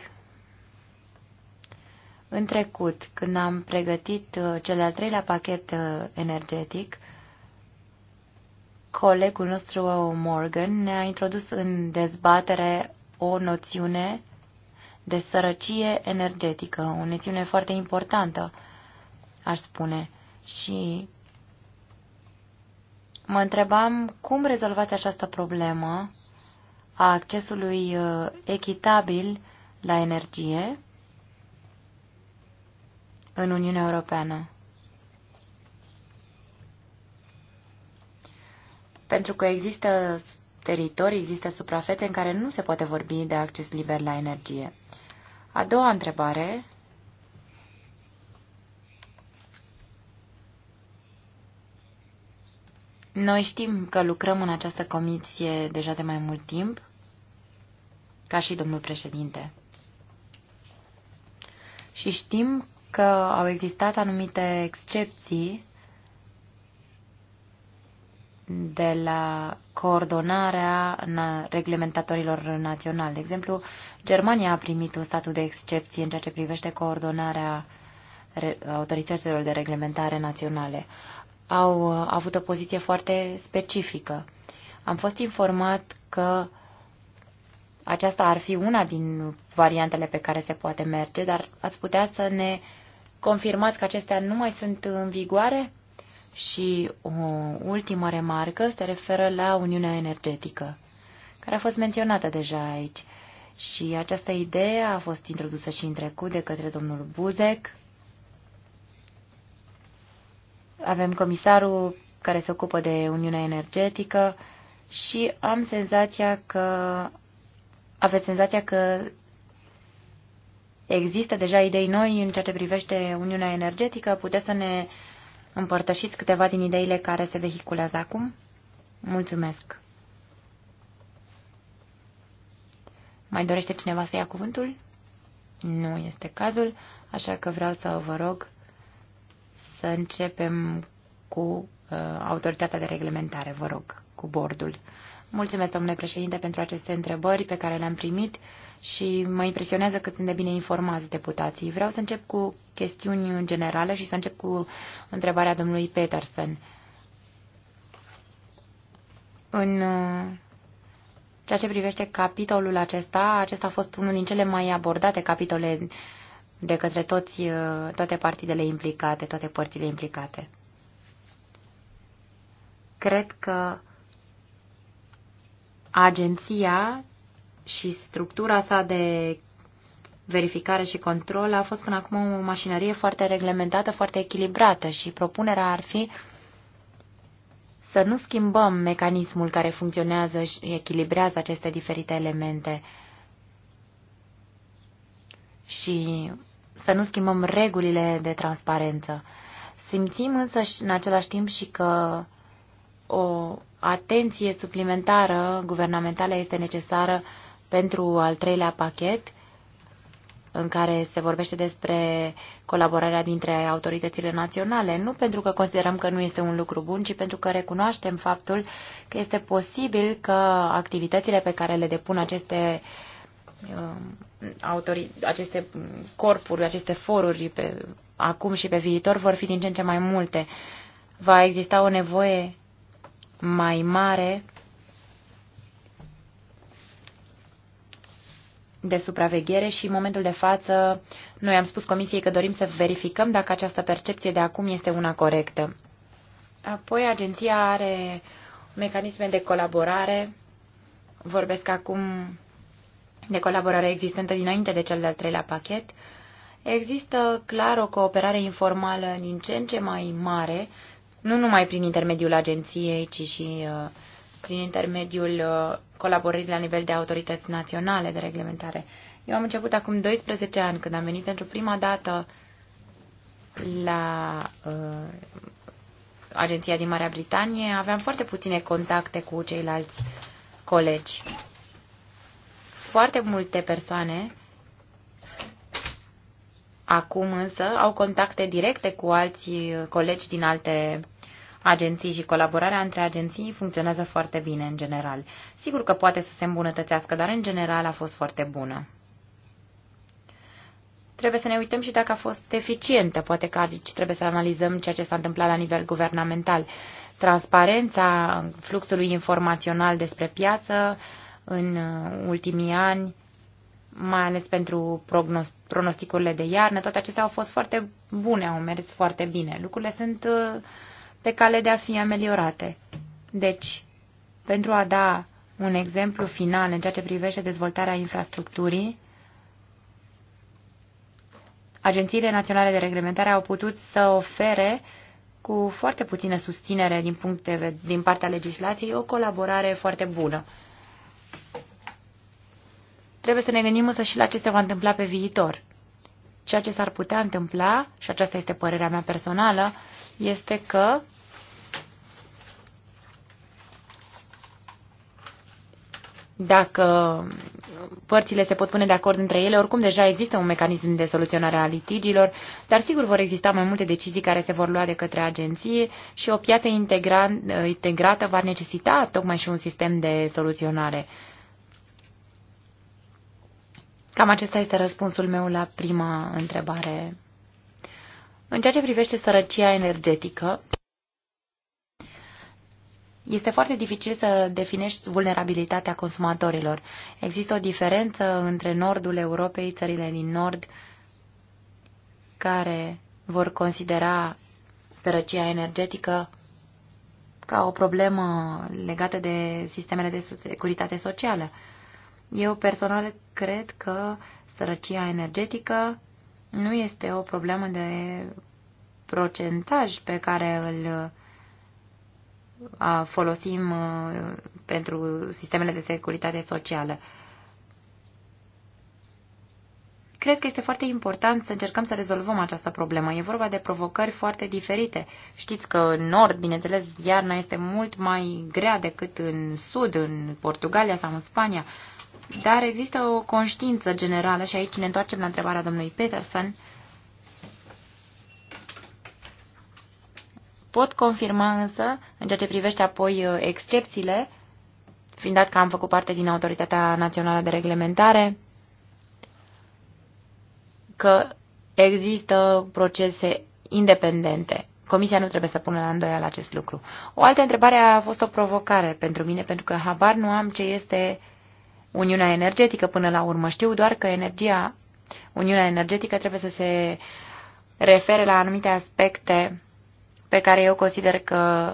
Speaker 2: în trecut, când am pregătit uh, cel de-al treilea pachet uh, energetic, Colegul nostru Morgan ne-a introdus în dezbatere o noțiune de sărăcie energetică, o noțiune foarte importantă, aș spune. Și mă întrebam cum rezolvați această problemă a accesului uh, echitabil la energie în Uniunea Europeană. pentru că există teritorii, există suprafețe în care nu se poate vorbi de acces liber la energie. A doua întrebare Noi știm că lucrăm în această comisie deja de mai mult timp, ca și domnul președinte. Și știm că au existat anumite excepții de la coordonarea reglementatorilor naționali. De exemplu, Germania a primit un statut de excepție în ceea ce privește coordonarea autorităților de reglementare naționale. Au uh, avut o poziție foarte specifică. Am fost informat că aceasta ar fi una din variantele pe care se poate merge, dar ați putea să ne confirmați că acestea nu mai sunt în vigoare? Și o ultimă remarcă se referă la Uniunea Energetică, care a fost menționată deja aici. Și această idee a fost introdusă și în trecut de către domnul Buzek. Avem comisarul care se ocupă de Uniunea Energetică și am senzația că aveți senzația că există deja idei noi în ceea ce privește Uniunea Energetică. Puteți să ne uh, împărtășiți câteva din ideile care se vehiculează acum? Mulțumesc! Mai dorește cineva să ia cuvântul? Nu este cazul, așa că vreau să vă rog să începem cu uh, autoritatea de reglementare, vă rog, cu bordul. Mulțumesc, domnule președinte, pentru aceste întrebări pe care le-am primit. Uh, și mă impresionează cât sunt de bine informați deputații. Vreau să încep cu chestiuni generale și să încep cu întrebarea domnului Peterson. În uh, ceea ce privește capitolul acesta, acesta a fost unul din cele mai abordate capitole de către toți, uh, toate partidele implicate, toate părțile implicate. Cred că agenția și structura sa de verificare și control a fost până acum o mașinărie foarte reglementată, foarte echilibrată și propunerea ar fi să nu schimbăm mecanismul care funcționează și echilibrează aceste diferite elemente și să nu schimbăm regulile de transparență. Simțim însă și în același timp și că o atenție suplimentară guvernamentală este necesară uh, pentru al treilea pachet, în care se vorbește despre colaborarea dintre autoritățile naționale, nu pentru că considerăm că nu este un lucru bun, ci pentru că recunoaștem faptul că este posibil că activitățile pe care le depun aceste um, autori, aceste corpuri, aceste foruri pe, acum și pe viitor vor fi din ce în ce mai multe. Va exista o nevoie mai mare de supraveghere și în momentul de față noi am spus comisiei că dorim să verificăm dacă această percepție de acum este una corectă. Apoi agenția are mecanisme de colaborare, vorbesc acum de colaborare existentă dinainte de cel de-al treilea pachet, există clar o cooperare informală din ce în ce mai mare, nu numai prin intermediul agenției, ci și uh, prin intermediul uh, colaborării la nivel de autorități naționale de reglementare. Eu am început acum 12 ani, când am venit pentru prima dată la uh, agenția din Marea Britanie, aveam foarte puține contacte cu ceilalți colegi. Foarte multe persoane acum însă au contacte directe cu alți colegi din alte agenții și colaborarea între agenții funcționează foarte bine în general. Sigur că poate să se îmbunătățească, dar în general a fost foarte bună. Trebuie să ne uităm și dacă a fost eficientă. Poate că aici trebuie să analizăm ceea ce s-a întâmplat la nivel guvernamental. Transparența fluxului informațional despre piață în ultimii ani, mai ales pentru pronosticurile de iarnă, toate acestea au fost foarte bune, au mers foarte bine. Lucrurile sunt uh, pe cale de a fi ameliorate. Deci, pentru a da un exemplu final în ceea ce privește dezvoltarea infrastructurii, agențiile naționale de reglementare au putut să ofere cu foarte puțină susținere din, punct de, din partea legislației o colaborare foarte bună. Trebuie să ne gândim însă și la ce se va întâmpla pe viitor. Ceea ce s-ar putea întâmpla, și aceasta este părerea mea personală, este că dacă părțile se pot pune de acord între ele, oricum deja există un mecanism de soluționare a litigilor, dar sigur vor exista mai multe decizii care se vor lua de către agenție și o piață integra integrată va necesita tocmai și un sistem de soluționare. Cam acesta este răspunsul meu la prima întrebare. În ceea ce privește sărăcia energetică, este foarte dificil să definești vulnerabilitatea consumatorilor. Există o diferență între nordul Europei, țările din nord, care vor considera sărăcia energetică ca o problemă legată de sistemele de securitate socială. Eu personal cred că sărăcia energetică nu este o problemă de procentaj pe care îl a folosim uh, pentru sistemele de securitate socială. Cred că este foarte important să încercăm să rezolvăm această problemă. E vorba de provocări foarte diferite. Știți că în nord, bineînțeles, iarna este mult mai grea decât în sud, în Portugalia sau în Spania. Dar există o conștiință generală și aici ne întoarcem la întrebarea domnului Peterson Pot confirma însă, în ceea ce privește apoi uh, excepțiile, fiind dat că am făcut parte din Autoritatea Națională de Reglementare, că există procese independente. Comisia nu trebuie să pună la îndoială acest lucru. O altă întrebare a fost o provocare pentru mine, pentru că habar nu am ce este Uniunea Energetică până la urmă. Știu doar că energia, Uniunea Energetică trebuie să se refere la anumite aspecte pe care eu consider că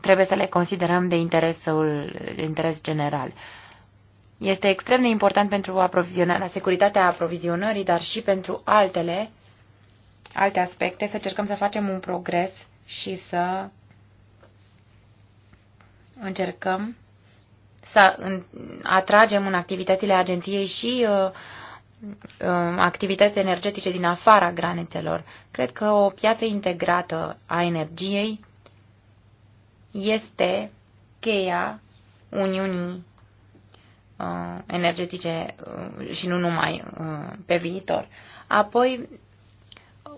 Speaker 2: trebuie să le considerăm de, interesul, de interes general. Este extrem de important pentru aprovizionarea, securitatea aprovizionării, dar și pentru altele, alte aspecte, să cercăm să facem un progres și să încercăm să atragem în activitățile agenției și uh, Um, activități energetice din afara granițelor. Cred că o piață integrată a energiei este cheia Uniunii uh, energetice uh, și nu numai uh, pe viitor. Apoi,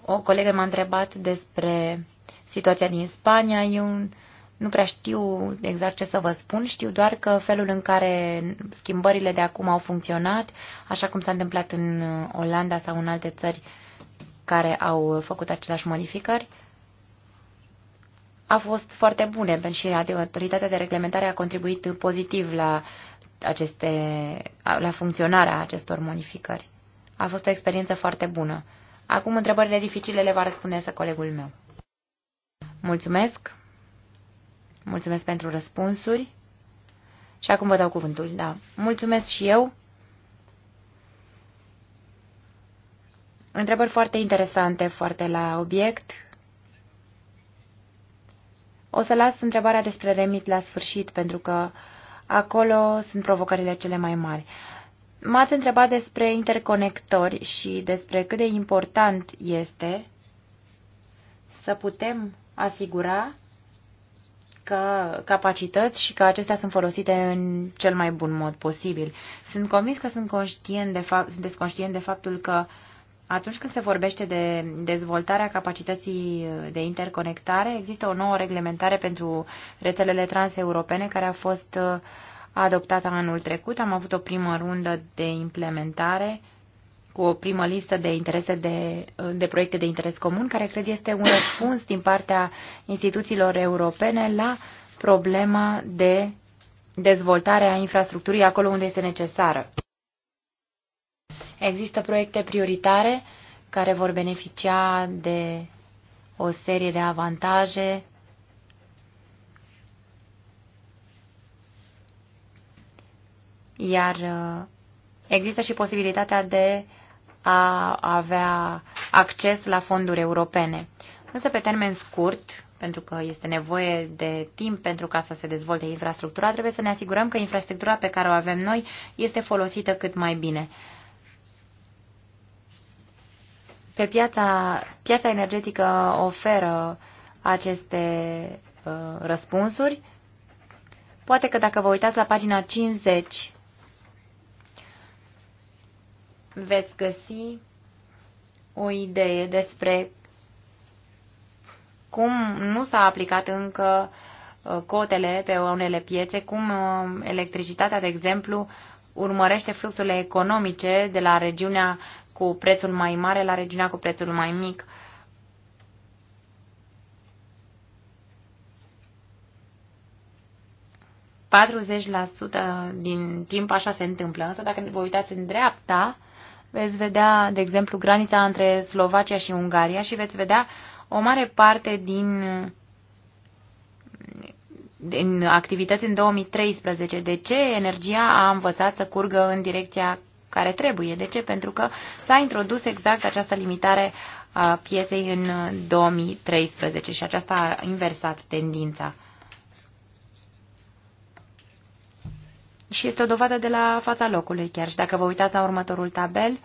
Speaker 2: o colegă m-a întrebat despre situația din Spania. Eu nu prea știu exact ce să vă spun, știu doar că felul în care schimbările de acum au funcționat, așa cum s-a întâmplat în Olanda sau în alte țări care au făcut aceleași modificări, a fost foarte bune, pentru că autoritatea de reglementare a contribuit pozitiv la, aceste, la funcționarea acestor modificări. A fost o experiență foarte bună. Acum întrebările dificile le va răspunde să colegul meu. Mulțumesc! Mulțumesc pentru răspunsuri. Și acum vă dau cuvântul, da. Mulțumesc și eu. Întrebări foarte interesante, foarte la obiect. O să las întrebarea despre remit la sfârșit, pentru că acolo sunt provocările cele mai mari. M-ați întrebat despre interconectori și despre cât de important este să putem asigura ca capacități și că acestea sunt folosite în cel mai bun mod posibil. Sunt convins că sunt conștient de fapt, sunteți conștient de faptul că atunci când se vorbește de dezvoltarea capacității de interconectare, există o nouă reglementare pentru rețelele transeuropene care a fost adoptată anul trecut. Am avut o primă rundă de implementare cu o primă listă de, interese de, de proiecte de interes comun, care cred este un răspuns din partea instituțiilor europene la problema de dezvoltare a infrastructurii acolo unde este necesară. Există proiecte prioritare care vor beneficia de o serie de avantaje iar uh, există și posibilitatea de a avea acces la fonduri europene. Însă, pe termen scurt, pentru că este nevoie de timp pentru ca să se dezvolte infrastructura, trebuie să ne asigurăm că infrastructura pe care o avem noi este folosită cât mai bine. Pe piața, piața energetică oferă aceste uh, răspunsuri. Poate că dacă vă uitați la pagina 50 veți găsi o idee despre cum nu s-a aplicat încă uh, cotele pe unele piețe, cum uh, electricitatea, de exemplu, urmărește fluxurile economice de la regiunea cu prețul mai mare la regiunea cu prețul mai mic. la din timp așa se întâmplă, însă dacă vă uitați în dreapta, veți vedea, de exemplu, granița între Slovacia și Ungaria și veți vedea o mare parte din, din activități în 2013. De ce energia a învățat să curgă în direcția care trebuie? De ce? Pentru că s-a introdus exact această limitare a pieței în 2013 și aceasta a inversat tendința. și este o dovadă de la fața locului chiar. Și dacă vă uitați la următorul tabel,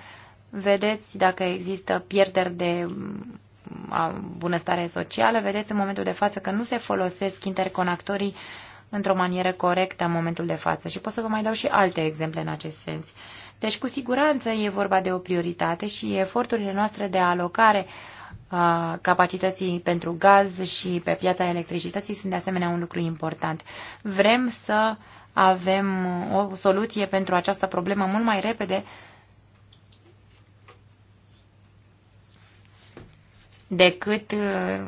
Speaker 2: vedeți dacă există pierderi de mm, bunăstare socială, vedeți în momentul de față că nu se folosesc interconactorii într-o manieră corectă în momentul de față. Și pot să vă mai dau și alte exemple în acest sens. Deci, cu siguranță, e vorba de o prioritate și eforturile noastre de alocare a capacității pentru gaz și pe piața electricității sunt de asemenea un lucru important. Vrem să avem uh, o soluție pentru această problemă mult mai repede decât uh,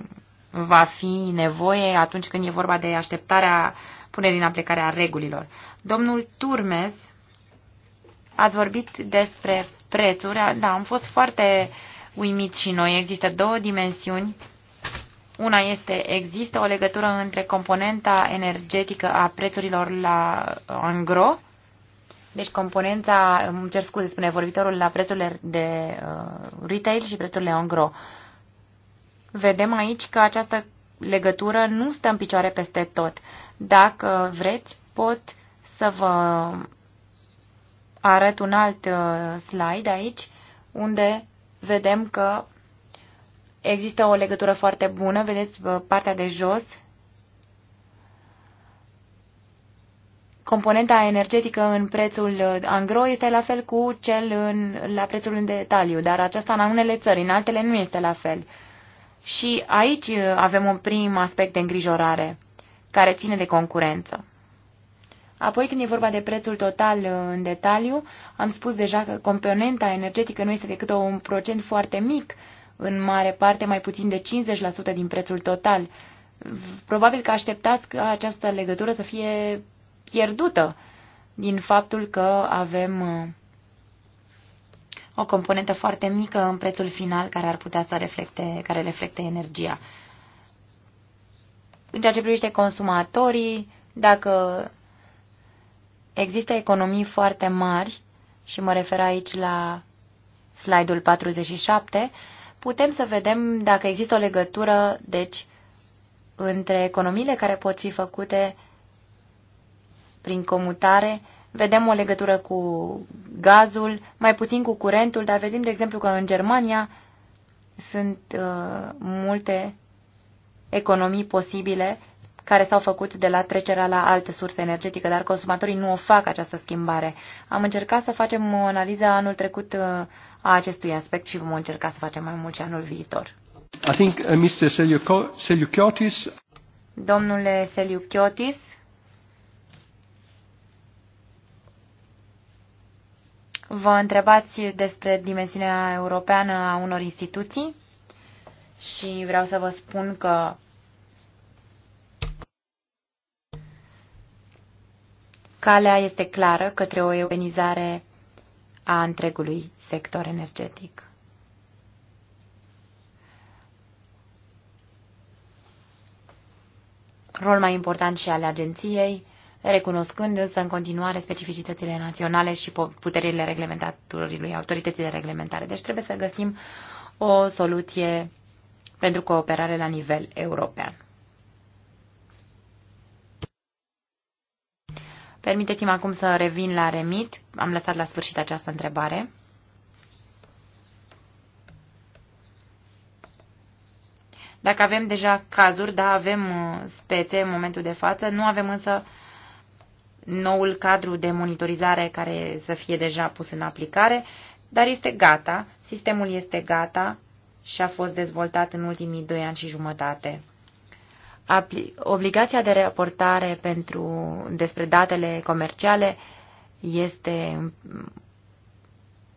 Speaker 2: va fi nevoie atunci când e vorba de așteptarea punerii în aplicare a regulilor. Domnul Turmes, ați vorbit despre prețuri. Da, am fost foarte uimiți și noi. Există două dimensiuni una este, există o legătură între componenta energetică a prețurilor la angro, deci componența, îmi cer scuze, spune vorbitorul, la prețurile de uh, retail și prețurile angro. Vedem aici că această legătură nu stă în picioare peste tot. Dacă vreți, pot să vă arăt un alt uh, slide aici, unde vedem că Există o legătură foarte bună, vedeți partea de jos. Componenta energetică în prețul angro uh, este la fel cu cel în, la prețul în detaliu, dar aceasta în unele țări, în altele nu este la fel. Și aici uh, avem un prim aspect de îngrijorare, care ține de concurență. Apoi, când e vorba de prețul total uh, în detaliu, am spus deja că componenta energetică nu este decât un procent foarte mic în mare parte mai puțin de 50% din prețul total. Probabil că așteptați ca această legătură să fie pierdută din faptul că avem uh, o componentă foarte mică în prețul final care ar putea să reflecte, care reflecte energia. În ceea ce privește consumatorii, dacă există economii foarte mari, și mă refer aici la slide-ul 47, putem să vedem dacă există o legătură, deci, între economiile care pot fi făcute prin comutare, vedem o legătură cu gazul, mai puțin cu curentul, dar vedem, de exemplu, că în Germania sunt uh, multe economii posibile care s-au făcut de la trecerea la alte surse energetică, dar consumatorii nu o fac această schimbare. Am încercat să facem o analiză anul trecut uh, a acestui aspect și vom încerca să facem mai mult și anul viitor.
Speaker 1: I think uh, Mr. Seliukiotis.
Speaker 2: Domnule Seliukiotis. Vă întrebați despre dimensiunea europeană a unor instituții și vreau să vă spun că Calea este clară către o europenizare a întregului sector energetic. Rol mai important și ale agenției, recunoscând însă în continuare specificitățile naționale și puterile reglementatorului, autorității de reglementare. Deci trebuie să găsim o soluție pentru cooperare la nivel european. Permiteți-mi acum să revin la remit. Am lăsat la sfârșit această întrebare. Dacă avem deja cazuri, da, avem uh, spețe în momentul de față, nu avem însă noul cadru de monitorizare care să fie deja pus în aplicare, dar este gata, sistemul este gata și a fost dezvoltat în ultimii doi ani și jumătate obligația de raportare pentru, despre datele comerciale este um,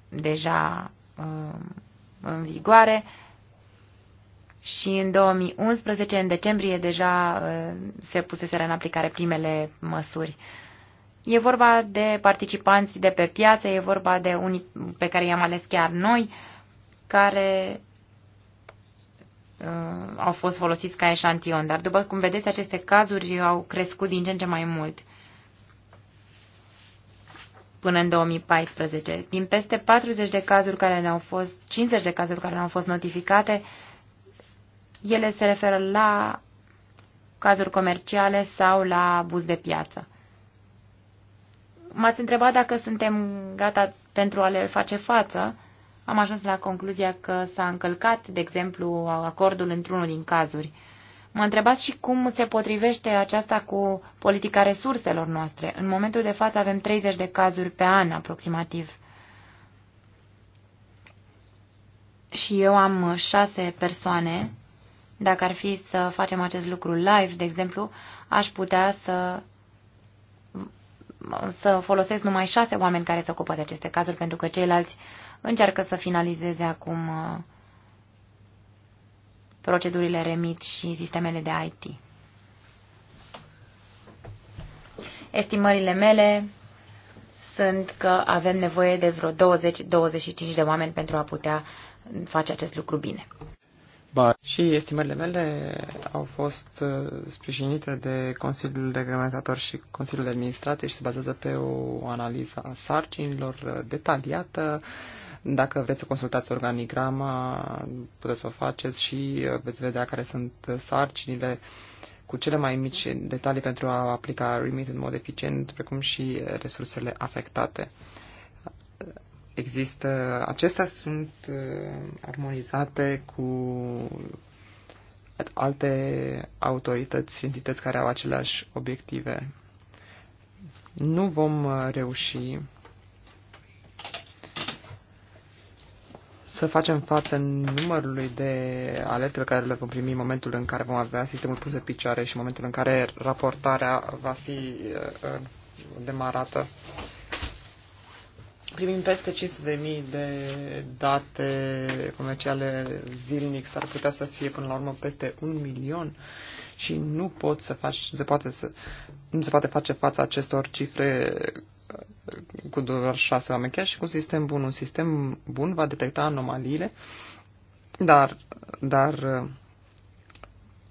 Speaker 2: deja um, în vigoare și în 2011, în decembrie, deja uh, se puseseră în aplicare primele măsuri. E vorba de participanți de pe piață, e vorba de unii pe care i-am ales chiar noi, care Uh, au fost folosiți ca eșantion, dar după cum vedeți, aceste cazuri au crescut din ce în ce mai mult până în 2014. Din peste 40 de cazuri care ne-au fost, 50 de cazuri care ne-au fost notificate, ele se referă la cazuri comerciale sau la abuz de piață. M-ați întrebat dacă suntem gata pentru a le face față am ajuns la concluzia că s-a încălcat, de exemplu, acordul într-unul din cazuri. Mă întrebați și cum se potrivește aceasta cu politica resurselor noastre. În momentul de față avem 30 de cazuri pe an aproximativ. Și eu am șase persoane. Dacă ar fi să facem acest lucru live, de exemplu, aș putea să să folosesc numai șase oameni care se ocupă de aceste cazuri, pentru că ceilalți uh, încearcă să finalizeze acum uh, procedurile REMIT și sistemele de IT. Estimările mele sunt că avem nevoie de vreo 20-25 de oameni pentru a putea face acest lucru bine.
Speaker 3: Ba, și estimările mele au fost uh, sprijinite de Consiliul Reglementator și Consiliul de Administrație și se bazează pe o analiză a sarcinilor uh, detaliată, dacă vreți să consultați organigrama, puteți să o faceți și uh, veți vedea care sunt sarcinile cu cele mai mici detalii pentru a aplica REMIT în mod eficient, precum și resursele afectate. Există, acestea sunt uh, armonizate cu alte autorități, entități care au aceleași obiective. Nu vom uh, reuși să facem față numărului de alerte pe care le vom primi în momentul în care vom avea sistemul pus de picioare și în momentul în care raportarea va fi uh, uh, demarată. Primim peste 500.000 de date comerciale zilnic, s-ar putea să fie până la urmă peste un milion și nu pot să faci, se poate să, nu se poate face față acestor cifre cu doar șase oameni, chiar și cu un sistem bun. Un sistem bun va detecta anomaliile, dar, dar uh,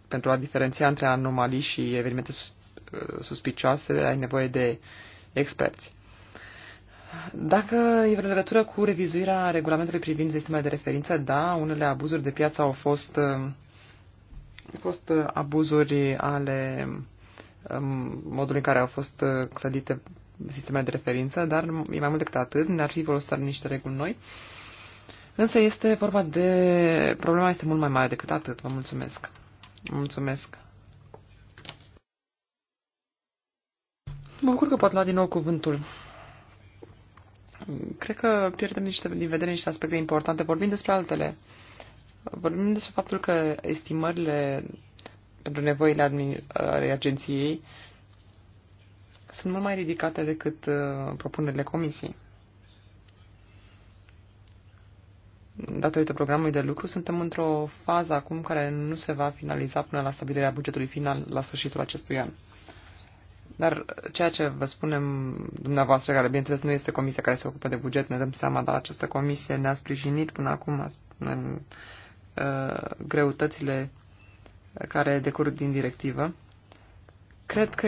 Speaker 3: pentru a diferenția între anomalii și evenimente sus, uh, suspicioase ai nevoie de experți. Dacă e vreo legătură cu revizuirea regulamentului privind sistemele de referință, da, unele abuzuri de piață au fost, au uh, fost abuzuri ale um, modul în care au fost clădite sistemele de referință, dar e mai mult decât atât, ne-ar fi folosit niște reguli noi. Însă este vorba de... problema este mult mai mare decât atât. Vă mulțumesc. Mulțumesc. Mă bucur că pot lua din nou cuvântul. Cred că pierdem niște, din vedere niște aspecte importante. Vorbim despre altele. Vorbim despre faptul că estimările pentru nevoile ale agenției sunt mult mai ridicate decât uh, propunerile comisiei. Datorită programului de lucru, suntem într-o fază acum care nu se va finaliza până la stabilirea bugetului final la sfârșitul acestui an. Dar ceea ce vă spunem dumneavoastră, care bineînțeles nu este comisia care se ocupă de buget, ne dăm seama, dar această comisie ne-a sprijinit până acum în uh, greutățile care decurg din directivă. Cred că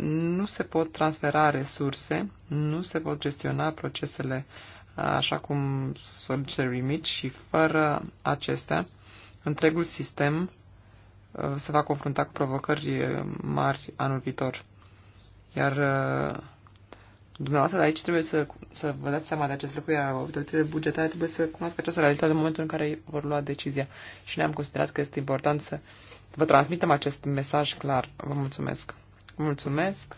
Speaker 3: nu se pot transfera resurse, nu se pot gestiona procesele așa cum solicită Remit și fără acestea, întregul sistem uh, se va confrunta cu provocări uh, mari anul viitor. Iar uh, dumneavoastră de aici trebuie să, să vă dați seama de acest lucru, iar autoritățile bugetare trebuie să cunoască această realitate în momentul în care vor lua decizia. Și ne-am considerat că este important să vă transmitem acest mesaj clar. Vă mulțumesc! Mulțumesc!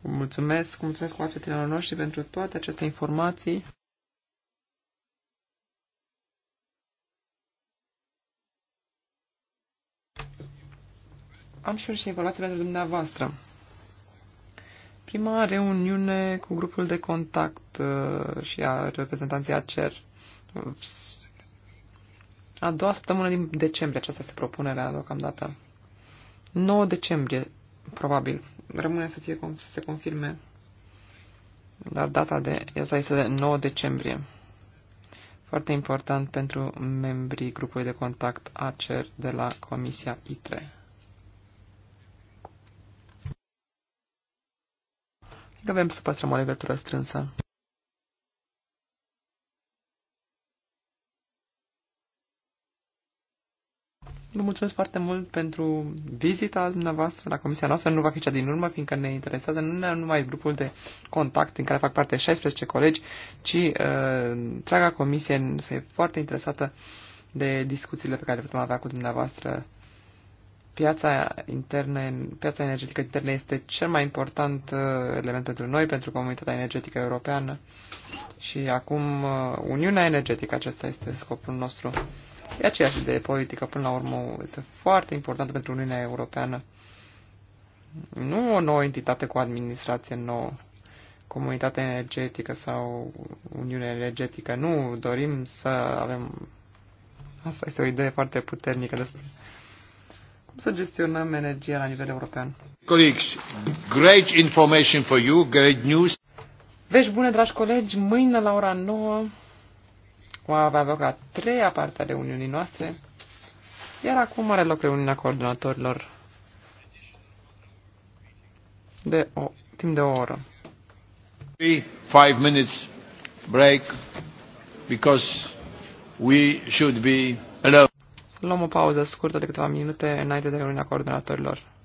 Speaker 3: Mulțumesc, mulțumesc oaspetelor noștri pentru toate aceste informații. Am și eu și informații pentru dumneavoastră. Prima reuniune cu grupul de contact uh, și a reprezentanții ACER. A doua săptămână din decembrie, aceasta este propunerea deocamdată. 9 decembrie, probabil. Rămâne să, fie, să se confirme. Dar data de, asta este de 9 decembrie. Foarte important pentru membrii grupului de contact ACER de la Comisia ITRE. Avem să păstrăm o legătură strânsă. Vă mulțumesc foarte mult pentru vizita dumneavoastră la comisia noastră. Nu va fi cea din urmă, fiindcă ne interesează nu numai grupul de contact în care fac parte 16 colegi, ci uh, întreaga comisie este foarte interesată de discuțiile pe care le putem avea cu dumneavoastră. Piața, interne, piața energetică internă este cel mai important uh, element pentru noi, pentru comunitatea energetică europeană și acum uh, Uniunea Energetică, acesta este scopul nostru. E aceeași idee politică, până la urmă, este foarte importantă pentru Uniunea Europeană. Nu o nouă entitate cu administrație nouă, comunitate energetică sau Uniune energetică. Nu, dorim să avem... Asta este o idee foarte puternică despre cum să gestionăm energia la nivel european.
Speaker 1: Colegi, great information for you, great news.
Speaker 3: Vești bune, dragi colegi, mâine la ora 9 va avea loc a treia parte a reuniunii noastre, iar acum are loc reuniunea coordonatorilor de o, timp de o oră.
Speaker 1: 3-5 minutes break because we should be alone.
Speaker 3: Luăm o pauză scurtă de câteva minute înainte de reuniunea coordonatorilor.